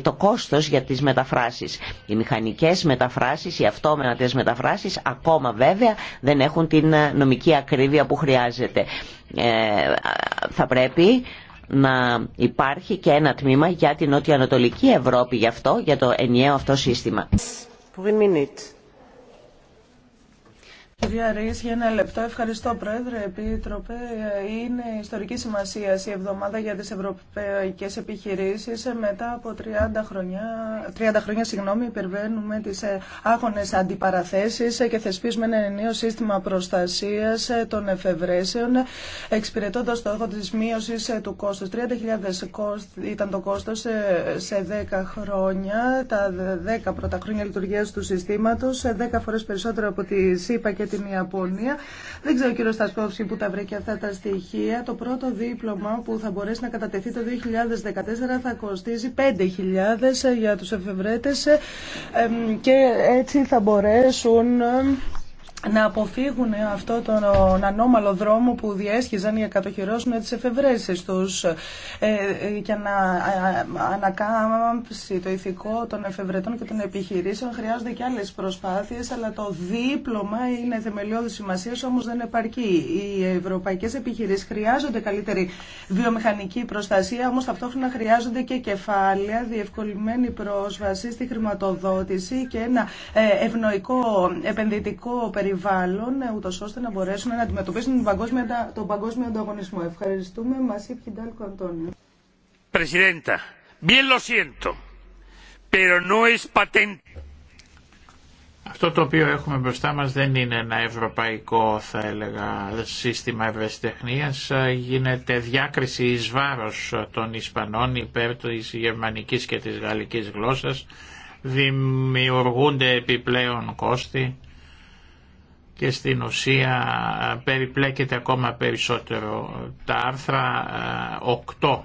το κόστος για τις μεταφράσεις. Οι μηχανικές μεταφράσεις, οι αυτόματες μεταφράσεις ακόμα βέβαια δεν έχουν την νομική ακρίβεια που χρειάζεται. Ε, θα πρέπει να υπάρχει και ένα τμήμα για την ανατολική Ευρώπη γι' αυτό, για το ενιαίο αυτό σύστημα. Κυρία Ρης, για ένα λεπτό. Ευχαριστώ, Πρόεδρε, Επίτροπε. Είναι ιστορική σημασία η εβδομάδα για τις ευρωπαϊκές επιχειρήσεις. Μετά από 30 χρόνια, 30 χρόνια συγγνώμη, υπερβαίνουμε τις ε, άγονες αντιπαραθέσεις και θεσπίζουμε ένα νέο σύστημα προστασίας των εφευρέσεων, εξυπηρετώντας το έργο της μείωσης του κόστους. 30.000 ήταν το κόστος ε, σε 10 χρόνια, τα 10 πρώτα χρόνια λειτουργίας του συστήματος, 10 ε, φορές περισσότερο από τη ΣΥΠΑ την Ιαπωνία. Δεν ξέρω κύριο Στασκόφσκι που τα βρήκε αυτά τα στοιχεία. Το πρώτο δίπλωμα που θα μπορέσει να κατατεθεί το 2014 θα κοστίζει 5.000 για τους εφευρέτες και έτσι θα μπορέσουν να αποφύγουν αυτό τον ανώμαλο δρόμο που διέσχιζαν για κατοχυρώσουν τις εφευρέσεις τους ε, ε, και να ε, ανακάμψει το ηθικό των εφευρετών και των επιχειρήσεων χρειάζονται και άλλες προσπάθειες αλλά το δίπλωμα είναι θεμελιώδης σημασία όμως δεν επαρκεί. Οι ευρωπαϊκές επιχειρήσεις χρειάζονται καλύτερη βιομηχανική προστασία όμως ταυτόχρονα χρειάζονται και κεφάλαια, διευκολυμμένη πρόσβαση στη χρηματοδότηση και ένα ευνοϊκό επενδυτικό περιβάλλον περιβάλλον, ε, ούτω ώστε να μπορέσουν να αντιμετωπίσουν τον παγκόσμιο, τον παγκόσμιο ανταγωνισμό. Ευχαριστούμε. Μασίπ Χιντάλκο Αντώνιο. Presidenta, bien lo siento, pero no es patente. Αυτό το οποίο έχουμε μπροστά μας δεν είναι ένα ευρωπαϊκό θα έλεγα σύστημα ευρεσιτεχνία. Γίνεται διάκριση εις βάρος των Ισπανών υπέρ της γερμανικής και της γαλλικής γλώσσας. Δημιουργούνται επιπλέον κόστη και στην ουσία ε, περιπλέκεται ακόμα περισσότερο. Τα άρθρα 8,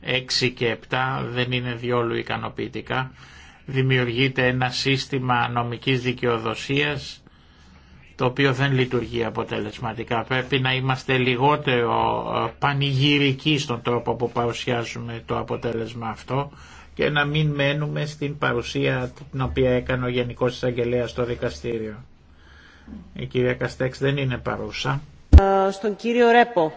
ε, 6 και 7 δεν είναι διόλου ικανοποιητικά. Δημιουργείται ένα σύστημα νομικής δικαιοδοσίας το οποίο δεν λειτουργεί αποτελεσματικά. Πρέπει να είμαστε λιγότερο ε, πανηγυρικοί στον τρόπο που παρουσιάζουμε το αποτέλεσμα αυτό και να μην μένουμε στην παρουσία την οποία έκανε ο Γενικός Εισαγγελέας στο δικαστήριο. Η κυρία Καστέξ δεν είναι παρούσα. Ε, στον κύριο Ρέπο.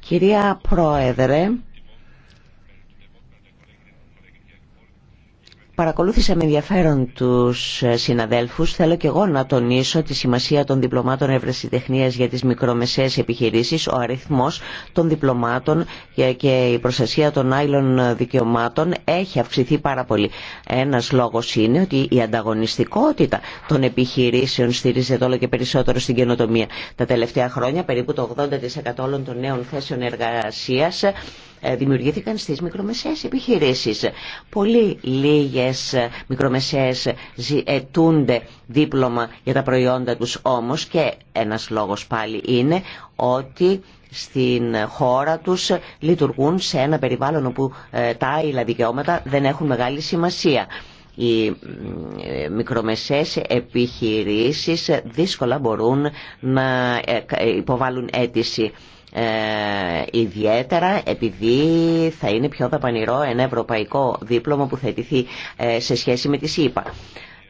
Κυρία Πρόεδρε, Παρακολούθησα με ενδιαφέρον τους συναδέλφους. Θέλω και εγώ να τονίσω τη σημασία των διπλωμάτων ευρεσιτεχνίας για τις μικρομεσαίες επιχειρήσεις, ο αριθμός των διπλωμάτων και η προστασία των άλλων δικαιωμάτων έχει αυξηθεί πάρα πολύ. Ένας λόγος είναι ότι η ανταγωνιστικότητα των επιχειρήσεων στηρίζεται όλο και περισσότερο στην καινοτομία. Τα τελευταία χρόνια περίπου το 80% όλων των νέων θέσεων εργασίας ε, δημιουργήθηκαν στι μικρομεσαίε επιχειρήσει. Πολύ λίγε μικρές, μικρομεσαίες ζητούνται ε, δίπλωμα για τα προϊόντα τους όμως και ένας λόγος πάλι είναι ότι στην χώρα τους λειτουργούν σε ένα περιβάλλον όπου ε, τα άειλα δικαιώματα δεν έχουν μεγάλη σημασία. Οι ε, μικρομεσαίες επιχειρήσεις δύσκολα μπορούν να υποβάλουν αίτηση ε, ιδιαίτερα επειδή θα είναι πιο δαπανηρό ένα ευρωπαϊκό δίπλωμα που θα ετηθεί ε, σε σχέση με τη ΣΥΠΑ.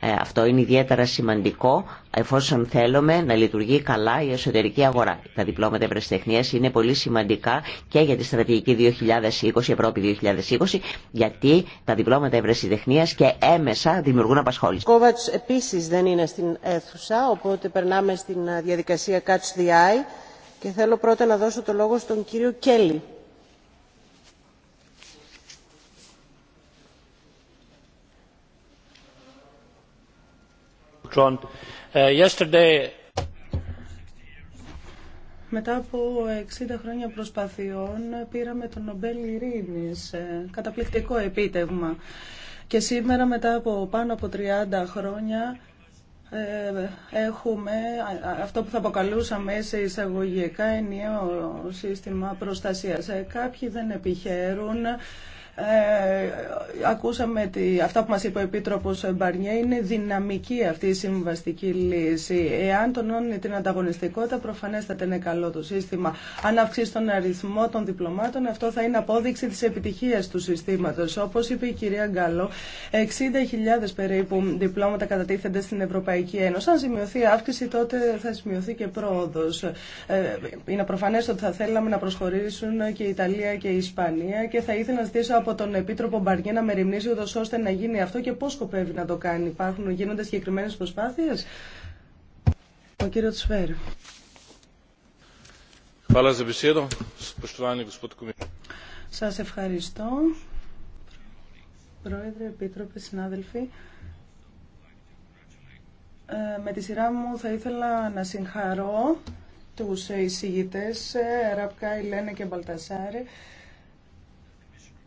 Ε, αυτό είναι ιδιαίτερα σημαντικό εφόσον θέλουμε να λειτουργεί καλά η εσωτερική αγορά. Τα διπλώματα ευρεσιτεχνία είναι πολύ σημαντικά και για τη στρατηγική 2020, Ευρώπη 2020, γιατί τα διπλώματα ευρεσιτεχνία και έμεσα δημιουργούν απασχόληση. Κόβατ επίση δεν είναι στην αίθουσα, οπότε περνάμε στην διαδικασία Catch και θέλω πρώτα να δώσω το λόγο στον κύριο Κέλλη. Μετά από 60 χρόνια προσπαθειών πήραμε τον Νομπέλ Ειρήνης, καταπληκτικό επίτευγμα. Και σήμερα μετά από πάνω από 30 χρόνια ε, έχουμε αυτό που θα αποκαλούσαμε σε εισαγωγικά ενιαίο σύστημα προστασίας. Ε, κάποιοι δεν επιχαίρουν ε, ακούσαμε ότι αυτά που μας είπε ο Επίτροπος Μπαρνιέ είναι δυναμική αυτή η συμβαστική λύση. Εάν τονώνει την ανταγωνιστικότητα, προφανέστατα είναι καλό το σύστημα. Αν αυξήσει τον αριθμό των διπλωμάτων, αυτό θα είναι απόδειξη της επιτυχίας του συστήματος. Όπως είπε η κυρία Γκάλο, 60.000 περίπου διπλώματα κατατίθενται στην Ευρωπαϊκή Ένωση. Αν σημειωθεί αύξηση, τότε θα σημειωθεί και πρόοδος. Ε, είναι προφανές ότι θα θέλαμε να προσχωρήσουν και η Ιταλία και η Ισπανία και θα ήθελα να ζητήσω από τον Επίτροπο Μπαρνιέ να μεριμνήσει ούτω ώστε να γίνει αυτό και πώ σκοπεύει να το κάνει. Υπάρχουν, γίνονται συγκεκριμένε προσπάθειε. Ο κύριο Τσφέρ. Σα ευχαριστώ. Πρόεδρε, Επίτροπε, συνάδελφοι. Ε, με τη σειρά μου θα ήθελα να συγχαρώ τους εισηγητές ε, Ραπκάη, Λένε και Μπαλτασάρη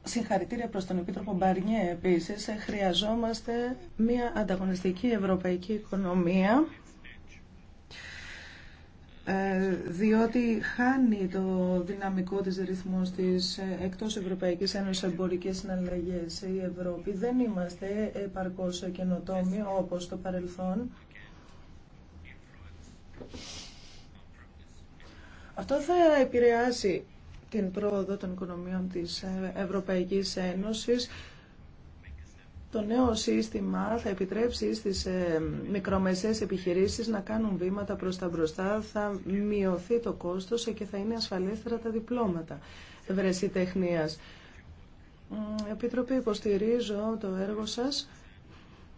Συγχαρητήρια προς τον Επίτροπο Μπαρνιέ επίσης. Χρειαζόμαστε μια ανταγωνιστική ευρωπαϊκή οικονομία ε, διότι χάνει το δυναμικό της ρυθμός της ε, εκτός Ευρωπαϊκής Ένωσης εμπορικές συναλλαγές η Ευρώπη. Δεν είμαστε επαρκώς καινοτόμοι όπως το παρελθόν. Αυτό θα επηρεάσει την πρόοδο των οικονομιών της Ευρωπαϊκής Ένωσης. Το νέο σύστημα θα επιτρέψει στις ε, μικρομεσαίες επιχειρήσεις να κάνουν βήματα προς τα μπροστά, θα μειωθεί το κόστος και θα είναι ασφαλέστερα τα διπλώματα ευρεσιτεχνίας. Επίτροποι, υποστηρίζω το έργο σας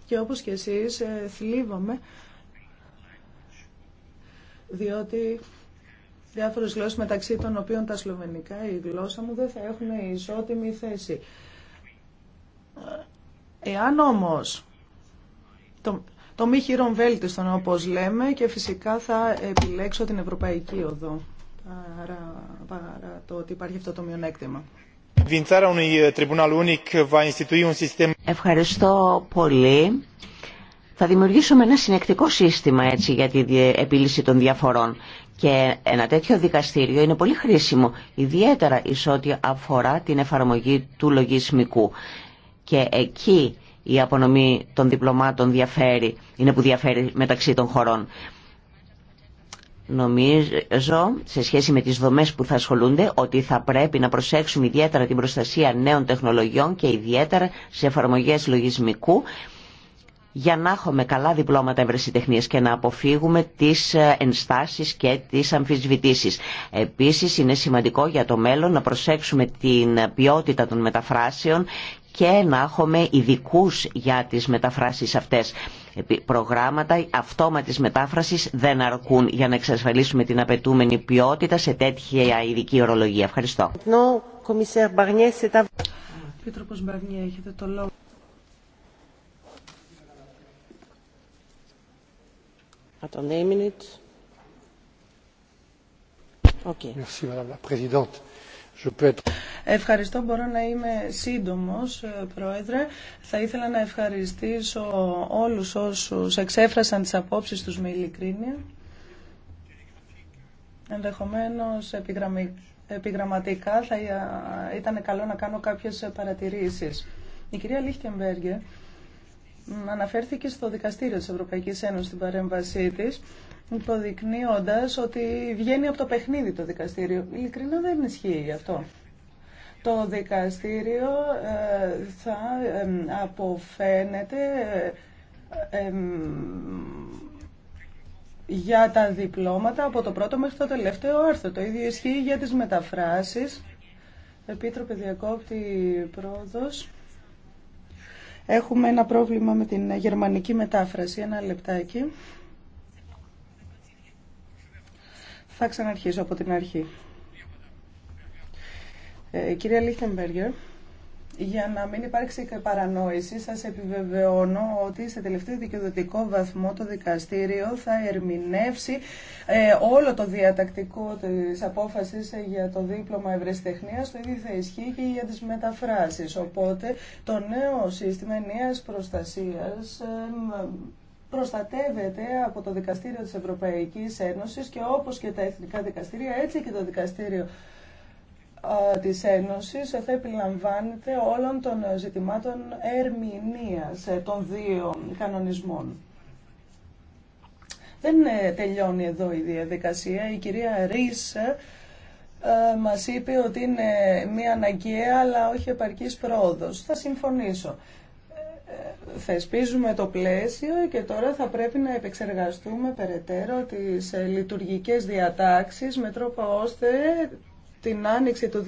και όπως και εσείς ε, θλίβομαι διότι διάφορες γλώσσες μεταξύ των οποίων τα σλοβενικά, η γλώσσα μου δεν θα έχουν ισότιμη θέση. Εάν όμω, το, το μη χειρον βέλτιστον όπως λέμε και φυσικά θα επιλέξω την ευρωπαϊκή οδό παρά, παρά το ότι υπάρχει αυτό το μειονέκτημα. Ε, Ευχαριστώ πολύ. Θα δημιουργήσουμε ένα συνεκτικό σύστημα έτσι για την ε, επίλυση των διαφορών. Και ένα τέτοιο δικαστήριο είναι πολύ χρήσιμο, ιδιαίτερα εις ό,τι αφορά την εφαρμογή του λογισμικού. Και εκεί η απονομή των διπλωμάτων διαφέρει, είναι που διαφέρει μεταξύ των χωρών. Νομίζω, σε σχέση με τις δομές που θα ασχολούνται, ότι θα πρέπει να προσέξουμε ιδιαίτερα την προστασία νέων τεχνολογιών και ιδιαίτερα σε εφαρμογές λογισμικού, για να έχουμε καλά διπλώματα ευρεσιτεχνίας και να αποφύγουμε τις ε, ενστάσεις και τις αμφισβητήσεις. Επίσης είναι σημαντικό για το μέλλον να προσέξουμε την ποιότητα των μεταφράσεων και να έχουμε ειδικού για τις μεταφράσεις αυτές. Προγράμματα αυτόματης μετάφρασης δεν αρκούν για να εξασφαλίσουμε την απαιτούμενη ποιότητα σε τέτοια ειδική ορολογία. Ευχαριστώ. Επίτροπος Μπαρνιέ, έχετε το λόγο. Ευχαριστώ. Μπορώ να είμαι σύντομος, ε, Πρόεδρε. Θα ήθελα να ευχαριστήσω όλους όσους εξέφρασαν τις απόψεις τους με ειλικρίνεια. Ενδεχομένως επιγραμματικά θα ε, ήταν καλό να κάνω κάποιες παρατηρήσεις. Η κυρία Λίχτεμπεργκε αναφέρθηκε στο Δικαστήριο της Ευρωπαϊκής Ένωσης στην παρέμβασή της, υποδεικνύοντας ότι βγαίνει από το παιχνίδι το δικαστήριο. Ειλικρινά δεν ισχύει αυτό. Το δικαστήριο ε, θα αποφαίνεται ε, για τα διπλώματα από το πρώτο μέχρι το τελευταίο άρθρο. Το ίδιο ισχύει για τις μεταφράσεις. Επίτροπε διακόπτη πρόοδος. Έχουμε ένα πρόβλημα με την γερμανική μετάφραση. Ένα λεπτάκι. Θα ξαναρχίσω από την αρχή. Ε, κυρία Λίχτεμπεργκερ. Για να μην υπάρξει παρανόηση, σας επιβεβαιώνω ότι σε τελευταίο δικαιοδοτικό βαθμό το δικαστήριο θα ερμηνεύσει ε, όλο το διατακτικό της απόφασης ε, για το δίπλωμα ευρεσιτεχνίας, το ίδιο θα ισχύει και για τις μεταφράσεις. Οπότε το νέο σύστημα νέας προστασίας προστατεύεται από το Δικαστήριο της Ευρωπαϊκής Ένωσης και όπως και τα Εθνικά Δικαστήρια, έτσι και το Δικαστήριο ε, της Ένωσης ε, θα επιλαμβάνεται όλων των ζητημάτων ερμηνείας ε, των δύο κανονισμών. Δεν τελειώνει εδώ η διαδικασία. Η κυρία Ρίς μας είπε ότι είναι μία αναγκαία αλλά όχι επαρκής πρόοδος. Θα συμφωνήσω. Θεσπίζουμε το πλαίσιο και τώρα θα πρέπει να επεξεργαστούμε περαιτέρω τις λειτουργικές διατάξεις με τρόπο ώστε την Άνοιξη του 2014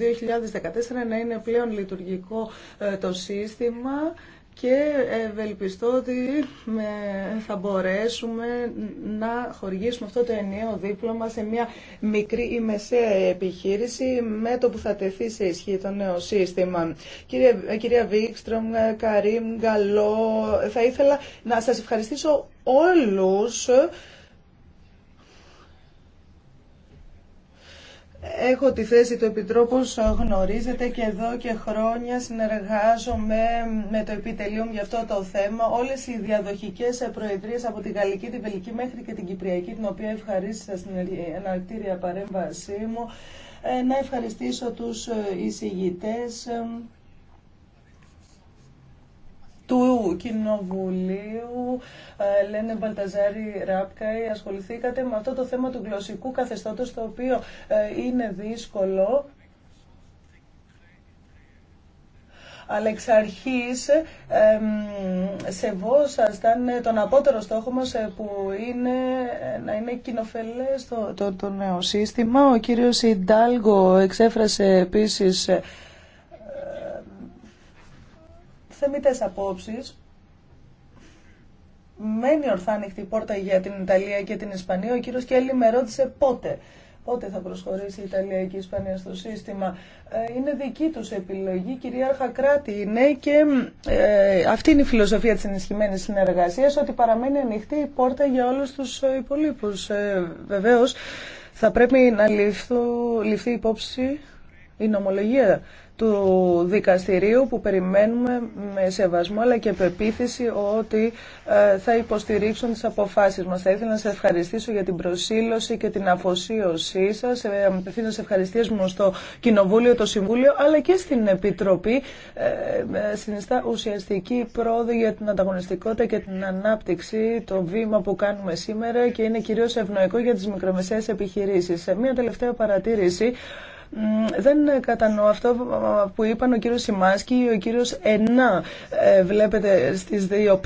να είναι πλέον λειτουργικό ε, το σύστημα και ευελπιστώ ότι θα μπορέσουμε να χορηγήσουμε αυτό το ενιαίο δίπλωμα σε μια μικρή ή μεσαία επιχείρηση με το που θα τεθεί σε ισχύ το νέο σύστημα. Ε, κυρία Βίξτρομ, ε, Καρύμ, Γκαλό, θα ήθελα να σας ευχαριστήσω όλους Έχω τη θέση του Επιτρόπου, γνωρίζετε και εδώ και χρόνια συνεργάζομαι με το επιτελείο για αυτό το θέμα. Όλες οι διαδοχικές προεδρίες από τη Γαλλική, την Βελική μέχρι και την Κυπριακή, την οποία ευχαρίστησα στην ανακτήρια παρέμβασή μου, ε, να ευχαριστήσω τους ε, εισηγητές ε, του Κοινοβουλίου, ε, λένε Μπαλταζάρη Ράπκαη, ε, ασχοληθήκατε με αυτό το θέμα του γλωσσικού καθεστώτος, το οποίο ε, είναι δύσκολο. αλλά εξ αρχής σεβόσασταν τον απότερο στόχο μας που είναι να είναι κοινοφελές το, το, το νέο σύστημα. Ο κύριος Ιντάλγο εξέφρασε επίσης θεμητές απόψεις. Μένει ορθά ανοιχτή η πόρτα για την Ιταλία και την Ισπανία. Ο κύριος Κέλλη με ρώτησε πότε. Πότε θα προσχωρήσει η Ιταλία και η Ισπανία στο σύστημα. Ε, είναι δική τους επιλογή, κυρίαρχα κράτη είναι και ε, αυτή είναι η φιλοσοφία της ενισχυμένης συνεργασίας, ότι παραμένει ανοιχτή η πόρτα για όλους τους ε, υπολείπους. Ε, βεβαίως θα πρέπει να ληφθεί υπόψη η νομολογία του δικαστηρίου που περιμένουμε με σεβασμό αλλά και πεποίθηση ότι ε, θα υποστηρίξουν τις αποφάσεις μας. Θα ήθελα να σε ευχαριστήσω για την προσήλωση και την αφοσίωσή σας. Ε, ε, απευθύνω σε ευχαριστίες μου στο Κοινοβούλιο, το Συμβούλιο αλλά και στην Επιτροπή. Συνιστά ουσιαστική πρόοδο για την ανταγωνιστικότητα και την ανάπτυξη το βήμα που κάνουμε σήμερα και είναι κυρίως ευνοϊκό για τις μικρομεσαίες επιχειρήσεις. Σε μια τελευταία παρατήρηση δεν κατανοώ αυτό που είπαν ο κύριος Σιμάσκι ή ο κύριος Ενά. Ε, βλέπετε στις δύο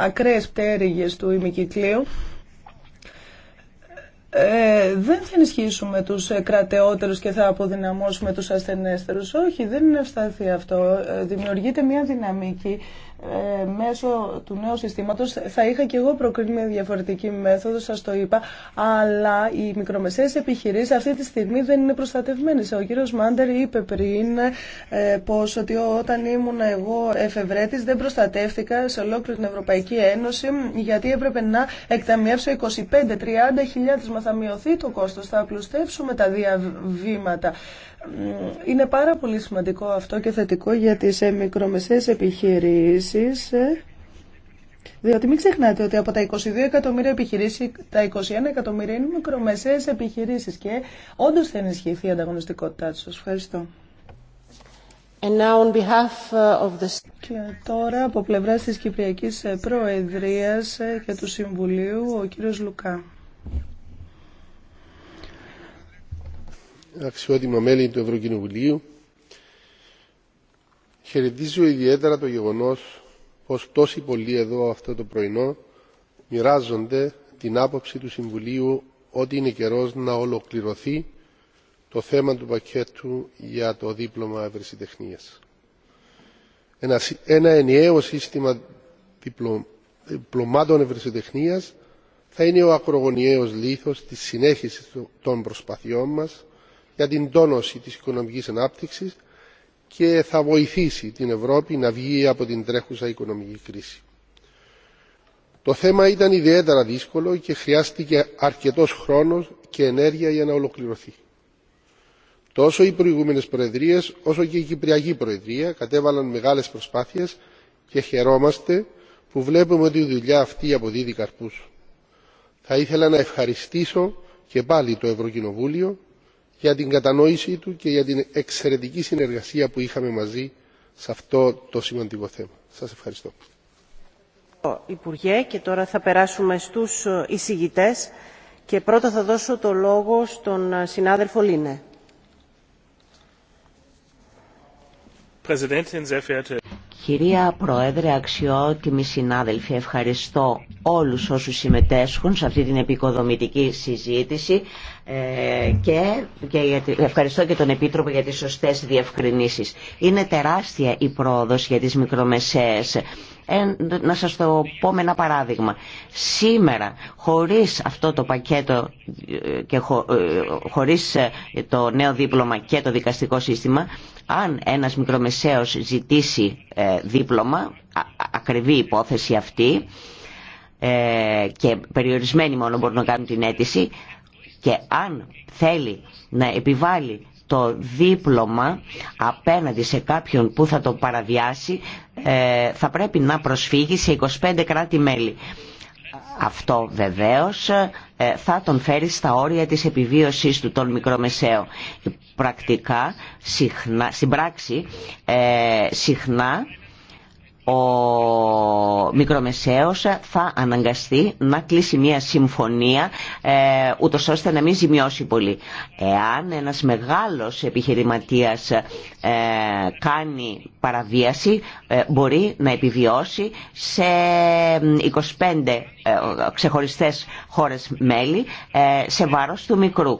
ακραίες πτέρυγες του ημικυκλίου. Ε, δεν θα ενισχύσουμε τους κρατεότερους και θα αποδυναμώσουμε τους ασθενέστερους. Όχι, δεν είναι ευσταθεί αυτό. Ε, δημιουργείται μια δυναμική ε, μέσω του νέου συστήματος θα είχα και εγώ προκρίνει με διαφορετική μέθοδο, σας το είπα, αλλά οι μικρομεσαίες επιχειρήσεις αυτή τη στιγμή δεν είναι προστατευμένες. Ο κύριος Μάντερ είπε πριν ε, πως ότι όταν ήμουν εγώ εφευρέτης δεν προστατεύτηκα σε ολόκληρη την Ευρωπαϊκή Ένωση γιατί έπρεπε να εκταμιεύσω 25-30 χιλιάδες, μα θα μειωθεί το κόστος, θα απλουστεύσουμε τα διαβήματα. Είναι πάρα πολύ σημαντικό αυτό και θετικό για τις ε, μικρομεσαίες επιχειρήσεις ε. διότι μην ξεχνάτε ότι από τα 22 εκατομμύρια επιχειρήσει, τα 21 εκατομμύρια είναι μικρομεσαίες επιχειρήσεις και όντως θα ενισχυθεί η ανταγωνιστικότητά τους. Ευχαριστώ. And on behalf uh, of the... Και τώρα από πλευρά της Κυπριακής ε, Προεδρίας και του Συμβουλίου ο κύριος Λουκά. αξιότιμα μέλη του Ευρωκοινοβουλίου, χαιρετίζω ιδιαίτερα το γεγονός πως τόσοι πολλοί εδώ αυτό το πρωινό μοιράζονται την άποψη του Συμβουλίου ότι είναι καιρός να ολοκληρωθεί το θέμα του πακέτου για το δίπλωμα ευρεσιτεχνίας. Ένα, ένα ενιαίο σύστημα διπλω, διπλωμάτων ευρεσιτεχνίας θα είναι ο ακρογωνιαίος λίθος της συνέχισης των προσπαθειών μας για την τόνωση της οικονομικής ανάπτυξης και θα βοηθήσει την Ευρώπη να βγει από την τρέχουσα οικονομική κρίση. Το θέμα ήταν ιδιαίτερα δύσκολο και χρειάστηκε αρκετός χρόνος και ενέργεια για να ολοκληρωθεί. Τόσο οι προηγούμενες Προεδρίες όσο και η Κυπριακή Προεδρία κατέβαλαν μεγάλες προσπάθειες και χαιρόμαστε που βλέπουμε ότι η δουλειά αυτή αποδίδει καρπούς. Θα ήθελα να ευχαριστήσω και πάλι το Ευρωκοινοβούλιο για την κατανόησή του και για την εξαιρετική συνεργασία που είχαμε μαζί σε αυτό το σημαντικό θέμα. Σας ευχαριστώ. Υπουργέ, και τώρα θα περάσουμε στους εισηγητές και πρώτα θα δώσω το λόγο στον συνάδελφο Λίνε. Κυρία Πρόεδρε, αξιότιμοι συνάδελφοι, ευχαριστώ όλους όσους συμμετέσχουν σε αυτή την επικοδομητική συζήτηση ε, και, και ευχαριστώ και τον Επίτροπο για τις σωστές διευκρινήσεις. Είναι τεράστια η πρόοδος για τις μικρομεσαίες να σας το πω με ένα παράδειγμα. Σήμερα, χωρίς αυτό το πακέτο ε, και ε, χωρίς ε, το νέο δίπλωμα και το δικαστικό σύστημα, αν ένας μικρομεσαίος ζητήσει δίπλωμα, ακριβή υπόθεση αυτή, και περιορισμένοι μόνο μπορούν να κάνουν την αίτηση, και αν θέλει να επιβάλλει το δίπλωμα απέναντι σε κάποιον που θα το παραδιάσει ε, θα πρέπει να προσφύγει σε 25 κράτη-μέλη. Αυτό βεβαίως ε, θα τον φέρει στα όρια της επιβίωσης του τον μικρομεσαίο. Πρακτικά, συχνά, στην πράξη, ε, συχνά ο μικρομεσαίος θα αναγκαστεί να κλείσει μια συμφωνία ε, ούτως ώστε να μην ζημιώσει πολύ. Εάν ένας μεγάλος επιχειρηματίας ε, κάνει παραβίαση ε, μπορεί να επιβιώσει σε 25 ε, ξεχωριστές χώρες μέλη ε, σε βάρος του μικρού.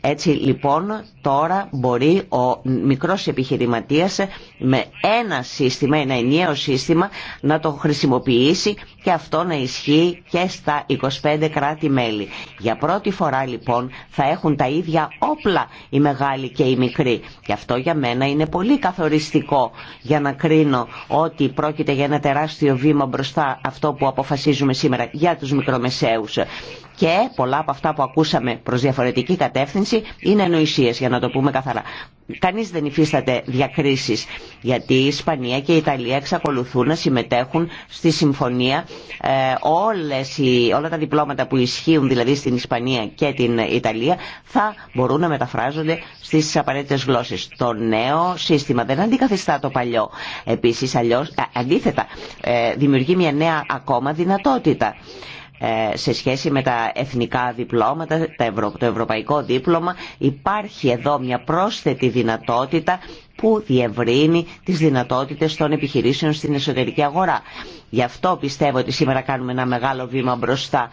Έτσι λοιπόν τώρα μπορεί ο μικρός επιχειρηματίας με ένα σύστημα, ένα ενιαίο σύστημα να το χρησιμοποιήσει και αυτό να ισχύει και στα 25 κράτη-μέλη. Για πρώτη φορά λοιπόν θα έχουν τα ίδια όπλα οι μεγάλοι και οι μικροί. Και αυτό για μένα είναι πολύ καθοριστικό για να κρίνω ότι πρόκειται για ένα τεράστιο βήμα μπροστά αυτό που αποφασίζουμε σήμερα για τους μικρομεσαίους. Και πολλά από αυτά που ακούσαμε προς διαφορετική κατεύθυνση είναι νοησίες για να το πούμε καθαρά. Κανεί δεν υφίσταται διακρίσει γιατί η Ισπανία και η Ιταλία εξακολουθούν να συμμετέχουν στη συμφωνία ε, όλες οι, όλα τα διπλώματα που ισχύουν δηλαδή στην Ισπανία και την Ιταλία θα μπορούν να μεταφράζονται στι απαραίτητε γλώσσε. Το νέο σύστημα δεν αντικαθιστά το παλιό. επίση αντίθετα ε, δημιουργεί μια νέα ακόμα δυνατότητα. Ε, σε σχέση με τα εθνικά διπλώματα, το ευρωπαϊκό δίπλωμα, υπάρχει εδώ μια πρόσθετη δυνατότητα που διευρύνει τις δυνατότητες των επιχειρήσεων στην εσωτερική αγορά. Γι' αυτό πιστεύω ότι σήμερα κάνουμε ένα μεγάλο βήμα μπροστά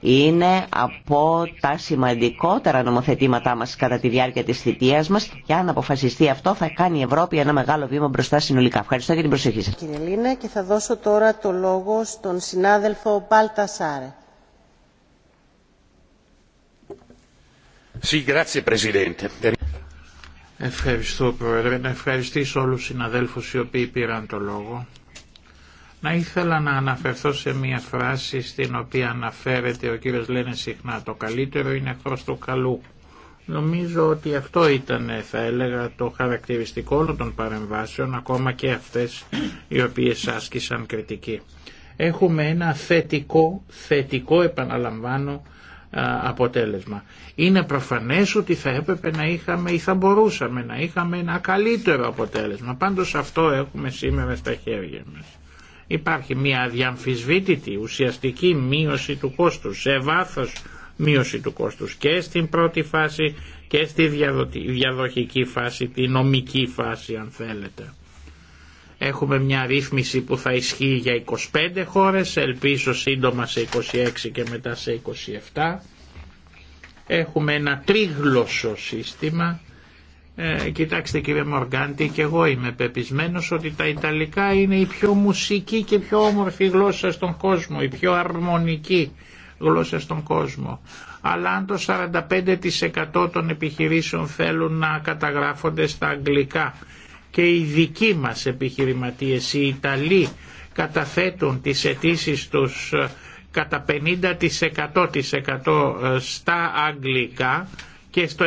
είναι από τα σημαντικότερα νομοθετήματά μας κατά τη διάρκεια της θητείας μας και αν αποφασιστεί αυτό θα κάνει η Ευρώπη ένα μεγάλο βήμα μπροστά συνολικά. Ευχαριστώ για την προσοχή σας. Κύριε Λίνε και θα δώσω τώρα το λόγο στον συνάδελφο Πάλτα Σάρε. Ευχαριστώ Πρόεδρε. Να ευχαριστήσω όλους τους συναδέλφους οι οποίοι πήραν το λόγο. Να ήθελα να αναφερθώ σε μια φράση στην οποία αναφέρεται ο κύριος Λένε συχνά «Το καλύτερο είναι εχθρός του καλού». Νομίζω ότι αυτό ήταν, θα έλεγα, το χαρακτηριστικό όλων των παρεμβάσεων, ακόμα και αυτές οι οποίες άσκησαν κριτική. Έχουμε ένα θετικό, θετικό επαναλαμβάνω, αποτέλεσμα. Είναι προφανές ότι θα έπρεπε να είχαμε ή θα μπορούσαμε να είχαμε ένα καλύτερο αποτέλεσμα. Πάντως αυτό έχουμε σήμερα στα χέρια μας. Υπάρχει μια αδιαμφισβήτητη ουσιαστική μείωση του κόστους, σε βάθος μείωση του κόστους και στην πρώτη φάση και στη διαδοχική φάση, τη νομική φάση αν θέλετε. Έχουμε μια ρύθμιση που θα ισχύει για 25 χώρες, ελπίζω σύντομα σε 26 και μετά σε 27. Έχουμε ένα τρίγλωσσο σύστημα ε, κοιτάξτε κύριε Μοργάντη και εγώ είμαι πεπισμένος ότι τα Ιταλικά είναι η πιο μουσική και πιο όμορφη γλώσσα στον κόσμο, η πιο αρμονική γλώσσα στον κόσμο. Αλλά αν το 45% των επιχειρήσεων θέλουν να καταγράφονται στα αγγλικά και οι δικοί μας επιχειρηματίες, οι Ιταλοί καταθέτουν τις αιτήσει τους ε, κατά 50% ε, στα αγγλικά, και στο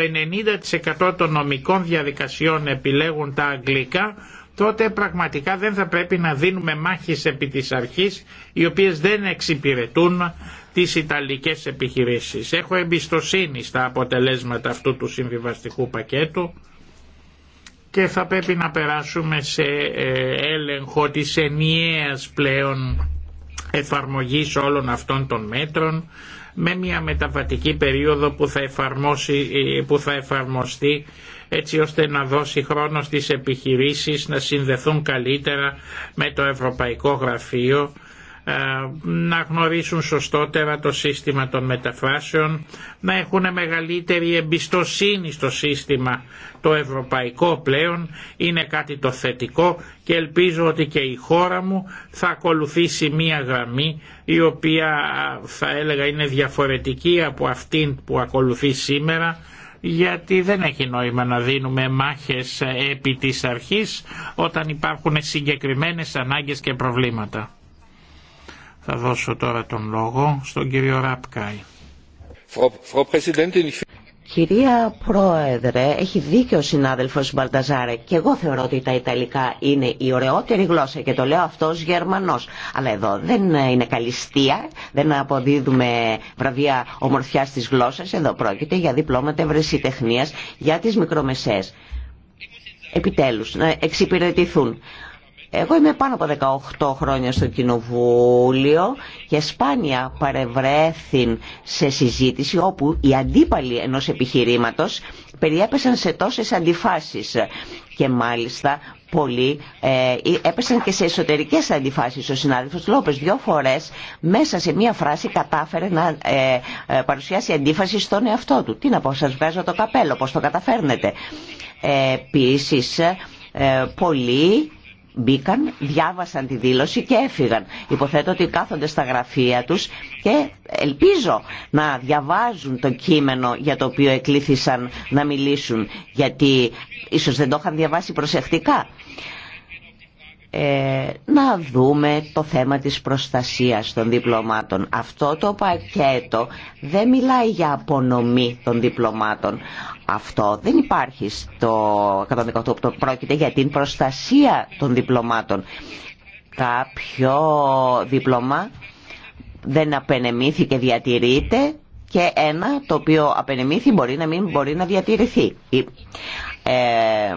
90% των νομικών διαδικασιών επιλέγουν τα αγγλικά, τότε πραγματικά δεν θα πρέπει να δίνουμε μάχης επί της αρχής, οι οποίες δεν εξυπηρετούν τις Ιταλικές επιχειρήσεις. Έχω εμπιστοσύνη στα αποτελέσματα αυτού του συμβιβαστικού πακέτου και θα πρέπει να περάσουμε σε ε, έλεγχο της ενιαίας πλέον εφαρμογής όλων αυτών των μέτρων με μια μεταβατική περίοδο που θα, εφαρμόσει, που θα εφαρμοστεί έτσι ώστε να δώσει χρόνο στις επιχειρήσεις να συνδεθούν καλύτερα με το Ευρωπαϊκό Γραφείο ε, να γνωρίσουν σωστότερα το σύστημα των μεταφράσεων, να έχουν μεγαλύτερη εμπιστοσύνη στο σύστημα το ευρωπαϊκό πλέον, είναι κάτι το θετικό και ελπίζω ότι και η χώρα μου θα ακολουθήσει μία γραμμή η οποία ε, θα έλεγα είναι διαφορετική από αυτήν που ακολουθεί σήμερα γιατί δεν έχει νόημα να δίνουμε μάχες ε, επί της αρχής όταν υπάρχουν συγκεκριμένες ανάγκες και προβλήματα. Θα δώσω τώρα τον λόγο στον κύριο Ράπκαη. Κυρία Πρόεδρε, έχει δίκιο ο συνάδελφος Μπαλταζάρε και εγώ θεωρώ ότι τα Ιταλικά είναι η ωραιότερη γλώσσα και το λέω αυτός Γερμανός. Αλλά εδώ δεν είναι καλυστία, δεν αποδίδουμε βραβεία ομορφιάς της γλώσσας, εδώ πρόκειται για διπλώματα ευρεσιτεχνίας για τις μικρομεσαίες επιτέλους να εξυπηρετηθούν. Εγώ είμαι πάνω από 18 χρόνια στο Κοινοβούλιο και σπάνια παρευρέθην σε συζήτηση όπου οι αντίπαλοι ενός επιχειρήματος περιέπεσαν σε τόσες αντιφάσεις και μάλιστα πολλοί ε, ε, έπεσαν και σε εσωτερικές αντιφάσεις. Ο συνάδελφος Λόπες δύο φορές μέσα σε μία φράση κατάφερε να ε, παρουσιάσει αντίφαση στον εαυτό του. Τι να πω, σας βγάζω το καπέλο, πώς το καταφέρνετε. Ε, Επίση, πολλοί μπήκαν, διάβασαν τη δήλωση και έφυγαν. Υποθέτω ότι κάθονται στα γραφεία τους και ελπίζω να διαβάζουν το κείμενο για το οποίο εκλήθησαν να μιλήσουν, γιατί ίσως δεν το είχαν διαβάσει προσεκτικά. Ε, να δούμε το θέμα της προστασίας των διπλωμάτων. Αυτό το πακέτο δεν μιλάει για απονομή των διπλωμάτων. Αυτό δεν υπάρχει στο 118, πρόκειται για την προστασία των διπλωμάτων. Κάποιο διπλωμά δεν απενεμήθηκε, διατηρείται και ένα το οποίο απενεμήθη μπορεί να μην μπορεί να διατηρηθεί. Ε,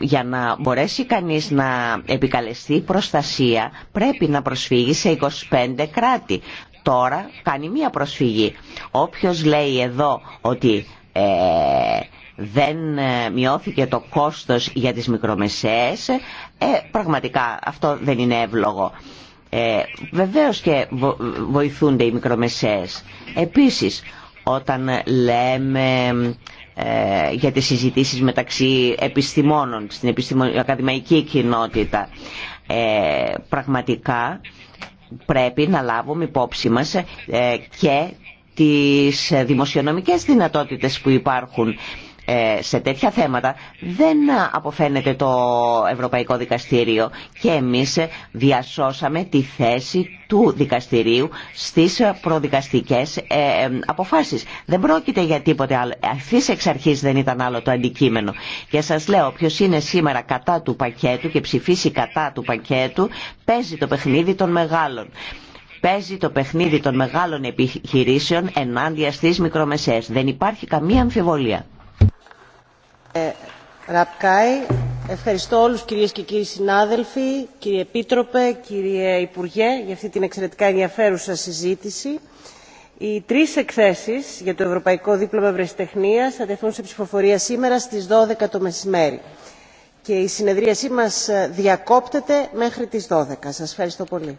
για να μπορέσει κανείς να επικαλεστεί προστασία πρέπει να προσφύγει σε 25 κράτη. Τώρα κάνει μία προσφυγή. Όποιος λέει εδώ ότι ε, δεν ε, μειώθηκε το κόστος για τις μικρομεσαίες, ε, πραγματικά αυτό δεν είναι εύλογο. Ε, βεβαίως και βοηθούνται οι μικρομεσαίες. Επίσης, όταν λέμε ε, για τις συζητήσεις μεταξύ επιστημόνων στην επιστημονική ακαδημαϊκή κοινότητα. Ε, πραγματικά πρέπει να λάβουμε υπόψη μας ε, και τις δημοσιονομικές δυνατότητες που υπάρχουν ε, σε τέτοια θέματα δεν αποφαίνεται το Ευρωπαϊκό Δικαστήριο και εμείς διασώσαμε τη θέση του δικαστηρίου στις προδικαστικές ε, ε, αποφάσεις. Δεν πρόκειται για τίποτε άλλο. Αυτή εξ αρχής δεν ήταν άλλο το αντικείμενο. Και σας λέω, ποιο είναι σήμερα κατά του πακέτου και ψηφίσει κατά του πακέτου, παίζει το παιχνίδι των μεγάλων παίζει το παιχνίδι των μεγάλων επιχειρήσεων ενάντια στις μικρομεσαίες. Δεν υπάρχει καμία αμφιβολία. Ε, Ραπκάη. Ευχαριστώ όλους κυρίες και κύριοι συνάδελφοι, κύριε Επίτροπε, κύριε Υπουργέ για αυτή την εξαιρετικά ενδιαφέρουσα συζήτηση. Οι τρεις εκθέσεις για το Ευρωπαϊκό Δίπλωμα Ευρεσιτεχνία θα τεθούν σε ψηφοφορία σήμερα στις 12 το μεσημέρι. Και η συνεδρίασή μας διακόπτεται μέχρι τις 12. Σας ευχαριστώ πολύ.